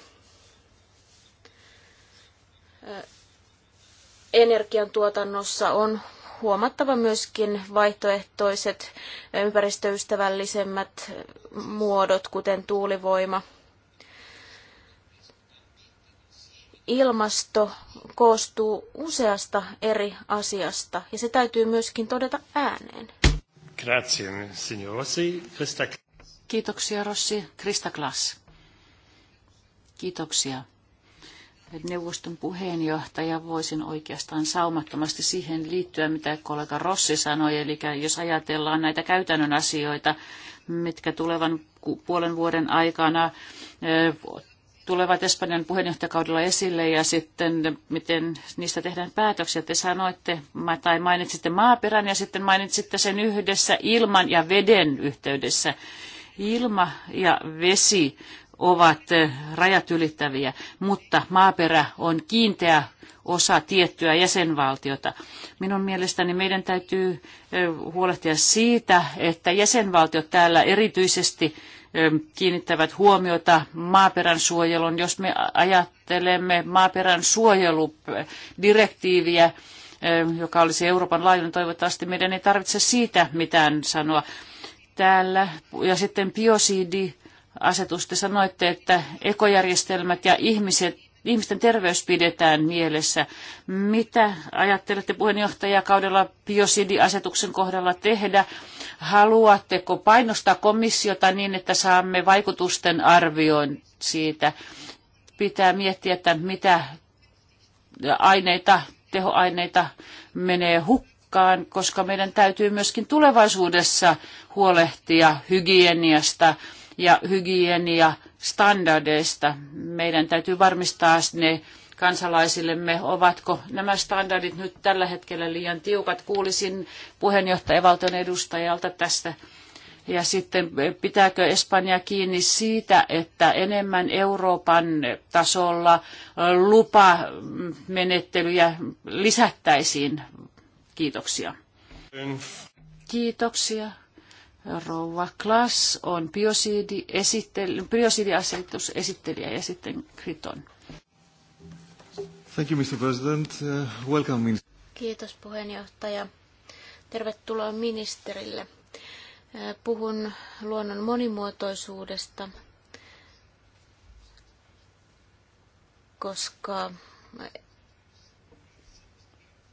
energiantuotannossa on huomattava myöskin vaihtoehtoiset ympäristöystävällisemmät muodot, kuten tuulivoima. Ilmasto koostuu useasta eri asiasta ja se täytyy myöskin todeta ääneen. Grazie, signor Rossi. Krista... Kiitoksia, Rossi. Krista Klass. Kiitoksia neuvoston puheenjohtaja, voisin oikeastaan saumattomasti siihen liittyä, mitä kollega Rossi sanoi. Eli jos ajatellaan näitä käytännön asioita, mitkä tulevan puolen vuoden aikana tulevat Espanjan puheenjohtajakaudella esille ja sitten miten niistä tehdään päätöksiä. Te sanoitte tai mainitsitte maaperän ja sitten mainitsitte sen yhdessä ilman ja veden yhteydessä. Ilma ja vesi ovat eh, rajat ylittäviä, mutta maaperä on kiinteä osa tiettyä jäsenvaltiota. Minun mielestäni meidän täytyy eh, huolehtia siitä, että jäsenvaltiot täällä erityisesti eh, kiinnittävät huomiota maaperän suojelun. Jos me ajattelemme maaperän suojeludirektiiviä, joka olisi Euroopan laajuinen, toivottavasti meidän ei tarvitse siitä mitään sanoa täällä. Ja sitten biosiidi asetus, te sanoitte, että ekojärjestelmät ja ihmiset, ihmisten terveys pidetään mielessä. Mitä ajattelette kaudella biosidiasetuksen kohdalla tehdä? Haluatteko painostaa komissiota niin, että saamme vaikutusten arvioin siitä? Pitää miettiä, että mitä aineita, tehoaineita menee hukkaan koska meidän täytyy myöskin tulevaisuudessa huolehtia hygieniasta ja hygienia standardeista. Meidän täytyy varmistaa ne kansalaisillemme, ovatko nämä standardit nyt tällä hetkellä liian tiukat. Kuulisin puheenjohtajavaltion edustajalta tästä. Ja sitten pitääkö Espanja kiinni siitä, että enemmän Euroopan tasolla lupamenettelyjä lisättäisiin? Kiitoksia. Kiitoksia. Rouva Klass on biosidiasetus esittelijä ja sitten Kriton. Thank you, Mr. President. Uh, welcome, minister. Kiitos puheenjohtaja. Tervetuloa ministerille. Uh, puhun luonnon monimuotoisuudesta, koska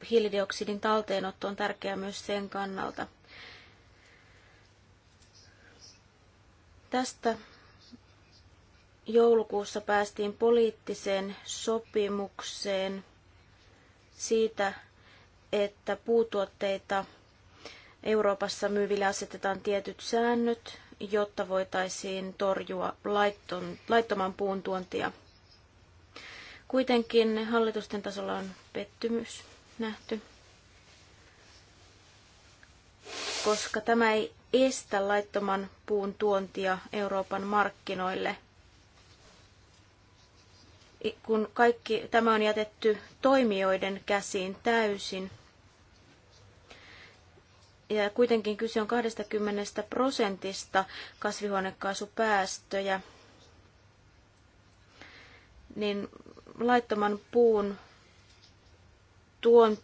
hiilidioksidin talteenotto on tärkeää myös sen kannalta – Tästä joulukuussa päästiin poliittiseen sopimukseen siitä, että puutuotteita Euroopassa myyville asetetaan tietyt säännöt, jotta voitaisiin torjua laitton, laittoman puun tuontia. Kuitenkin hallitusten tasolla on pettymys nähty, koska tämä ei estä laittoman puun tuontia Euroopan markkinoille. Kun kaikki tämä on jätetty toimijoiden käsiin täysin, ja kuitenkin kyse on 20 prosentista kasvihuonekaasupäästöjä, niin laittoman puun tuon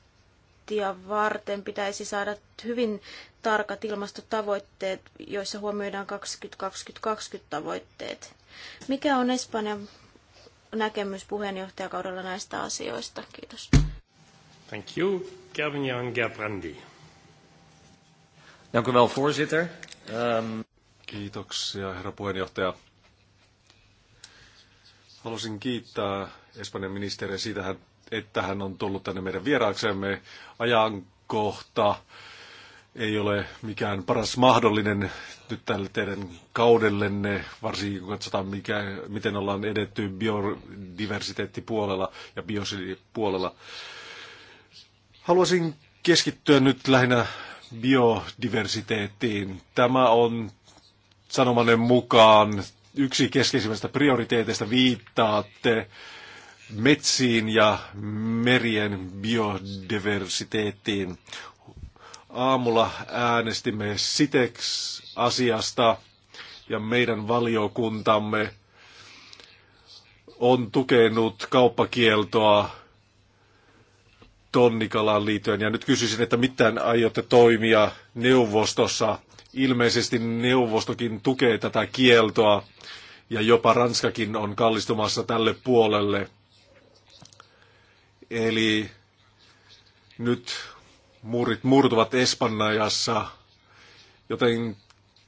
prosenttia varten pitäisi saada hyvin tarkat ilmastotavoitteet, joissa huomioidaan 2020-2020 tavoitteet. Mikä on Espanjan näkemys puheenjohtajakaudella näistä asioista? Kiitos. Thank you. Gerben Gerbrandi. Dank u wel, voorzitter. Um... Kiitoksia, herra puheenjohtaja. Haluaisin kiittää Espanjan ministeriä siitä, hän että hän on tullut tänne meidän vieraaksemme. Ajankohta ei ole mikään paras mahdollinen nyt tälle teidän kaudellenne, varsinkin kun katsotaan, mikä, miten ollaan edetty biodiversiteettipuolella ja biosipuolella. Haluaisin keskittyä nyt lähinnä biodiversiteettiin. Tämä on sanomanne mukaan yksi keskeisimmistä prioriteeteista viittaatte metsiin ja merien biodiversiteettiin. Aamulla äänestimme SITEX-asiasta ja meidän valiokuntamme on tukenut kauppakieltoa tonnikalaan liittyen. Ja nyt kysyisin, että mitään aiotte toimia neuvostossa. Ilmeisesti neuvostokin tukee tätä kieltoa ja jopa Ranskakin on kallistumassa tälle puolelle. Eli nyt muurit murtuvat Espanjassa, joten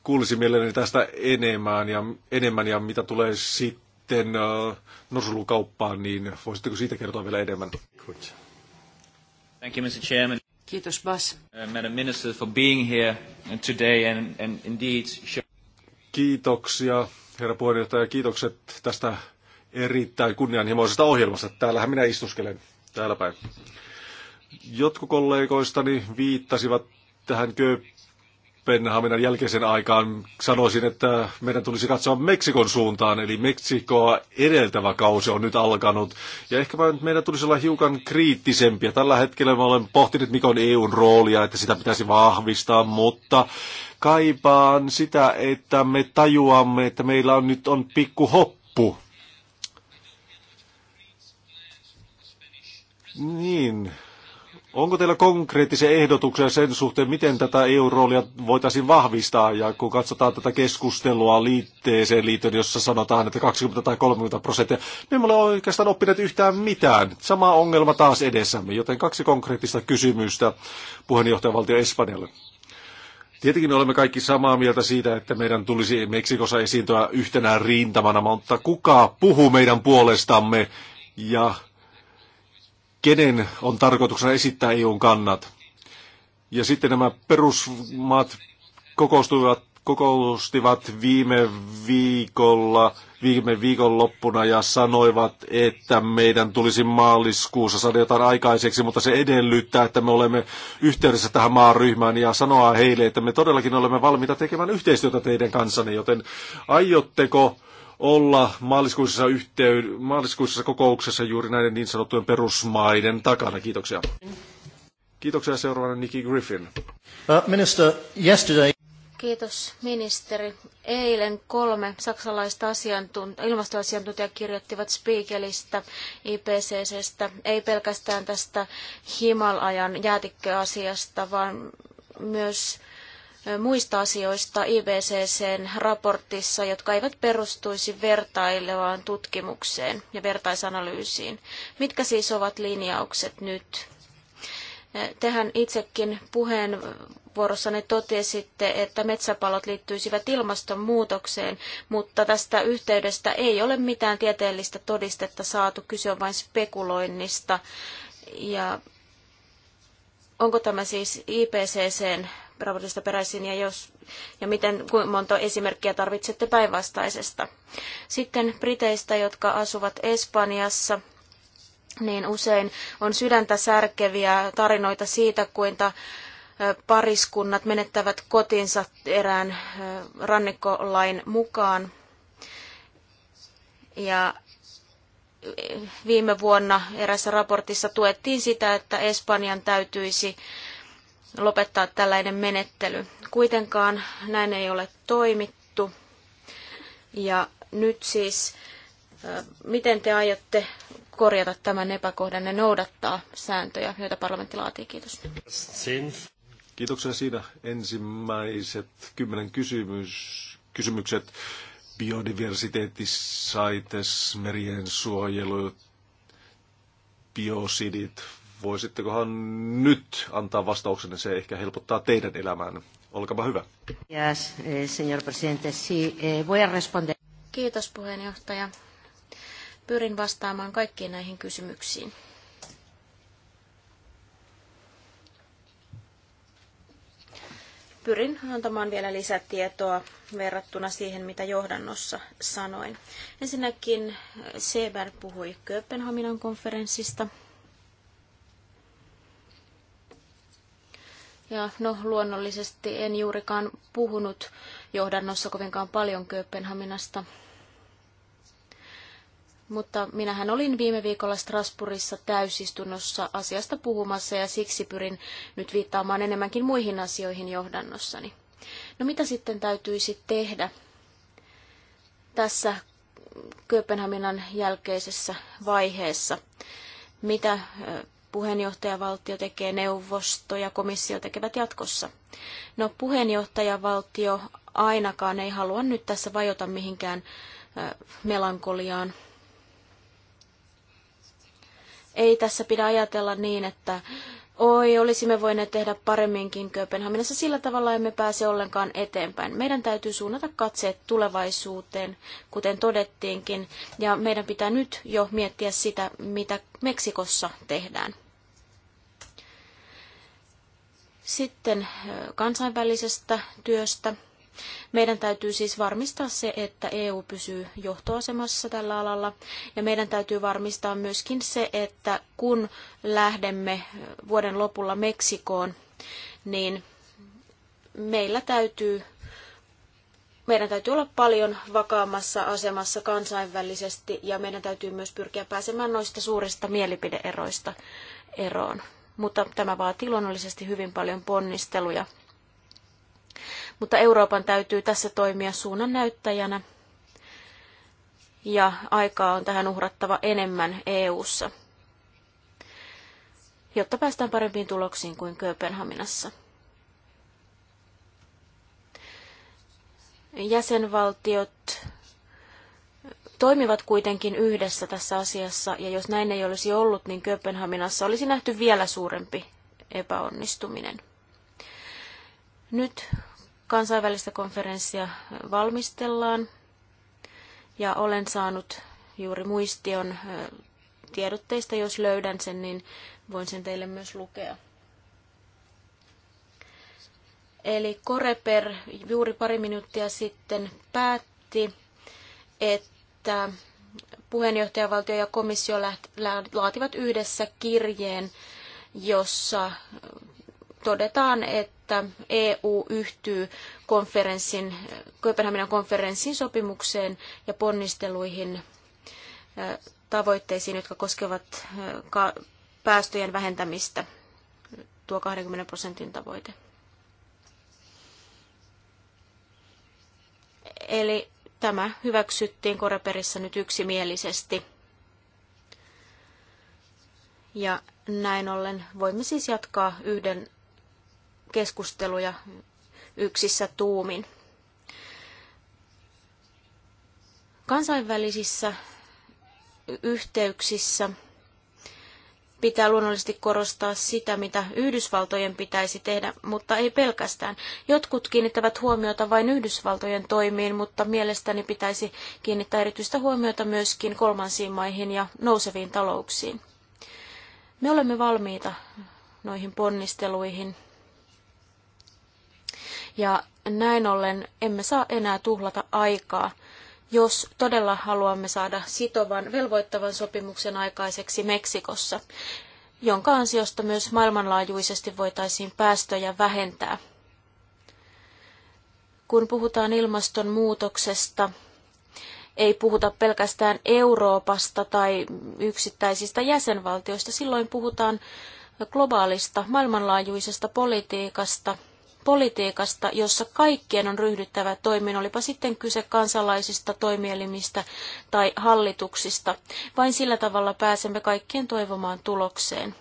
kuulisin mielelläni tästä enemmän ja, enemmän ja mitä tulee sitten uh, norsulukauppaan, niin voisitteko siitä kertoa vielä enemmän? Thank you, Mr. Chairman. Kiitos Bas. Uh, Madam Minister for being here today and, and indeed Kiitoksia, herra puheenjohtaja, kiitokset tästä erittäin kunnianhimoisesta ohjelmasta. Täällähän minä istuskelen täällä päin. Jotkut kollegoistani viittasivat tähän Kööpenhaminan jälkeisen aikaan. Sanoisin, että meidän tulisi katsoa Meksikon suuntaan, eli Meksikoa edeltävä kausi on nyt alkanut. Ja ehkä meidän tulisi olla hiukan kriittisempiä. Tällä hetkellä mä olen pohtinut, mikä on EUn roolia, että sitä pitäisi vahvistaa, mutta kaipaan sitä, että me tajuamme, että meillä on nyt on pikku hoppu Niin. Onko teillä konkreettisia ehdotuksia sen suhteen, miten tätä EU-roolia voitaisiin vahvistaa? Ja kun katsotaan tätä keskustelua liitteeseen liittyen, jossa sanotaan, että 20 tai 30 prosenttia, me emme ole oikeastaan oppineet yhtään mitään. Sama ongelma taas edessämme, joten kaksi konkreettista kysymystä puheenjohtajavaltio Espanjalle. Tietenkin olemme kaikki samaa mieltä siitä, että meidän tulisi Meksikossa esiintyä yhtenä rintamana, mutta kuka puhuu meidän puolestamme ja kenen on tarkoituksena esittää EUn kannat. Ja sitten nämä perusmaat kokoustuivat, kokoustivat viime viikolla, viime viikon loppuna ja sanoivat, että meidän tulisi maaliskuussa saada jotain aikaiseksi, mutta se edellyttää, että me olemme yhteydessä tähän maaryhmään ja sanoa heille, että me todellakin olemme valmiita tekemään yhteistyötä teidän kanssanne, joten aiotteko olla maaliskuisessa, yhtey- maaliskuisessa kokouksessa juuri näiden niin sanottujen perusmaiden takana. Kiitoksia. Kiitoksia seuraavana Nikki Griffin. Uh, minister, yesterday... Kiitos ministeri. Eilen kolme saksalaista asiantunt- ilmastoasiantuntijaa kirjoittivat Spiegelistä, IPCCstä, ei pelkästään tästä Himalajan jäätikköasiasta, vaan myös muista asioista IBCCn raportissa, jotka eivät perustuisi vertailevaan tutkimukseen ja vertaisanalyysiin. Mitkä siis ovat linjaukset nyt? Tehän itsekin puheenvuorossanne totesitte, että metsäpalot liittyisivät ilmastonmuutokseen, mutta tästä yhteydestä ei ole mitään tieteellistä todistetta saatu. Kyse on vain spekuloinnista. Ja onko tämä siis IPCCn raportista peräisin ja, jos, ja miten kuinka monta esimerkkiä tarvitsette päinvastaisesta. Sitten Briteistä, jotka asuvat Espanjassa, niin usein on sydäntä särkeviä tarinoita siitä, kuinka pariskunnat menettävät kotinsa erään rannikkolain mukaan. Ja viime vuonna erässä raportissa tuettiin sitä, että Espanjan täytyisi lopettaa tällainen menettely. Kuitenkaan näin ei ole toimittu. Ja nyt siis, miten te aiotte korjata tämän epäkohdan ja noudattaa sääntöjä, joita parlamentti laatii? Kiitos. Kiitoksia siinä ensimmäiset kymmenen kysymys, kysymykset. Biodiversiteettisaites, merien suojelu, biosidit, Voisittekohan nyt antaa vastauksen, se ehkä helpottaa teidän elämään. Olkaapa hyvä. Yes, eh, señor presidente. Sí, eh, voy a responder. Kiitos puheenjohtaja. Pyrin vastaamaan kaikkiin näihin kysymyksiin. pyrin antamaan vielä lisätietoa verrattuna siihen, mitä johdannossa sanoin. Ensinnäkin Seber puhui Kööpenhaminan konferenssista. Ja no, luonnollisesti en juurikaan puhunut johdannossa kovinkaan paljon Kööpenhaminasta. Mutta minähän olin viime viikolla Strasbourgissa täysistunnossa asiasta puhumassa ja siksi pyrin nyt viittaamaan enemmänkin muihin asioihin johdannossani. No mitä sitten täytyisi tehdä tässä Kööpenhaminan jälkeisessä vaiheessa? Mitä puheenjohtajavaltio tekee, neuvosto ja komissio tekevät jatkossa. No puheenjohtajavaltio ainakaan ei halua nyt tässä vajota mihinkään melankoliaan. Ei tässä pidä ajatella niin, että Oi, olisimme voineet tehdä paremminkin Kööpenhaminassa, sillä tavalla emme pääse ollenkaan eteenpäin. Meidän täytyy suunnata katseet tulevaisuuteen, kuten todettiinkin, ja meidän pitää nyt jo miettiä sitä, mitä Meksikossa tehdään. Sitten kansainvälisestä työstä. Meidän täytyy siis varmistaa se, että EU pysyy johtoasemassa tällä alalla ja meidän täytyy varmistaa myöskin se, että kun lähdemme vuoden lopulla Meksikoon, niin meillä täytyy meidän täytyy olla paljon vakaammassa asemassa kansainvälisesti ja meidän täytyy myös pyrkiä pääsemään noista suurista mielipideeroista eroon. Mutta tämä vaatii luonnollisesti hyvin paljon ponnisteluja mutta Euroopan täytyy tässä toimia suunnannäyttäjänä ja aikaa on tähän uhrattava enemmän EU:ssa, jotta päästään parempiin tuloksiin kuin Kööpenhaminassa. Jäsenvaltiot toimivat kuitenkin yhdessä tässä asiassa, ja jos näin ei olisi ollut, niin Kööpenhaminassa olisi nähty vielä suurempi epäonnistuminen. Nyt kansainvälistä konferenssia valmistellaan ja olen saanut juuri muistion tiedotteista. Jos löydän sen, niin voin sen teille myös lukea. Eli Koreper juuri pari minuuttia sitten päätti, että puheenjohtajavaltio ja komissio laativat yhdessä kirjeen, jossa todetaan, että että EU yhtyy konferenssin, Kööpenhaminan konferenssin sopimukseen ja ponnisteluihin tavoitteisiin, jotka koskevat päästöjen vähentämistä, tuo 20 prosentin tavoite. Eli tämä hyväksyttiin Koreperissä nyt yksimielisesti. Ja näin ollen voimme siis jatkaa yhden keskusteluja yksissä tuumin. Kansainvälisissä yhteyksissä pitää luonnollisesti korostaa sitä, mitä Yhdysvaltojen pitäisi tehdä, mutta ei pelkästään. Jotkut kiinnittävät huomiota vain Yhdysvaltojen toimiin, mutta mielestäni pitäisi kiinnittää erityistä huomiota myöskin kolmansiin maihin ja nouseviin talouksiin. Me olemme valmiita noihin ponnisteluihin ja näin ollen emme saa enää tuhlata aikaa. Jos todella haluamme saada sitovan, velvoittavan sopimuksen aikaiseksi Meksikossa, jonka ansiosta myös maailmanlaajuisesti voitaisiin päästöjä vähentää. Kun puhutaan ilmastonmuutoksesta, ei puhuta pelkästään Euroopasta tai yksittäisistä jäsenvaltioista, silloin puhutaan globaalista, maailmanlaajuisesta politiikasta – politiikasta, jossa kaikkien on ryhdyttävä toimiin, olipa sitten kyse kansalaisista, toimielimistä tai hallituksista. Vain sillä tavalla pääsemme kaikkien toivomaan tulokseen.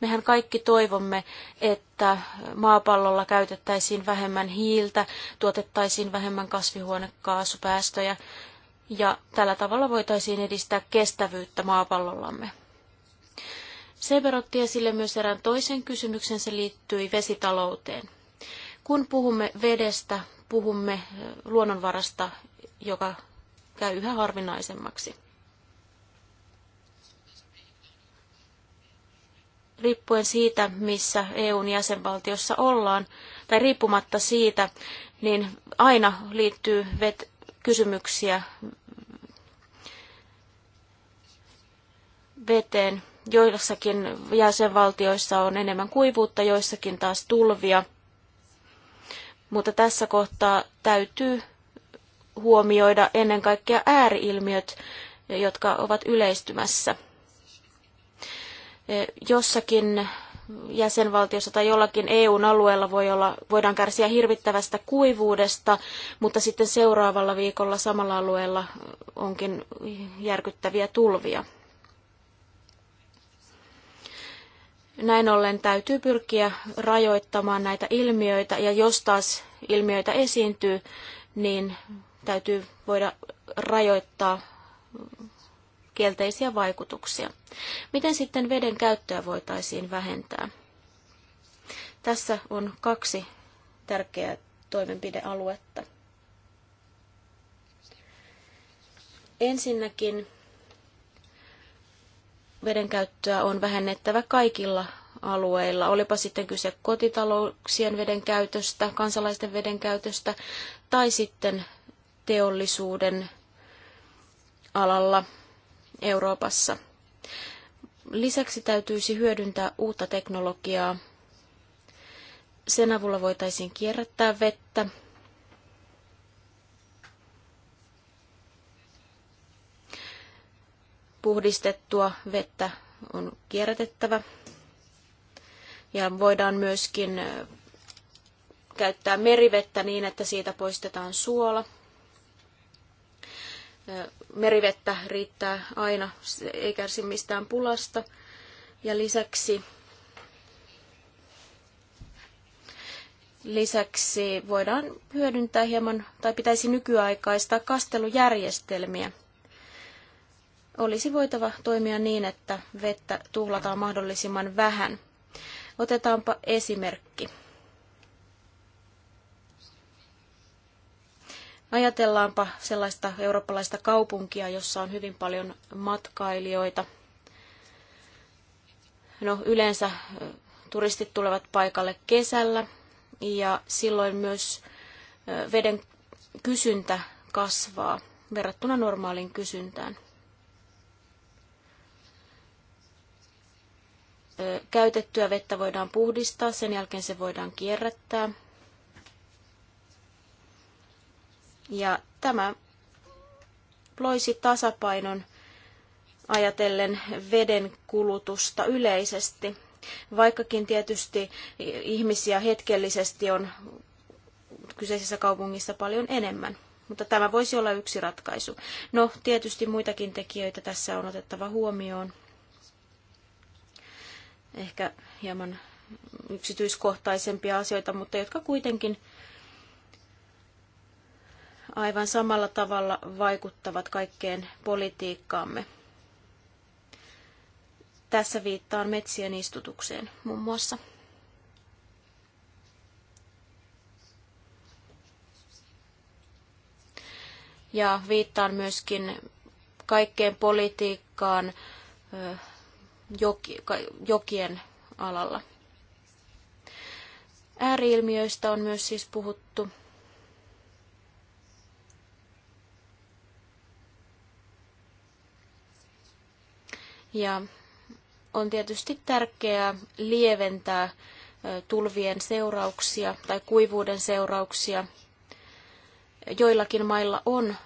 Mehän kaikki toivomme, että maapallolla käytettäisiin vähemmän hiiltä, tuotettaisiin vähemmän kasvihuonekaasupäästöjä ja tällä tavalla voitaisiin edistää kestävyyttä maapallollamme. Seber otti esille myös erään toisen kysymyksen, se liittyi vesitalouteen. Kun puhumme vedestä, puhumme luonnonvarasta, joka käy yhä harvinaisemmaksi. Riippuen siitä, missä EUn jäsenvaltiossa ollaan, tai riippumatta siitä, niin aina liittyy vet- kysymyksiä veteen. Joissakin jäsenvaltioissa on enemmän kuivuutta, joissakin taas tulvia – mutta tässä kohtaa täytyy huomioida ennen kaikkea ääriilmiöt, jotka ovat yleistymässä. Jossakin jäsenvaltiossa tai jollakin EUn alueella voi olla, voidaan kärsiä hirvittävästä kuivuudesta, mutta sitten seuraavalla viikolla samalla alueella onkin järkyttäviä tulvia. Näin ollen täytyy pyrkiä rajoittamaan näitä ilmiöitä, ja jos taas ilmiöitä esiintyy, niin täytyy voida rajoittaa kielteisiä vaikutuksia. Miten sitten veden käyttöä voitaisiin vähentää? Tässä on kaksi tärkeää toimenpidealuetta. Ensinnäkin vedenkäyttöä on vähennettävä kaikilla alueilla, olipa sitten kyse kotitalouksien vedenkäytöstä, kansalaisten vedenkäytöstä tai sitten teollisuuden alalla Euroopassa. Lisäksi täytyisi hyödyntää uutta teknologiaa. Sen avulla voitaisiin kierrättää vettä puhdistettua vettä on kierrätettävä. Ja voidaan myöskin käyttää merivettä niin, että siitä poistetaan suola. Merivettä riittää aina, se ei kärsi mistään pulasta. Ja lisäksi, lisäksi voidaan hyödyntää hieman, tai pitäisi nykyaikaistaa kastelujärjestelmiä – olisi voitava toimia niin, että vettä tuhlataan mahdollisimman vähän. Otetaanpa esimerkki. Ajatellaanpa sellaista eurooppalaista kaupunkia, jossa on hyvin paljon matkailijoita. No, yleensä turistit tulevat paikalle kesällä ja silloin myös veden kysyntä kasvaa verrattuna normaaliin kysyntään. käytettyä vettä voidaan puhdistaa, sen jälkeen se voidaan kierrättää. Ja tämä loisi tasapainon ajatellen veden kulutusta yleisesti, vaikkakin tietysti ihmisiä hetkellisesti on kyseisessä kaupungissa paljon enemmän. Mutta tämä voisi olla yksi ratkaisu. No, tietysti muitakin tekijöitä tässä on otettava huomioon ehkä hieman yksityiskohtaisempia asioita, mutta jotka kuitenkin aivan samalla tavalla vaikuttavat kaikkeen politiikkaamme. Tässä viittaan metsien istutukseen muun muassa. Ja viittaan myöskin kaikkeen politiikkaan jokien alalla. Ääriilmiöistä on myös siis puhuttu. Ja on tietysti tärkeää lieventää tulvien seurauksia tai kuivuuden seurauksia. Joillakin mailla on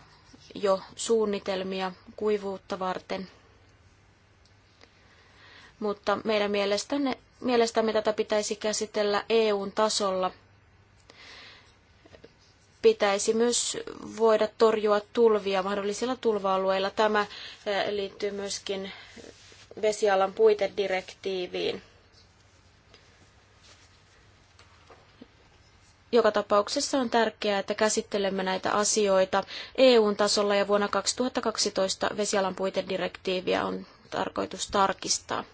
jo suunnitelmia kuivuutta varten – mutta meidän mielestämme, mielestämme tätä pitäisi käsitellä EUn tasolla. Pitäisi myös voida torjua tulvia mahdollisilla tulva-alueilla. Tämä eh, liittyy myöskin vesialan puitedirektiiviin. Joka tapauksessa on tärkeää, että käsittelemme näitä asioita EUn tasolla ja vuonna 2012 vesialan puitedirektiiviä on tarkoitus tarkistaa.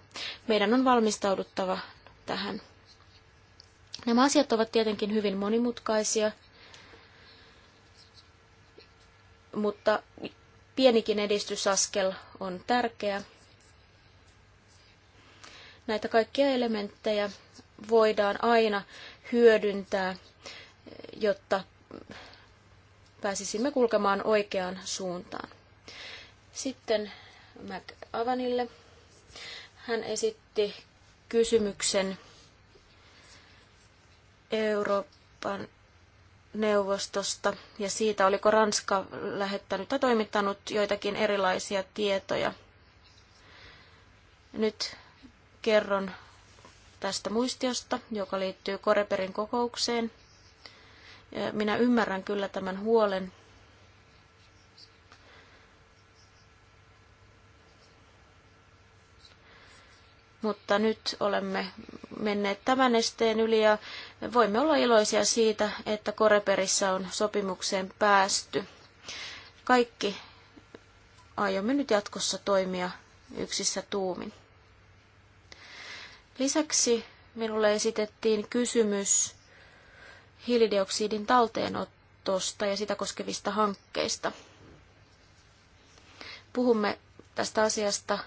Meidän on valmistauduttava tähän. Nämä asiat ovat tietenkin hyvin monimutkaisia, mutta pienikin edistysaskel on tärkeä. Näitä kaikkia elementtejä voidaan aina hyödyntää, jotta pääsisimme kulkemaan oikeaan suuntaan. Sitten McAvanille. Hän esitti kysymyksen Euroopan neuvostosta ja siitä, oliko Ranska lähettänyt tai toimittanut joitakin erilaisia tietoja. Nyt kerron tästä muistiosta, joka liittyy Koreperin kokoukseen. Minä ymmärrän kyllä tämän huolen, mutta nyt olemme menneet tämän esteen yli ja voimme olla iloisia siitä, että Koreperissä on sopimukseen päästy. Kaikki aiomme nyt jatkossa toimia yksissä tuumin. Lisäksi minulle esitettiin kysymys hiilidioksidin talteenotosta ja sitä koskevista hankkeista. Puhumme tästä asiasta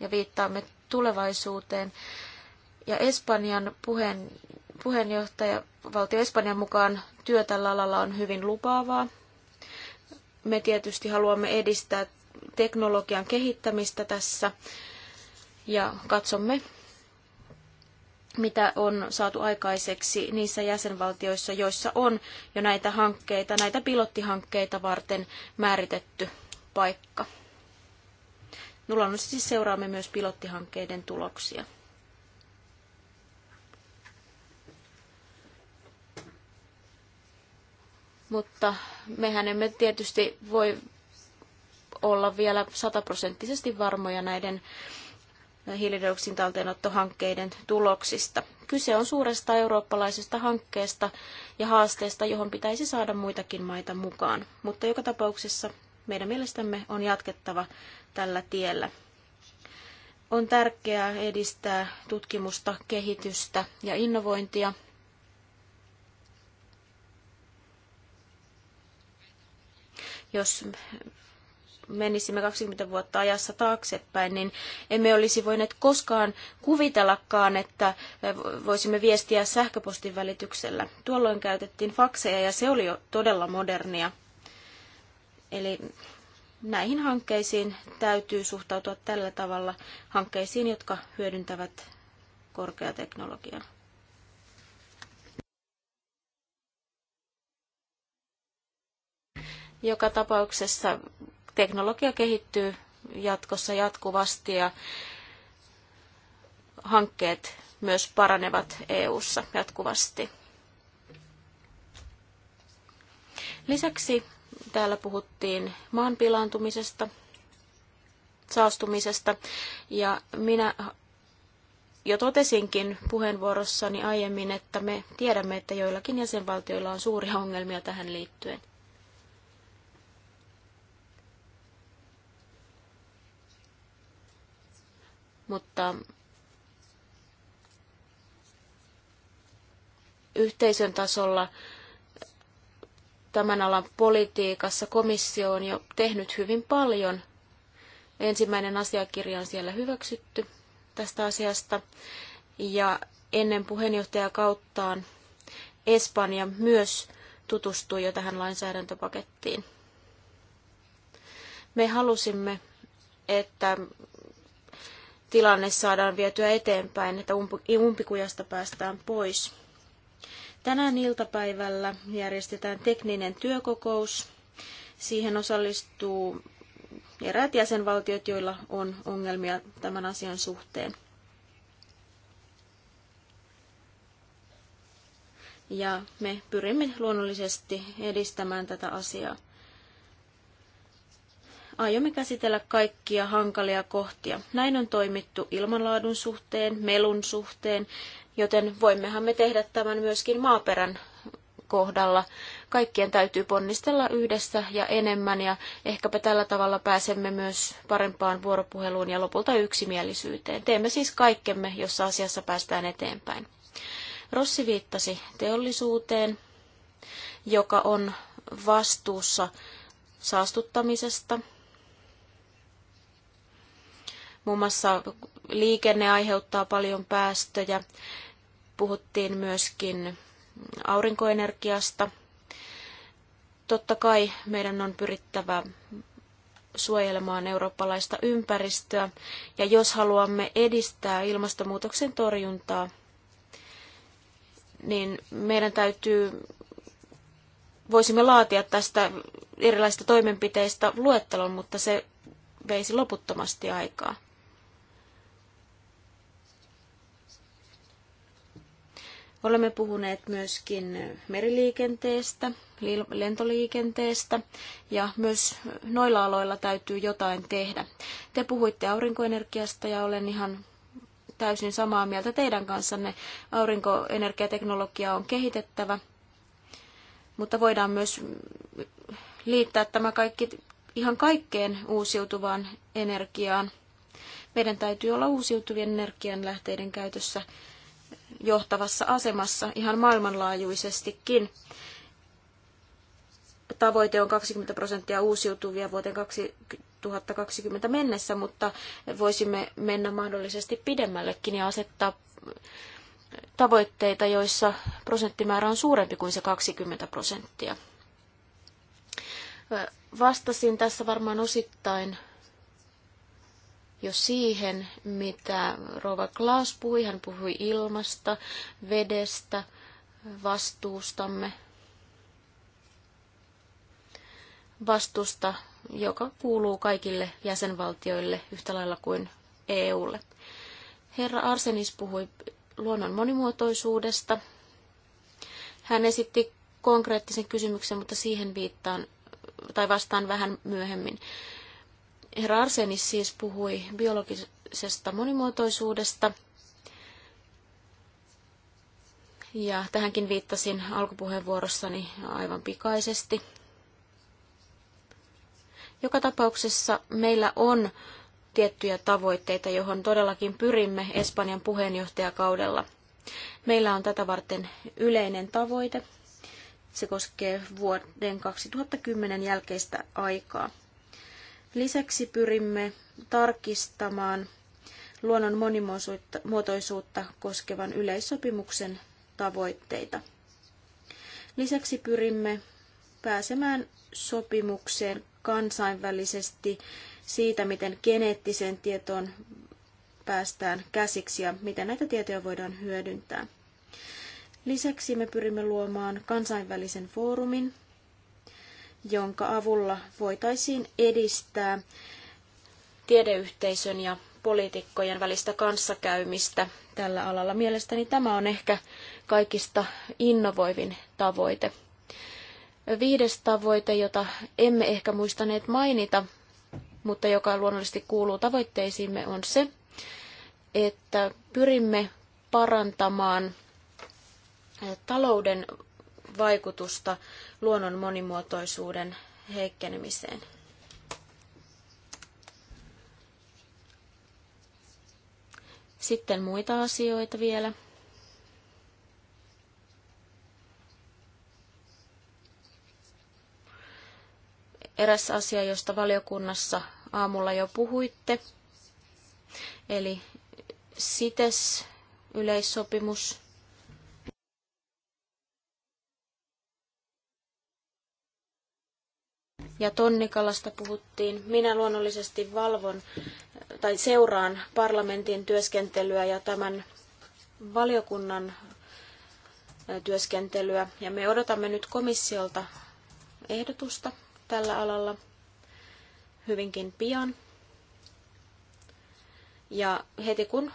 ja viittaamme tulevaisuuteen. Ja Espanjan puheen, puheenjohtaja, valtio Espanjan mukaan työ tällä alalla on hyvin lupaavaa. Me tietysti haluamme edistää teknologian kehittämistä tässä ja katsomme, mitä on saatu aikaiseksi niissä jäsenvaltioissa, joissa on jo näitä hankkeita, näitä pilottihankkeita varten määritetty paikka. Luonnollisesti seuraamme myös pilottihankkeiden tuloksia. Mutta mehän emme tietysti voi olla vielä sataprosenttisesti varmoja näiden hiilidioksidin talteenottohankkeiden tuloksista. Kyse on suuresta eurooppalaisesta hankkeesta ja haasteesta, johon pitäisi saada muitakin maita mukaan. Mutta joka tapauksessa meidän mielestämme on jatkettava tällä tiellä. On tärkeää edistää tutkimusta, kehitystä ja innovointia. Jos menisimme 20 vuotta ajassa taaksepäin, niin emme olisi voineet koskaan kuvitellakaan, että voisimme viestiä sähköpostin välityksellä. Tuolloin käytettiin fakseja ja se oli jo todella modernia. Eli näihin hankkeisiin täytyy suhtautua tällä tavalla hankkeisiin, jotka hyödyntävät korkeateknologiaa. Joka tapauksessa teknologia kehittyy jatkossa jatkuvasti ja hankkeet myös paranevat EU:ssa jatkuvasti. Lisäksi Täällä puhuttiin maan pilaantumisesta, saastumisesta ja minä jo totesinkin puheenvuorossani aiemmin, että me tiedämme, että joillakin jäsenvaltioilla on suuria ongelmia tähän liittyen. Mutta yhteisön tasolla tämän alan politiikassa komissio on jo tehnyt hyvin paljon. Ensimmäinen asiakirja on siellä hyväksytty tästä asiasta. Ja ennen kauttaan Espanja myös tutustui jo tähän lainsäädäntöpakettiin. Me halusimme, että tilanne saadaan vietyä eteenpäin, että umpikujasta päästään pois. Tänään iltapäivällä järjestetään tekninen työkokous. Siihen osallistuu eräät jäsenvaltiot, joilla on ongelmia tämän asian suhteen. Ja me pyrimme luonnollisesti edistämään tätä asiaa. Aiomme käsitellä kaikkia hankalia kohtia. Näin on toimittu ilmanlaadun suhteen, melun suhteen joten voimmehan me tehdä tämän myöskin maaperän kohdalla. Kaikkien täytyy ponnistella yhdessä ja enemmän ja ehkäpä tällä tavalla pääsemme myös parempaan vuoropuheluun ja lopulta yksimielisyyteen. Teemme siis kaikkemme, jossa asiassa päästään eteenpäin. Rossi viittasi teollisuuteen, joka on vastuussa saastuttamisesta, Muun muassa liikenne aiheuttaa paljon päästöjä. Puhuttiin myöskin aurinkoenergiasta. Totta kai meidän on pyrittävä suojelemaan eurooppalaista ympäristöä, ja jos haluamme edistää ilmastonmuutoksen torjuntaa, niin meidän täytyy, voisimme laatia tästä erilaisista toimenpiteistä luettelon, mutta se veisi loputtomasti aikaa. Olemme puhuneet myöskin meriliikenteestä, lentoliikenteestä ja myös noilla aloilla täytyy jotain tehdä. Te puhuitte aurinkoenergiasta ja olen ihan täysin samaa mieltä teidän kanssanne. Aurinkoenergiateknologia on kehitettävä, mutta voidaan myös liittää tämä kaikki ihan kaikkeen uusiutuvaan energiaan. Meidän täytyy olla uusiutuvien energianlähteiden käytössä johtavassa asemassa ihan maailmanlaajuisestikin. Tavoite on 20 prosenttia uusiutuvia vuoteen 2020 mennessä, mutta voisimme mennä mahdollisesti pidemmällekin ja asettaa tavoitteita, joissa prosenttimäärä on suurempi kuin se 20 prosenttia. Vastasin tässä varmaan osittain jo siihen, mitä Rova Klaas puhui. Hän puhui ilmasta, vedestä, vastuustamme, vastusta, joka kuuluu kaikille jäsenvaltioille yhtä lailla kuin EUlle. Herra Arsenis puhui luonnon monimuotoisuudesta. Hän esitti konkreettisen kysymyksen, mutta siihen viittaan tai vastaan vähän myöhemmin. Herra Arsenis siis puhui biologisesta monimuotoisuudesta. Ja tähänkin viittasin alkupuheenvuorossani aivan pikaisesti. Joka tapauksessa meillä on tiettyjä tavoitteita, johon todellakin pyrimme Espanjan puheenjohtajakaudella. Meillä on tätä varten yleinen tavoite. Se koskee vuoden 2010 jälkeistä aikaa. Lisäksi pyrimme tarkistamaan luonnon monimuotoisuutta koskevan yleissopimuksen tavoitteita. Lisäksi pyrimme pääsemään sopimukseen kansainvälisesti siitä, miten geneettiseen tietoon päästään käsiksi ja miten näitä tietoja voidaan hyödyntää. Lisäksi me pyrimme luomaan kansainvälisen foorumin, jonka avulla voitaisiin edistää tiedeyhteisön ja poliitikkojen välistä kanssakäymistä tällä alalla. Mielestäni tämä on ehkä kaikista innovoivin tavoite. Viides tavoite, jota emme ehkä muistaneet mainita, mutta joka luonnollisesti kuuluu tavoitteisiimme, on se, että pyrimme parantamaan talouden vaikutusta luonnon monimuotoisuuden heikkenemiseen. Sitten muita asioita vielä. Eräs asia, josta valiokunnassa aamulla jo puhuitte, eli CITES-yleissopimus – ja tonnikalasta puhuttiin. Minä luonnollisesti valvon tai seuraan parlamentin työskentelyä ja tämän valiokunnan työskentelyä. Ja me odotamme nyt komissiolta ehdotusta tällä alalla hyvinkin pian. Ja heti kun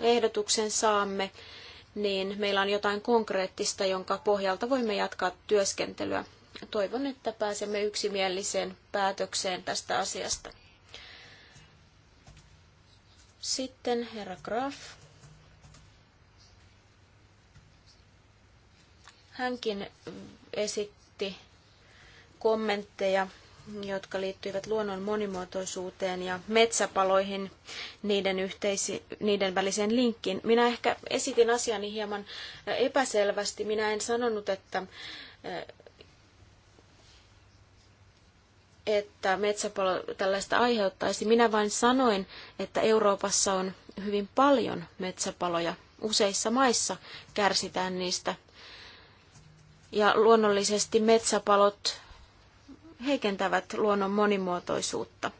ehdotuksen saamme, niin meillä on jotain konkreettista, jonka pohjalta voimme jatkaa työskentelyä. Toivon, että pääsemme yksimieliseen päätökseen tästä asiasta. Sitten herra Graf. Hänkin esitti kommentteja, jotka liittyivät luonnon monimuotoisuuteen ja metsäpaloihin, niiden, yhteisi, niiden väliseen linkkiin. Minä ehkä esitin asiani hieman epäselvästi. Minä en sanonut, että että metsäpalo tällaista aiheuttaisi. Minä vain sanoin, että Euroopassa on hyvin paljon metsäpaloja. Useissa maissa kärsitään niistä. Ja luonnollisesti metsäpalot heikentävät luonnon monimuotoisuutta.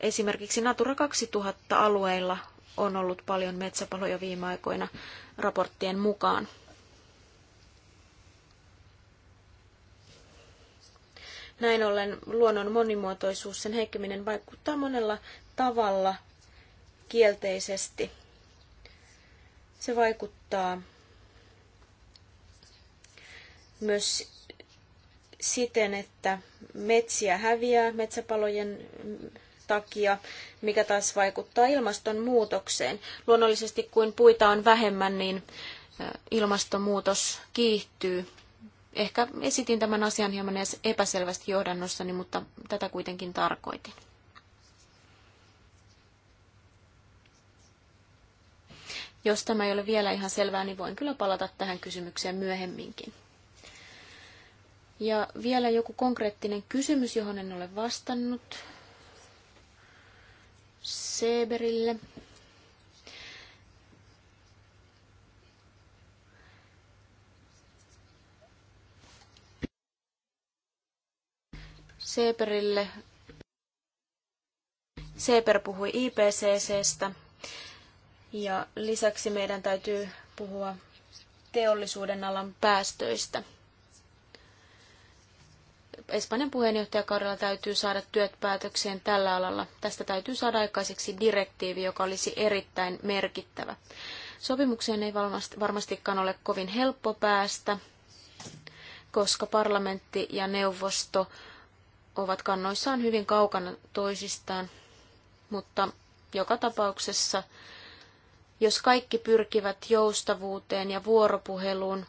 Esimerkiksi Natura 2000-alueilla on ollut paljon metsäpaloja viime aikoina raporttien mukaan. Näin ollen luonnon monimuotoisuus, sen heikkeminen vaikuttaa monella tavalla kielteisesti. Se vaikuttaa myös siten, että metsiä häviää metsäpalojen takia, mikä taas vaikuttaa ilmastonmuutokseen. Luonnollisesti, kuin puita on vähemmän, niin ilmastonmuutos kiihtyy. Ehkä esitin tämän asian hieman edes epäselvästi johdannossani, mutta tätä kuitenkin tarkoitin. Jos tämä ei ole vielä ihan selvää, niin voin kyllä palata tähän kysymykseen myöhemminkin. Ja vielä joku konkreettinen kysymys, johon en ole vastannut. Seberille. Seeperille. Seeper puhui IPCCstä ja lisäksi meidän täytyy puhua teollisuuden alan päästöistä. Espanjan puheenjohtajakaudella täytyy saada työt päätökseen tällä alalla. Tästä täytyy saada aikaiseksi direktiivi, joka olisi erittäin merkittävä. Sopimukseen ei varmastikaan ole kovin helppo päästä, koska parlamentti ja neuvosto ovat kannoissaan hyvin kaukana toisistaan, mutta joka tapauksessa, jos kaikki pyrkivät joustavuuteen ja vuoropuheluun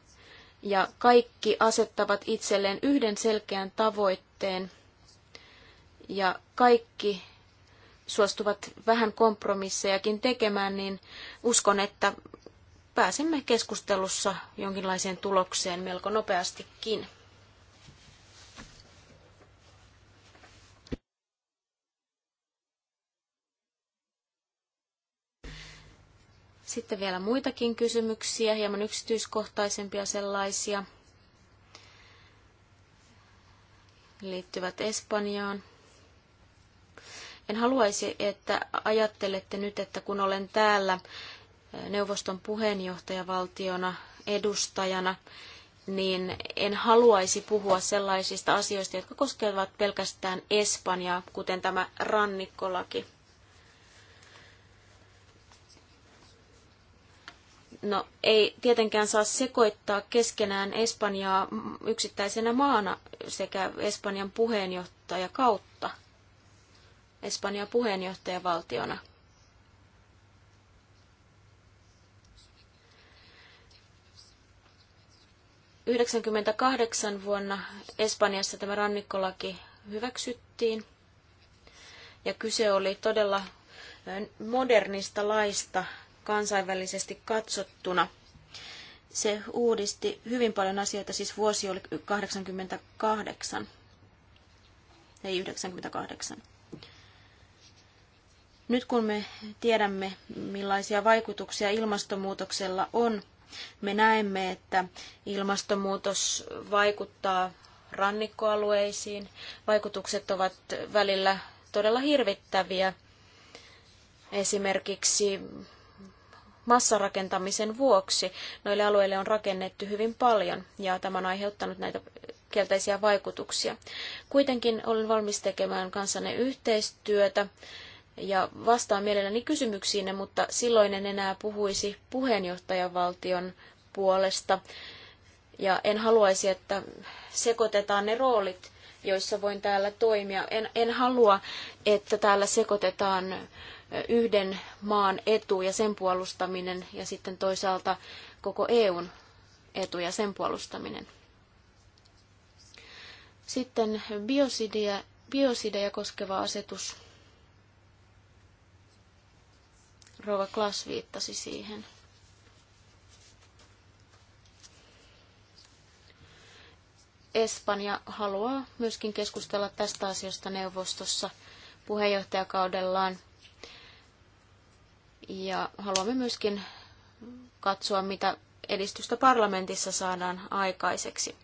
ja kaikki asettavat itselleen yhden selkeän tavoitteen ja kaikki suostuvat vähän kompromissejakin tekemään, niin uskon, että pääsemme keskustelussa jonkinlaiseen tulokseen melko nopeastikin. Sitten vielä muitakin kysymyksiä, hieman yksityiskohtaisempia sellaisia. Liittyvät Espanjaan. En haluaisi, että ajattelette nyt, että kun olen täällä eh, neuvoston puheenjohtajavaltiona edustajana, niin en haluaisi puhua sellaisista asioista, jotka koskevat pelkästään Espanjaa, kuten tämä rannikkolaki. No ei tietenkään saa sekoittaa keskenään Espanjaa yksittäisenä maana sekä Espanjan puheenjohtaja kautta. Espanja puheenjohtajavaltiona. 98 vuonna Espanjassa tämä rannikkolaki hyväksyttiin. Ja kyse oli todella modernista laista, kansainvälisesti katsottuna. Se uudisti hyvin paljon asioita, siis vuosi oli 88, ei 98. Nyt kun me tiedämme, millaisia vaikutuksia ilmastonmuutoksella on, me näemme, että ilmastonmuutos vaikuttaa rannikkoalueisiin. Vaikutukset ovat välillä todella hirvittäviä. Esimerkiksi massarakentamisen vuoksi noille alueille on rakennettu hyvin paljon ja tämä on aiheuttanut näitä kielteisiä vaikutuksia. Kuitenkin olen valmis tekemään kanssanne yhteistyötä ja vastaan mielelläni kysymyksiinne, mutta silloin en enää puhuisi puheenjohtajavaltion puolesta. Ja en haluaisi, että sekoitetaan ne roolit, joissa voin täällä toimia. En, en halua, että täällä sekoitetaan yhden maan etu ja sen puolustaminen ja sitten toisaalta koko EUn etu ja sen puolustaminen. Sitten biosideja, biosideja koskeva asetus. Rova Klas viittasi siihen. Espanja haluaa myöskin keskustella tästä asiasta neuvostossa puheenjohtajakaudellaan ja haluamme myöskin katsoa, mitä edistystä parlamentissa saadaan aikaiseksi.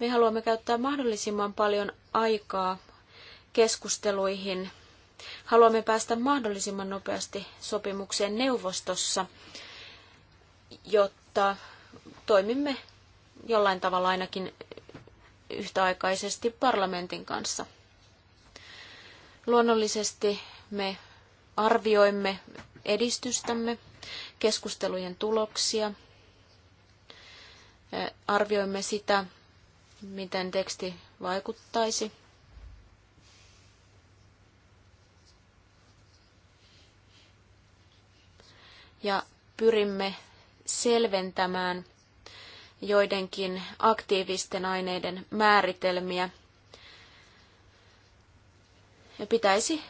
Me haluamme käyttää mahdollisimman paljon aikaa keskusteluihin. Haluamme päästä mahdollisimman nopeasti sopimukseen neuvostossa, jotta toimimme jollain tavalla ainakin yhtäaikaisesti parlamentin kanssa. Luonnollisesti me arvioimme edistystämme, keskustelujen tuloksia. Arvioimme sitä, miten teksti vaikuttaisi. Ja pyrimme selventämään joidenkin aktiivisten aineiden määritelmiä. Ja pitäisi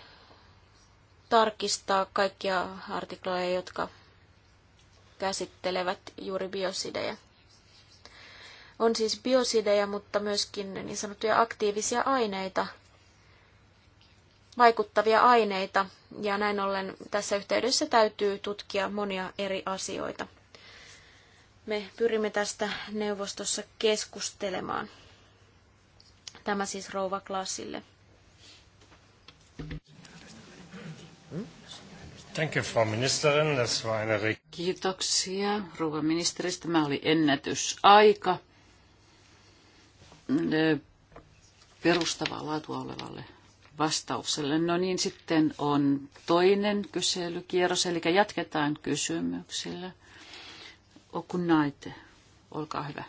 tarkistaa kaikkia artikloja, jotka käsittelevät juuri biosidejä. On siis biosidejä, mutta myöskin niin sanottuja aktiivisia aineita, vaikuttavia aineita, ja näin ollen tässä yhteydessä täytyy tutkia monia eri asioita. Me pyrimme tästä neuvostossa keskustelemaan. Tämä siis rouva klassille. Danke, Frau Ministerin. Das war eine... Kiitoksia, rouva ministeri, Tämä oli ennätysaika perustavaa laatua olevalle vastaukselle. No niin, sitten on toinen kyselykierros, eli jatketaan kysymyksillä. Okunaite, olkaa hyvä.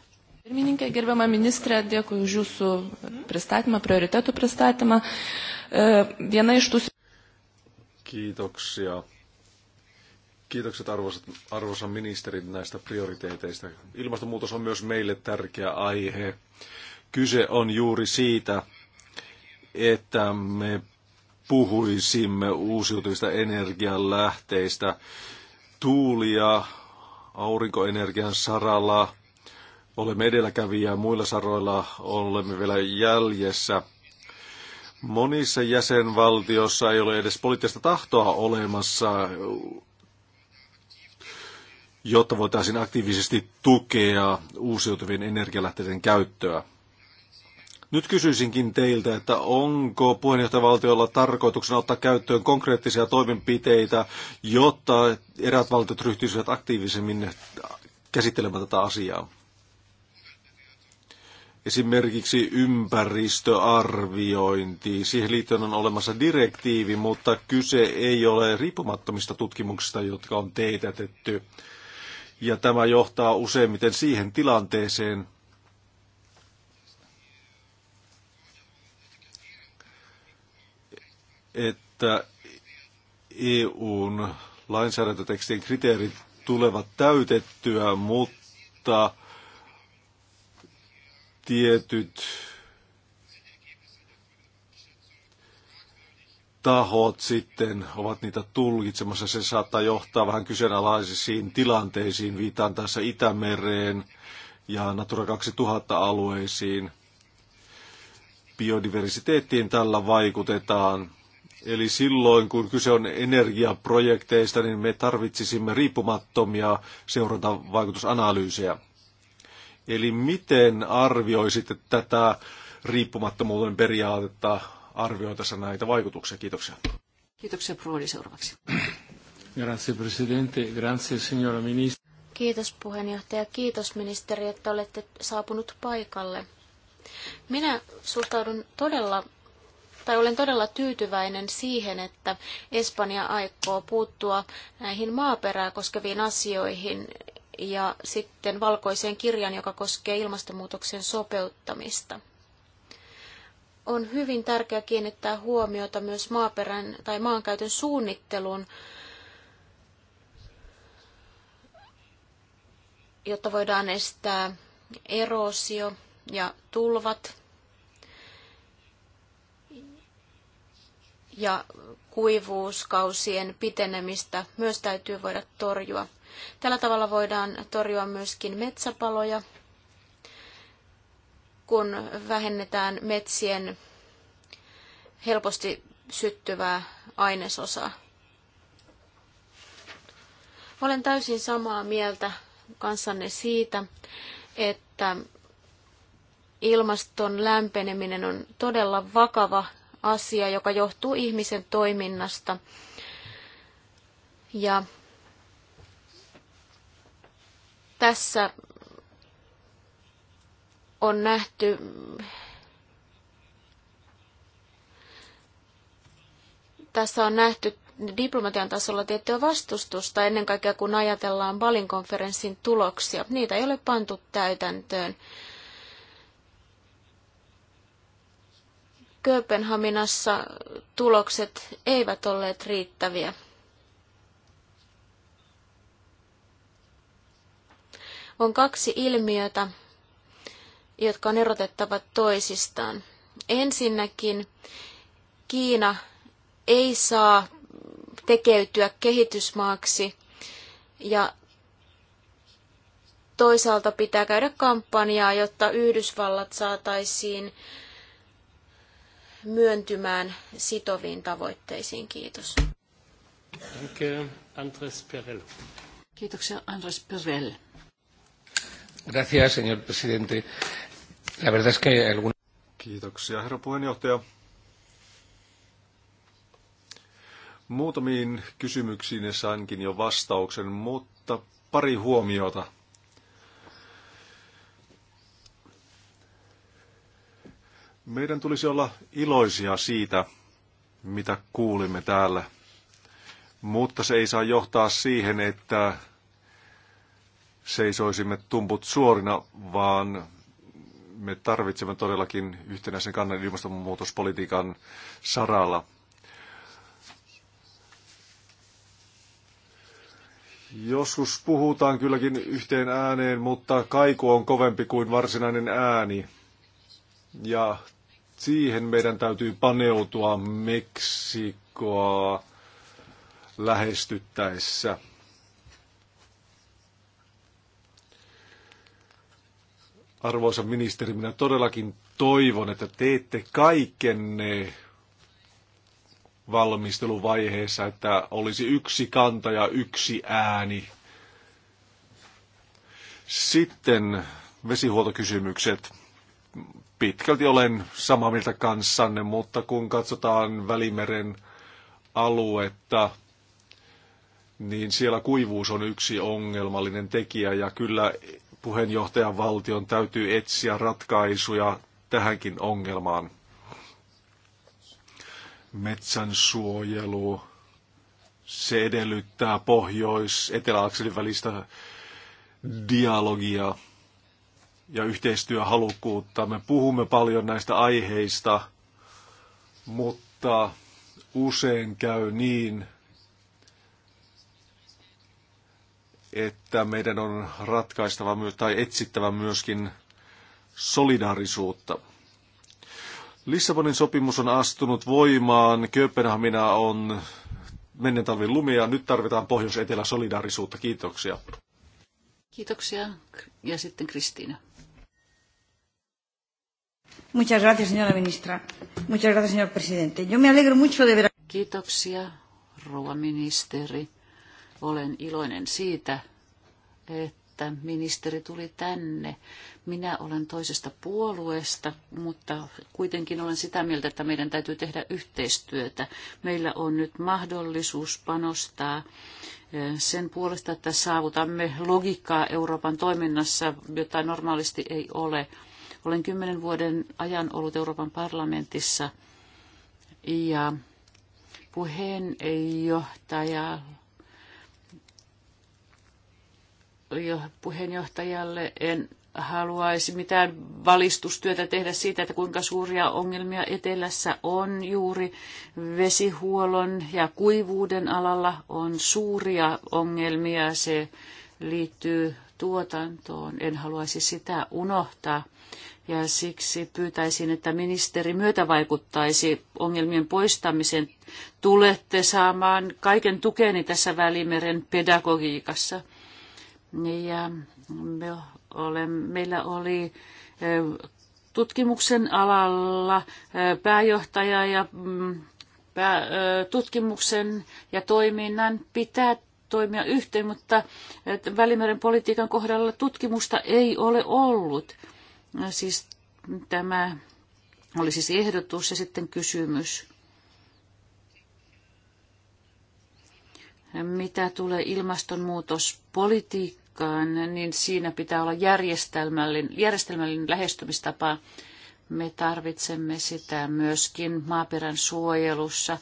Pirmininkė, gerbiama ministrė, dėkui už jūsų pristatymą, prioritetų pristatymą. Viena iš tų... Kiitoksia Kiitokset arvoisat, arvoisa ministerit näistä prioriteeteista. Ilmastonmuutos on myös meille tärkeä aihe. Kyse on juuri siitä, että me puhuisimme uusiutuvista energianlähteistä tuulia aurinkoenergian saralla. Olemme edelläkävijä muilla saroilla, olemme vielä jäljessä. Monissa jäsenvaltiossa ei ole edes poliittista tahtoa olemassa jotta voitaisiin aktiivisesti tukea uusiutuvien energialähteiden käyttöä. Nyt kysyisinkin teiltä, että onko puheenjohtajavaltiolla tarkoituksena ottaa käyttöön konkreettisia toimenpiteitä, jotta erät valtiot ryhtyisivät aktiivisemmin käsittelemään tätä asiaa? Esimerkiksi ympäristöarviointi. Siihen liittyen on olemassa direktiivi, mutta kyse ei ole riippumattomista tutkimuksista, jotka on teetätetty ja tämä johtaa useimmiten siihen tilanteeseen, että EUn lainsäädäntötekstien kriteerit tulevat täytettyä, mutta tietyt tahot sitten ovat niitä tulkitsemassa. Se saattaa johtaa vähän kyseenalaisiin tilanteisiin. Viitaan tässä Itämereen ja Natura 2000-alueisiin. Biodiversiteettiin tällä vaikutetaan. Eli silloin, kun kyse on energiaprojekteista, niin me tarvitsisimme riippumattomia seurantavaikutusanalyysejä. Eli miten arvioisitte tätä riippumattomuuden periaatetta arvioin tässä näitä vaikutuksia. Kiitoksia. Kiitoksia, Prodi seuraavaksi. Grazie, presidente. Grazie, signora ministeri. Kiitos puheenjohtaja. Kiitos ministeri, että olette saapunut paikalle. Minä suhtaudun todella tai olen todella tyytyväinen siihen, että Espanja aikoo puuttua näihin maaperää koskeviin asioihin ja sitten valkoiseen kirjan, joka koskee ilmastonmuutoksen sopeuttamista on hyvin tärkeää kiinnittää huomiota myös maaperän tai maankäytön suunnitteluun, jotta voidaan estää erosio ja tulvat ja kuivuuskausien pitenemistä myös täytyy voida torjua. Tällä tavalla voidaan torjua myöskin metsäpaloja – kun vähennetään metsien helposti syttyvää ainesosaa. Olen täysin samaa mieltä kanssanne siitä, että ilmaston lämpeneminen on todella vakava asia, joka johtuu ihmisen toiminnasta. Ja tässä on nähty tässä on nähty diplomatian tasolla tiettyä vastustusta, ennen kaikkea kun ajatellaan Balin konferenssin tuloksia. Niitä ei ole pantu täytäntöön. Kööpenhaminassa tulokset eivät olleet riittäviä. On kaksi ilmiötä, jotka on erotettava toisistaan. Ensinnäkin Kiina ei saa tekeytyä kehitysmaaksi ja toisaalta pitää käydä kampanjaa, jotta Yhdysvallat saataisiin myöntymään sitoviin tavoitteisiin. Kiitos. Danke, Andres Perel. Kiitoksia, Andres Perel. Gracias, señor presidente. La verdad es que algún... Kiitoksia, herra puheenjohtaja. Muutamiin kysymyksiin sainkin jo vastauksen, mutta pari huomiota. Meidän tulisi olla iloisia siitä, mitä kuulimme täällä, mutta se ei saa johtaa siihen, että seisoisimme tumput suorina, vaan me tarvitsemme todellakin yhtenäisen kannan ilmastonmuutospolitiikan saralla. Joskus puhutaan kylläkin yhteen ääneen, mutta kaiku on kovempi kuin varsinainen ääni. Ja siihen meidän täytyy paneutua Meksikoa lähestyttäessä. Arvoisa ministeri, minä todellakin toivon, että teette kaikenne valmisteluvaiheessa, että olisi yksi kanta ja yksi ääni. Sitten vesihuoltokysymykset. Pitkälti olen samaa mieltä kanssanne, mutta kun katsotaan Välimeren aluetta, niin siellä kuivuus on yksi ongelmallinen tekijä ja kyllä puheenjohtajan valtion täytyy etsiä ratkaisuja tähänkin ongelmaan. Metsän suojelu, se edellyttää pohjois-eteläakselin välistä dialogia ja yhteistyöhalukkuutta. Me puhumme paljon näistä aiheista, mutta usein käy niin, että meidän on ratkaistava myös, tai etsittävä myöskin solidaarisuutta. Lissabonin sopimus on astunut voimaan, Kööpenhamina on menneen talvin lumia, nyt tarvitaan pohjois-etelä solidaarisuutta. Kiitoksia. Kiitoksia. Ja sitten Kristiina. Muchas gracias, señora ministra. Muchas gracias, señor presidente. Yo me alegro mucho de ver... Kiitoksia, rouva ministeri. Olen iloinen siitä, että ministeri tuli tänne. Minä olen toisesta puolueesta, mutta kuitenkin olen sitä mieltä, että meidän täytyy tehdä yhteistyötä. Meillä on nyt mahdollisuus panostaa eh, sen puolesta, että saavutamme logiikkaa Euroopan toiminnassa, jota normaalisti ei ole. Olen kymmenen vuoden ajan ollut Euroopan parlamentissa ja puheenjohtaja puheenjohtajalle. En haluaisi mitään valistustyötä tehdä siitä, että kuinka suuria ongelmia etelässä on juuri vesihuollon ja kuivuuden alalla on suuria ongelmia. Se liittyy tuotantoon. En haluaisi sitä unohtaa. Ja siksi pyytäisin, että ministeri myötävaikuttaisi ongelmien poistamiseen. Tulette saamaan kaiken tukeni tässä Välimeren pedagogiikassa ja me olemme, meillä oli tutkimuksen alalla pääjohtaja ja mm, pää, tutkimuksen ja toiminnan pitää toimia yhteen, mutta Välimeren politiikan kohdalla tutkimusta ei ole ollut. Siis tämä oli siis ehdotus ja sitten kysymys. Mitä tulee ilmastonmuutospolitiikkaan? aikaan, niin siinä pitää olla järjestelmällinen, järjestelmällinen lähestymistapa. Me tarvitsemme sitä myöskin maaperän suojelussa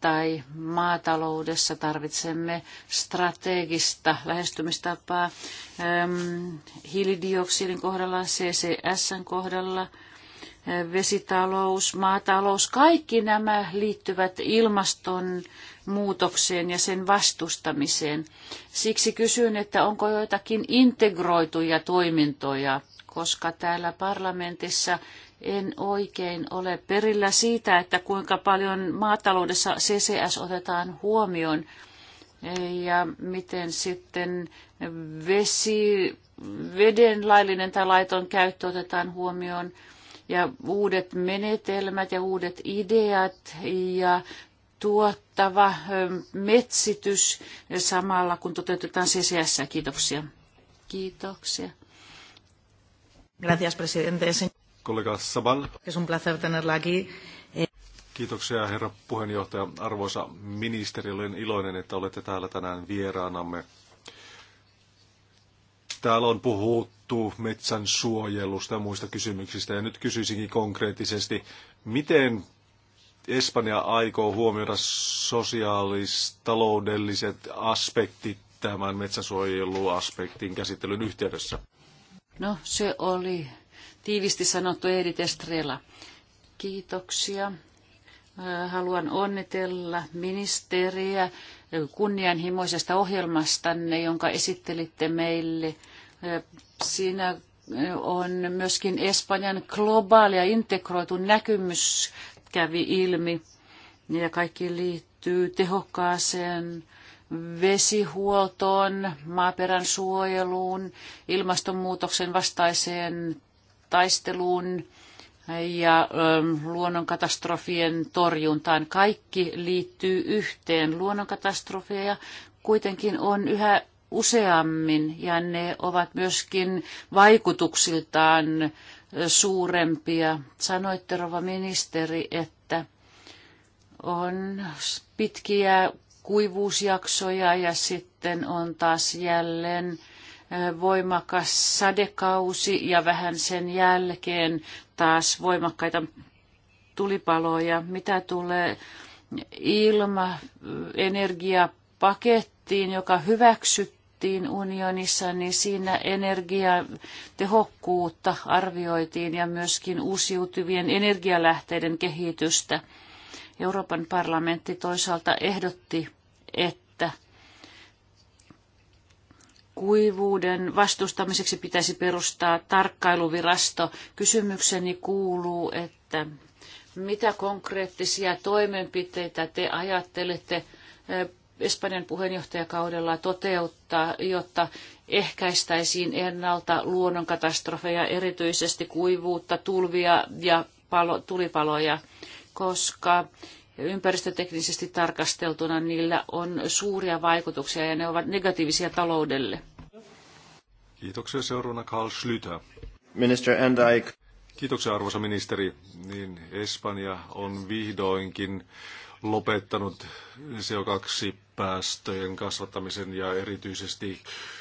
tai maataloudessa tarvitsemme strategista lähestymistapaa ähm, hiilidioksidin kohdalla, CCSn kohdalla, äh, vesitalous, maatalous, kaikki nämä liittyvät ilmaston muutokseen ja sen vastustamiseen. Siksi kysyn, että onko joitakin integroituja toimintoja, koska täällä parlamentissa en oikein ole perillä siitä, että kuinka paljon maataloudessa CCS otetaan huomioon ja miten sitten vesi, veden laillinen tai laiton käyttö otetaan huomioon ja uudet menetelmät ja uudet ideat ja tuottava metsitys samalla, kun toteutetaan CCS. Kiitoksia. Kiitoksia. Gracias, presidente. Kollega Sabal. Es un placer tenerla aquí. Eh, Kiitoksia herra puheenjohtaja. Arvoisa ministeri, olen iloinen, että olette täällä tänään vieraanamme. Täällä on puhuttu metsän suojelusta ja muista kysymyksistä ja nyt kysyisinkin konkreettisesti, miten Espanja aikoo huomioida sosiaalis-taloudelliset aspektit tämän metsäsuojeluaspektin käsittelyn yhteydessä? No se oli tiivisti sanottu Edith Estrella. Kiitoksia. Äh, haluan onnitella ministeriä kunnianhimoisesta ohjelmastanne, jonka esittelitte meille. Äh, siinä on myöskin Espanjan globaali ja integroitu näkymys kävi ilmi ja kaikki liittyy tehokkaaseen vesihuoltoon, maaperän suojeluun, ilmastonmuutoksen vastaiseen taisteluun ja ähm, luonnonkatastrofien torjuntaan. Kaikki liittyy yhteen. Luonnonkatastrofeja kuitenkin on yhä useammin ja ne ovat myöskin vaikutuksiltaan suurempia. Sanoitte, rova ministeri, että on pitkiä kuivuusjaksoja ja sitten on taas jälleen voimakas sadekausi ja vähän sen jälkeen taas voimakkaita tulipaloja. Mitä tulee ilma, energiapakettiin, joka hyväksyttiin, tehtiin unionissa, niin siinä energiatehokkuutta arvioitiin ja myöskin uusiutuvien energialähteiden kehitystä. Euroopan parlamentti toisaalta ehdotti, että kuivuuden vastustamiseksi pitäisi perustaa tarkkailuvirasto. Kysymykseni kuuluu, että mitä konkreettisia toimenpiteitä te ajattelette Espanjan puheenjohtajakaudella toteuttaa, jotta ehkäistäisiin ennalta luonnonkatastrofeja, erityisesti kuivuutta, tulvia ja palo, tulipaloja, koska ympäristöteknisesti tarkasteltuna niillä on suuria vaikutuksia ja ne ovat negatiivisia taloudelle. Kiitoksia seuraavana Carl Schlüter. Minister and I... Kiitoksia arvoisa ministeri. Niin Espanja on vihdoinkin lopettanut CO2-päästöjen kasvattamisen ja erityisesti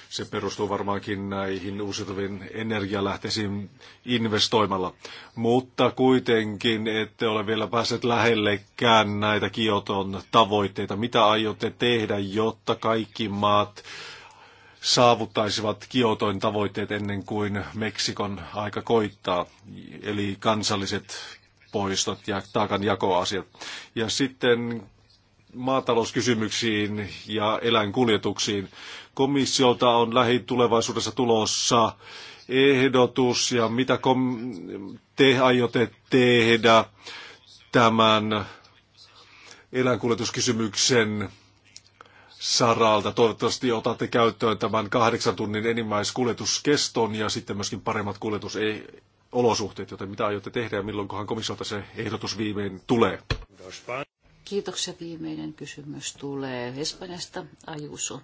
se perustuu varmaankin näihin uusiutuviin energialähteisiin investoimalla. Mutta kuitenkin ette ole vielä päässeet lähellekään näitä Kioton tavoitteita. Mitä aiotte tehdä, jotta kaikki maat saavuttaisivat Kiotoin tavoitteet ennen kuin Meksikon aika koittaa, eli kansalliset poistot ja taakanjakoasiat. Ja sitten maatalouskysymyksiin ja eläinkuljetuksiin. Komissiolta on lähitulevaisuudessa tulossa ehdotus ja mitä kom- te aiotte tehdä tämän eläinkuljetuskysymyksen saralta. Toivottavasti otatte käyttöön tämän kahdeksan tunnin enimmäiskuljetuskeston ja sitten myöskin paremmat kuljetus olosuhteet, joten mitä aiotte tehdä ja milloinkohan komissiolta se ehdotus viimein tulee? Kiitoksia. Viimeinen kysymys tulee Espanjasta. Ayuso.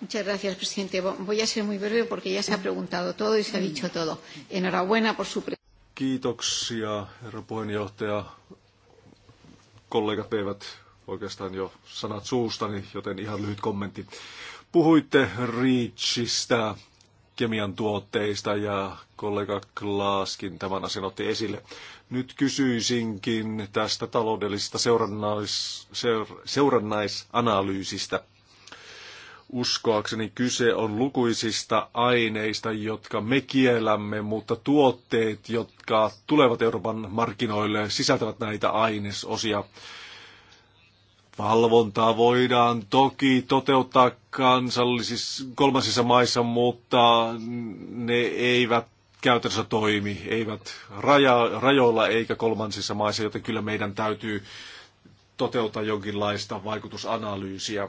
Muchas gracias, presidente. Voy a ser muy breve porque ya se ha preguntado todo y se ha dicho todo. Enhorabuena por su Kiitoksia, herra puheenjohtaja. Kollegat veivät oikeastaan jo sanat suustani, joten ihan lyhyt kommentti. Puhuitte Reachistä kemian tuotteista ja kollega Klaaskin tämän asian otti esille. Nyt kysyisinkin tästä taloudellisesta seurannais, seur, seurannaisanalyysistä. Uskoakseni kyse on lukuisista aineista, jotka me kielämme, mutta tuotteet, jotka tulevat Euroopan markkinoille, sisältävät näitä ainesosia. Valvontaa voidaan toki toteuttaa kansallisissa kolmansissa maissa, mutta ne eivät käytännössä toimi, eivät raja, rajoilla eikä kolmansissa maissa, joten kyllä meidän täytyy toteuttaa jonkinlaista vaikutusanalyysiä.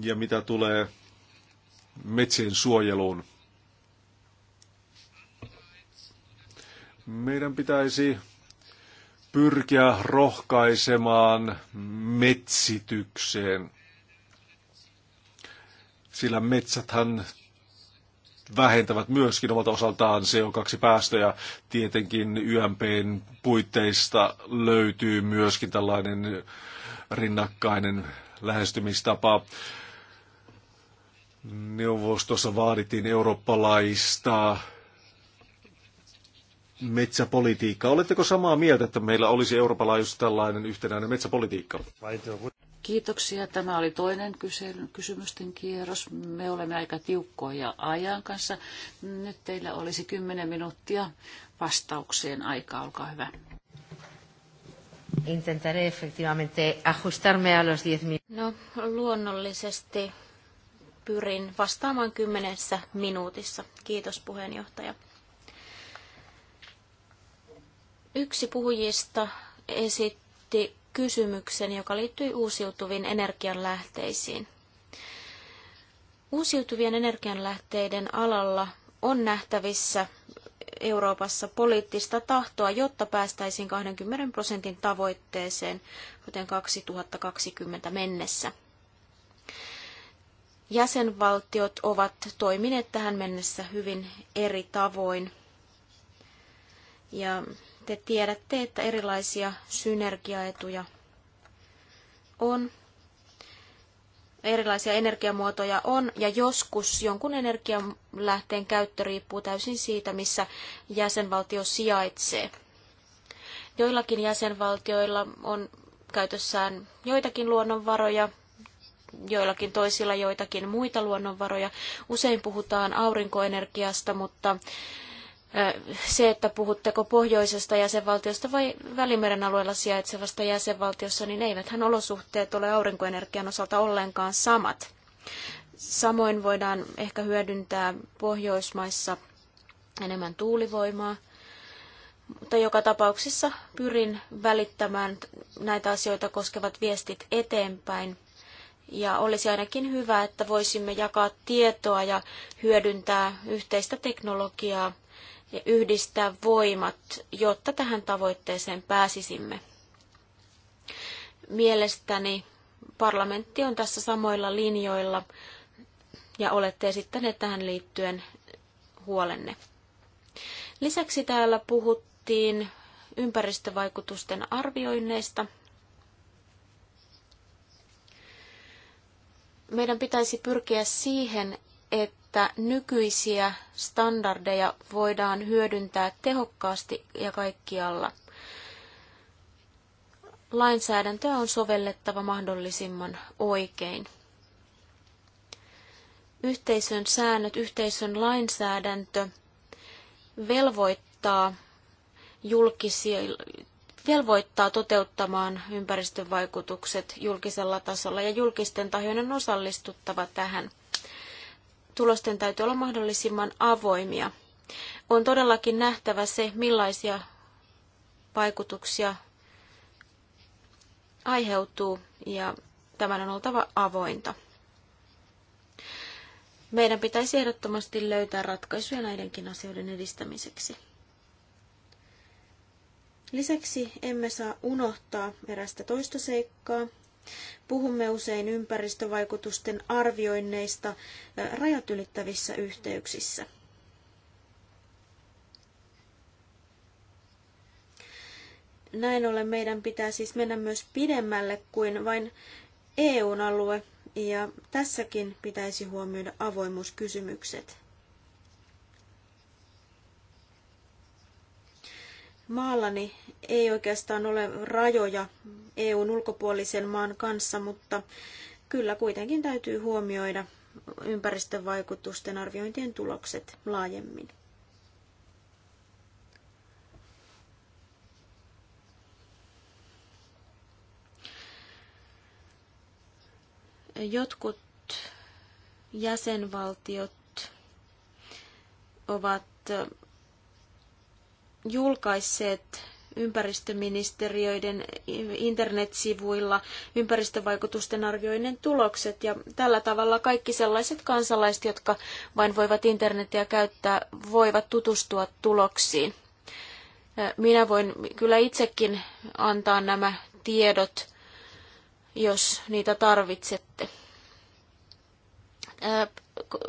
Ja mitä tulee metsien suojeluun, meidän pitäisi pyrkiä rohkaisemaan metsitykseen, sillä metsäthän vähentävät myöskin omalta osaltaan CO2-päästöjä. Tietenkin YMPn puitteista löytyy myöskin tällainen rinnakkainen lähestymistapa. Neuvostossa vaadittiin eurooppalaista metsäpolitiikkaa. Oletteko samaa mieltä, että meillä olisi Euroopan laajuisesti tällainen yhtenäinen metsäpolitiikka? Kiitoksia. Tämä oli toinen kysely, kysymysten kierros. Me olemme aika tiukkoja ajan kanssa. Nyt teillä olisi 10 minuuttia vastaukseen aikaa. Olkaa hyvä. Intentaré efectivamente ajustarme a los 10 minuutin. No, luonnollisesti pyrin vastaamaan kymmenessä minuutissa. Kiitos puheenjohtaja. Yksi puhujista esitti kysymyksen, joka liittyi uusiutuviin energianlähteisiin. Uusiutuvien energianlähteiden alalla on nähtävissä Euroopassa poliittista tahtoa, jotta päästäisiin 20 prosentin tavoitteeseen kuten 2020 mennessä. Jäsenvaltiot ovat toimineet tähän mennessä hyvin eri tavoin. Ja te tiedätte, että erilaisia synergiaetuja on, erilaisia energiamuotoja on, ja joskus jonkun energialähteen käyttö riippuu täysin siitä, missä jäsenvaltio sijaitsee. Joillakin jäsenvaltioilla on käytössään joitakin luonnonvaroja, joillakin toisilla joitakin muita luonnonvaroja. Usein puhutaan aurinkoenergiasta, mutta se, että puhutteko pohjoisesta jäsenvaltiosta vai Välimeren alueella sijaitsevasta jäsenvaltiossa, niin eiväthän olosuhteet ole aurinkoenergian osalta ollenkaan samat. Samoin voidaan ehkä hyödyntää Pohjoismaissa enemmän tuulivoimaa, mutta joka tapauksessa pyrin välittämään näitä asioita koskevat viestit eteenpäin. Ja olisi ainakin hyvä, että voisimme jakaa tietoa ja hyödyntää yhteistä teknologiaa ja yhdistää voimat, jotta tähän tavoitteeseen pääsisimme. Mielestäni parlamentti on tässä samoilla linjoilla ja olette esittäneet tähän liittyen huolenne. Lisäksi täällä puhuttiin ympäristövaikutusten arvioinneista. Meidän pitäisi pyrkiä siihen, että että nykyisiä standardeja voidaan hyödyntää tehokkaasti ja kaikkialla. Lainsäädäntöä on sovellettava mahdollisimman oikein. Yhteisön säännöt, yhteisön lainsäädäntö velvoittaa julkisia, velvoittaa toteuttamaan ympäristövaikutukset julkisella tasolla ja julkisten tahojen on osallistuttava tähän – tulosten täytyy olla mahdollisimman avoimia. On todellakin nähtävä se, millaisia vaikutuksia aiheutuu ja tämän on oltava avointa. Meidän pitäisi ehdottomasti löytää ratkaisuja näidenkin asioiden edistämiseksi. Lisäksi emme saa unohtaa erästä toista seikkaa, Puhumme usein ympäristövaikutusten arvioinneista rajat ylittävissä yhteyksissä. Näin ollen meidän pitää siis mennä myös pidemmälle kuin vain EUn alue, ja tässäkin pitäisi huomioida avoimuuskysymykset. Maallani ei oikeastaan ole rajoja EUn ulkopuolisen maan kanssa, mutta kyllä kuitenkin täytyy huomioida ympäristövaikutusten arviointien tulokset laajemmin. Jotkut jäsenvaltiot ovat julkaisseet ympäristöministeriöiden internetsivuilla ympäristövaikutusten arvioinnin tulokset ja tällä tavalla kaikki sellaiset kansalaiset, jotka vain voivat internetiä käyttää, voivat tutustua tuloksiin. Minä voin kyllä itsekin antaa nämä tiedot, jos niitä tarvitsette.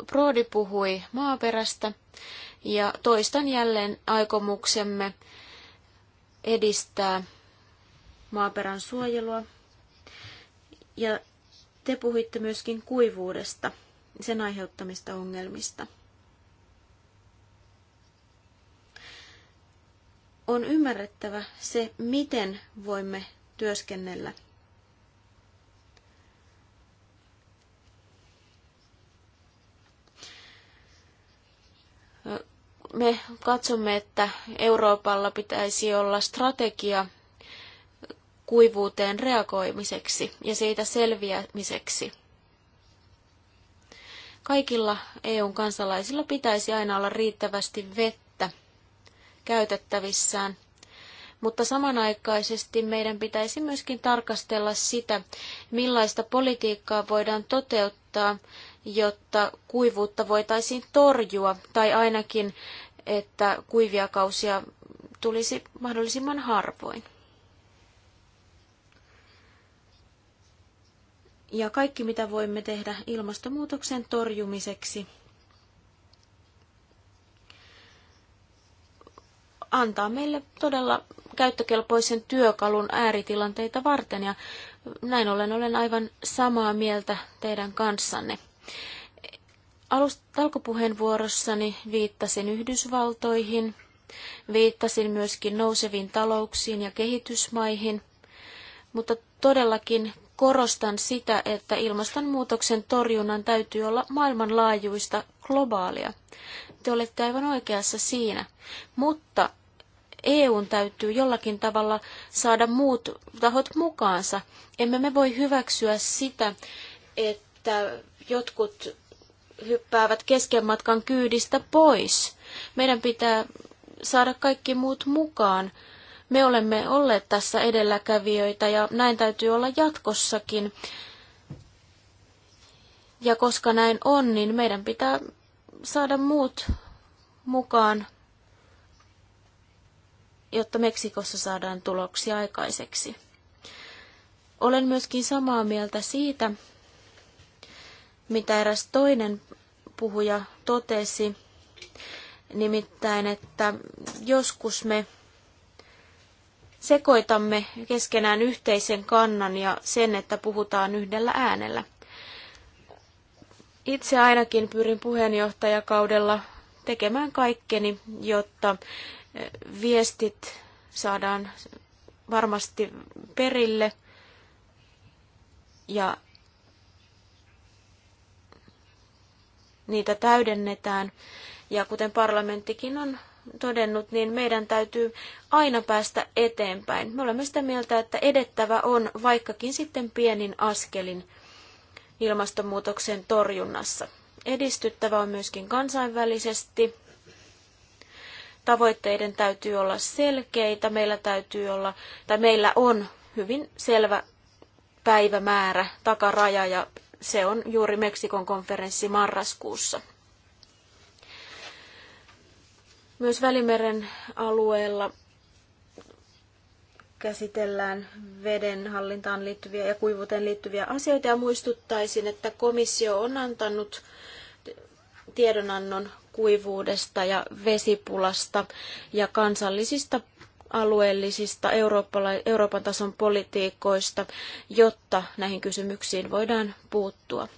Prodi puhui maaperästä ja toistan jälleen aikomuksemme edistää maaperän suojelua. Ja te puhuitte myöskin kuivuudesta, sen aiheuttamista ongelmista. On ymmärrettävä se, miten voimme työskennellä Me katsomme, että Euroopalla pitäisi olla strategia kuivuuteen reagoimiseksi ja siitä selviämiseksi. Kaikilla EUn kansalaisilla pitäisi aina olla riittävästi vettä käytettävissään – mutta samanaikaisesti meidän pitäisi myöskin tarkastella sitä, millaista politiikkaa voidaan toteuttaa, jotta kuivuutta voitaisiin torjua, tai ainakin, että kuivia kausia tulisi mahdollisimman harvoin. Ja kaikki, mitä voimme tehdä ilmastonmuutoksen torjumiseksi, antaa meille todella käyttökelpoisen työkalun ääritilanteita varten ja näin ollen olen aivan samaa mieltä teidän kanssanne. Alusta alkupuheenvuorossani viittasin Yhdysvaltoihin, viittasin myöskin nouseviin talouksiin ja kehitysmaihin, mutta todellakin korostan sitä, että ilmastonmuutoksen torjunnan täytyy olla maailmanlaajuista globaalia. Te olette aivan oikeassa siinä, mutta EUn täytyy jollakin tavalla saada muut tahot mukaansa. Emme me voi hyväksyä sitä, että jotkut hyppäävät kesken matkan kyydistä pois. Meidän pitää saada kaikki muut mukaan. Me olemme olleet tässä edelläkävijöitä ja näin täytyy olla jatkossakin. Ja koska näin on, niin meidän pitää saada muut mukaan jotta Meksikossa saadaan tuloksia aikaiseksi. Olen myöskin samaa mieltä siitä, mitä eräs toinen puhuja totesi, nimittäin, että joskus me sekoitamme keskenään yhteisen kannan ja sen, että puhutaan yhdellä äänellä. Itse ainakin pyrin puheenjohtajakaudella tekemään kaikkeni, jotta viestit saadaan varmasti perille ja niitä täydennetään. Ja kuten parlamenttikin on todennut, niin meidän täytyy aina päästä eteenpäin. Me olemme sitä mieltä, että edettävä on vaikkakin sitten pienin askelin ilmastonmuutoksen torjunnassa. Edistyttävä on myöskin kansainvälisesti tavoitteiden täytyy olla selkeitä, meillä täytyy olla, tai meillä on hyvin selvä päivämäärä, takaraja, ja se on juuri Meksikon konferenssi marraskuussa. Myös Välimeren alueella käsitellään vedenhallintaan liittyviä ja kuivuuteen liittyviä asioita ja muistuttaisin, että komissio on antanut tiedonannon kuivuudesta ja vesipulasta ja kansallisista alueellisista Euroopan tason politiikoista, jotta näihin kysymyksiin voidaan puuttua.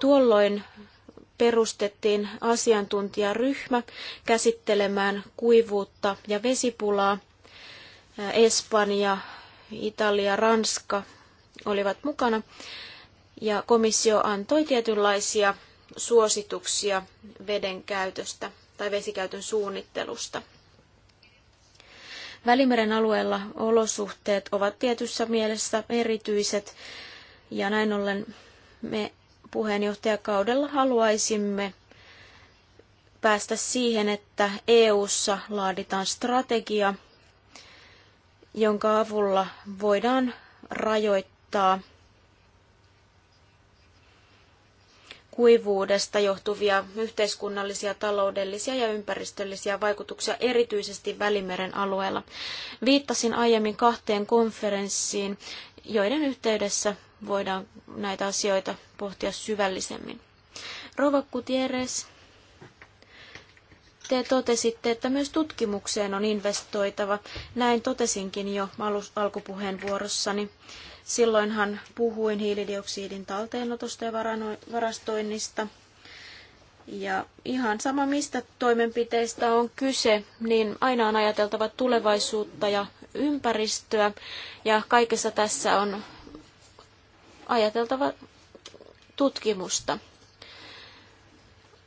Tuolloin perustettiin asiantuntijaryhmä käsittelemään kuivuutta ja vesipulaa. Espanja, Italia, Ranska olivat mukana ja komissio antoi tietynlaisia suosituksia veden käytöstä tai vesikäytön suunnittelusta. Välimeren alueella olosuhteet ovat tietyssä mielessä erityiset ja näin ollen me puheenjohtajakaudella haluaisimme päästä siihen, että EU:ssa laaditaan strategia, jonka avulla voidaan rajoittaa kuivuudesta johtuvia yhteiskunnallisia, taloudellisia ja ympäristöllisiä vaikutuksia erityisesti Välimeren alueella. Viittasin aiemmin kahteen konferenssiin, joiden yhteydessä voidaan näitä asioita pohtia syvällisemmin. Rova Gutierrez te totesitte, että myös tutkimukseen on investoitava. Näin totesinkin jo alkupuheenvuorossani. Silloinhan puhuin hiilidioksidin talteenotosta ja varastoinnista. Ja ihan sama, mistä toimenpiteistä on kyse, niin aina on ajateltava tulevaisuutta ja ympäristöä. Ja kaikessa tässä on ajateltava tutkimusta.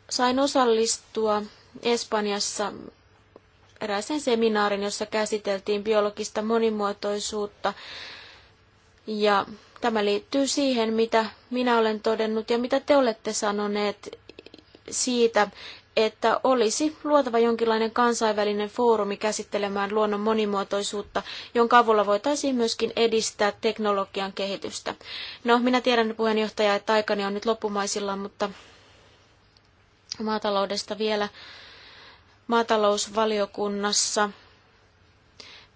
Sain osallistua Espanjassa eräisen seminaarin, jossa käsiteltiin biologista monimuotoisuutta. Ja tämä liittyy siihen, mitä minä olen todennut ja mitä te olette sanoneet siitä, että olisi luotava jonkinlainen kansainvälinen foorumi käsittelemään luonnon monimuotoisuutta, jonka avulla voitaisiin myöskin edistää teknologian kehitystä. No, minä tiedän puheenjohtaja, että aikani on nyt loppumaisilla, mutta maataloudesta vielä maatalousvaliokunnassa.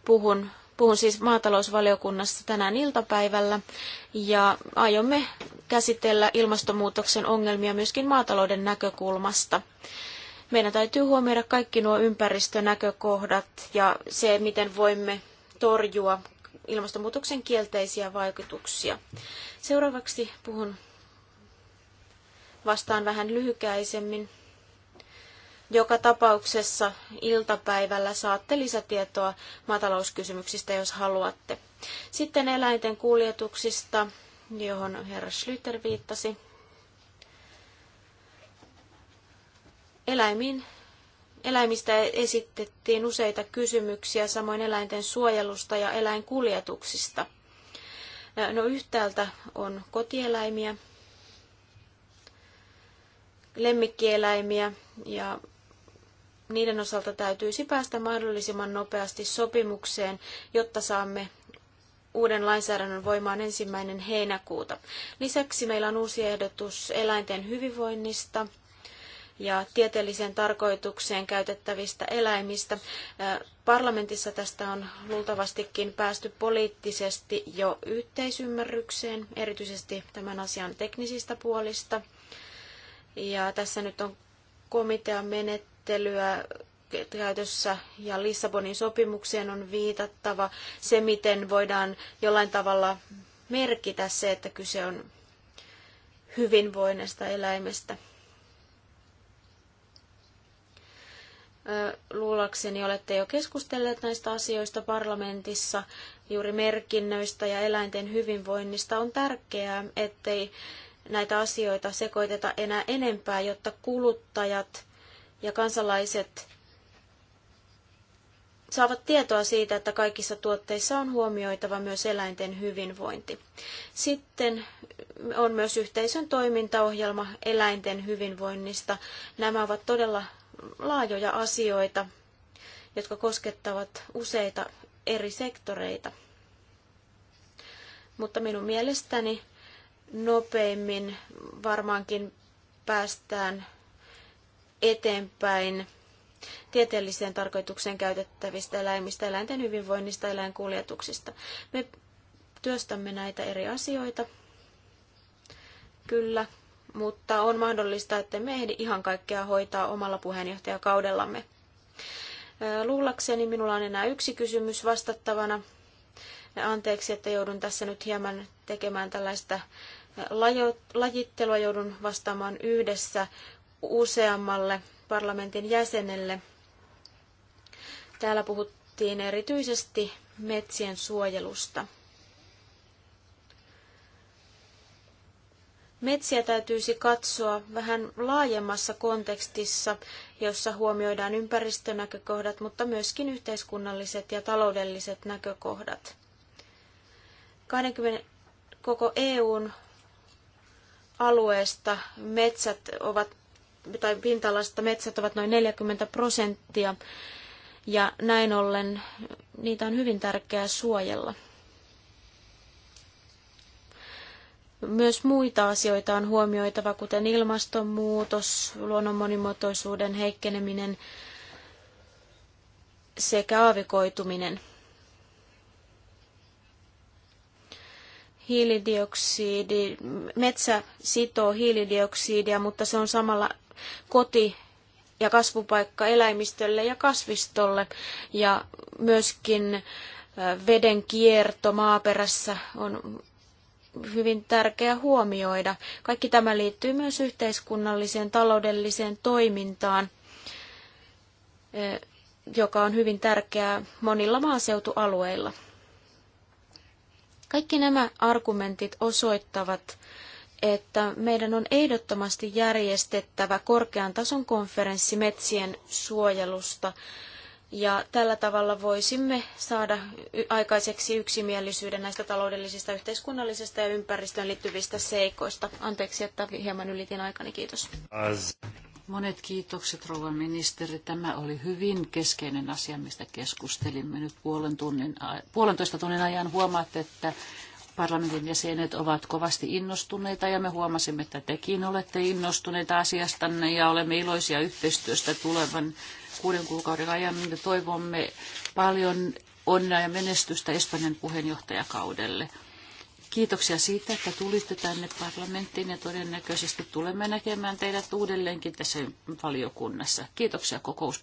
Puhun, puhun siis maatalousvaliokunnassa tänään iltapäivällä ja aiomme käsitellä ilmastonmuutoksen ongelmia myöskin maatalouden näkökulmasta. Meidän täytyy huomioida kaikki nuo ympäristönäkökohdat ja se, miten voimme torjua ilmastonmuutoksen kielteisiä vaikutuksia. Seuraavaksi puhun vastaan vähän lyhykäisemmin joka tapauksessa iltapäivällä saatte lisätietoa matalouskysymyksistä, jos haluatte. Sitten eläinten kuljetuksista, johon herra Schlüter viittasi. Eläimiin Eläimistä esitettiin useita kysymyksiä, samoin eläinten suojelusta ja eläinkuljetuksista. No yhtäältä on kotieläimiä, lemmikkieläimiä ja niiden osalta täytyisi päästä mahdollisimman nopeasti sopimukseen, jotta saamme uuden lainsäädännön voimaan ensimmäinen heinäkuuta. Lisäksi meillä on uusi ehdotus eläinten hyvinvoinnista ja tieteelliseen tarkoitukseen käytettävistä eläimistä. Parlamentissa tästä on luultavastikin päästy poliittisesti jo yhteisymmärrykseen, erityisesti tämän asian teknisistä puolista. Ja tässä nyt on komitean menet menettelyä käytössä ja Lissabonin sopimukseen on viitattava se, miten voidaan jollain tavalla merkitä se, että kyse on hyvinvoinnista eläimestä. Luulakseni olette jo keskustelleet näistä asioista parlamentissa, juuri merkinnöistä ja eläinten hyvinvoinnista. On tärkeää, ettei näitä asioita sekoiteta enää enempää, jotta kuluttajat ja kansalaiset saavat tietoa siitä, että kaikissa tuotteissa on huomioitava myös eläinten hyvinvointi. Sitten on myös yhteisön toimintaohjelma eläinten hyvinvoinnista. Nämä ovat todella laajoja asioita, jotka koskettavat useita eri sektoreita. Mutta minun mielestäni nopeimmin varmaankin päästään eteenpäin tieteelliseen tarkoitukseen käytettävistä eläimistä, eläinten hyvinvoinnista, eläinkuljetuksista. Me työstämme näitä eri asioita, kyllä, mutta on mahdollista, että me ehdi ihan kaikkea hoitaa omalla puheenjohtajakaudellamme. Luullakseni minulla on enää yksi kysymys vastattavana. Anteeksi, että joudun tässä nyt hieman tekemään tällaista lajittelua, joudun vastaamaan yhdessä useammalle parlamentin jäsenelle. Täällä puhuttiin erityisesti metsien suojelusta. Metsiä täytyisi katsoa vähän laajemmassa kontekstissa, jossa huomioidaan ympäristönäkökohdat, mutta myöskin yhteiskunnalliset ja taloudelliset näkökohdat. 20 koko EUn alueesta metsät ovat tai pinta-alasta metsät ovat noin 40 prosenttia, ja näin ollen niitä on hyvin tärkeää suojella. Myös muita asioita on huomioitava, kuten ilmastonmuutos, luonnon monimuotoisuuden heikkeneminen sekä aavikoituminen. hiilidioksidi, metsä sitoo hiilidioksidia, mutta se on samalla koti ja kasvupaikka eläimistölle ja kasvistolle ja myöskin veden kierto maaperässä on hyvin tärkeä huomioida. Kaikki tämä liittyy myös yhteiskunnalliseen taloudelliseen toimintaan, joka on hyvin tärkeää monilla maaseutualueilla. Kaikki nämä argumentit osoittavat, että meidän on ehdottomasti järjestettävä korkean tason konferenssi metsien suojelusta. Ja tällä tavalla voisimme saada aikaiseksi yksimielisyyden näistä taloudellisista, yhteiskunnallisista ja ympäristöön liittyvistä seikoista. Anteeksi, että hieman ylitin aikani. Kiitos. Monet kiitokset, rouva ministeri. Tämä oli hyvin keskeinen asia, mistä keskustelimme nyt puolen tunnin, puolentoista tunnin ajan. Huomaatte, että parlamentin jäsenet ovat kovasti innostuneita ja me huomasimme, että tekin olette innostuneita asiastanne ja olemme iloisia yhteistyöstä tulevan kuuden kuukauden ajan. Toivomme paljon onnea ja menestystä Espanjan puheenjohtajakaudelle. Kiitoksia siitä, että tulitte tänne parlamenttiin ja todennäköisesti tulemme näkemään teidät uudelleenkin tässä valiokunnassa. Kiitoksia kokous.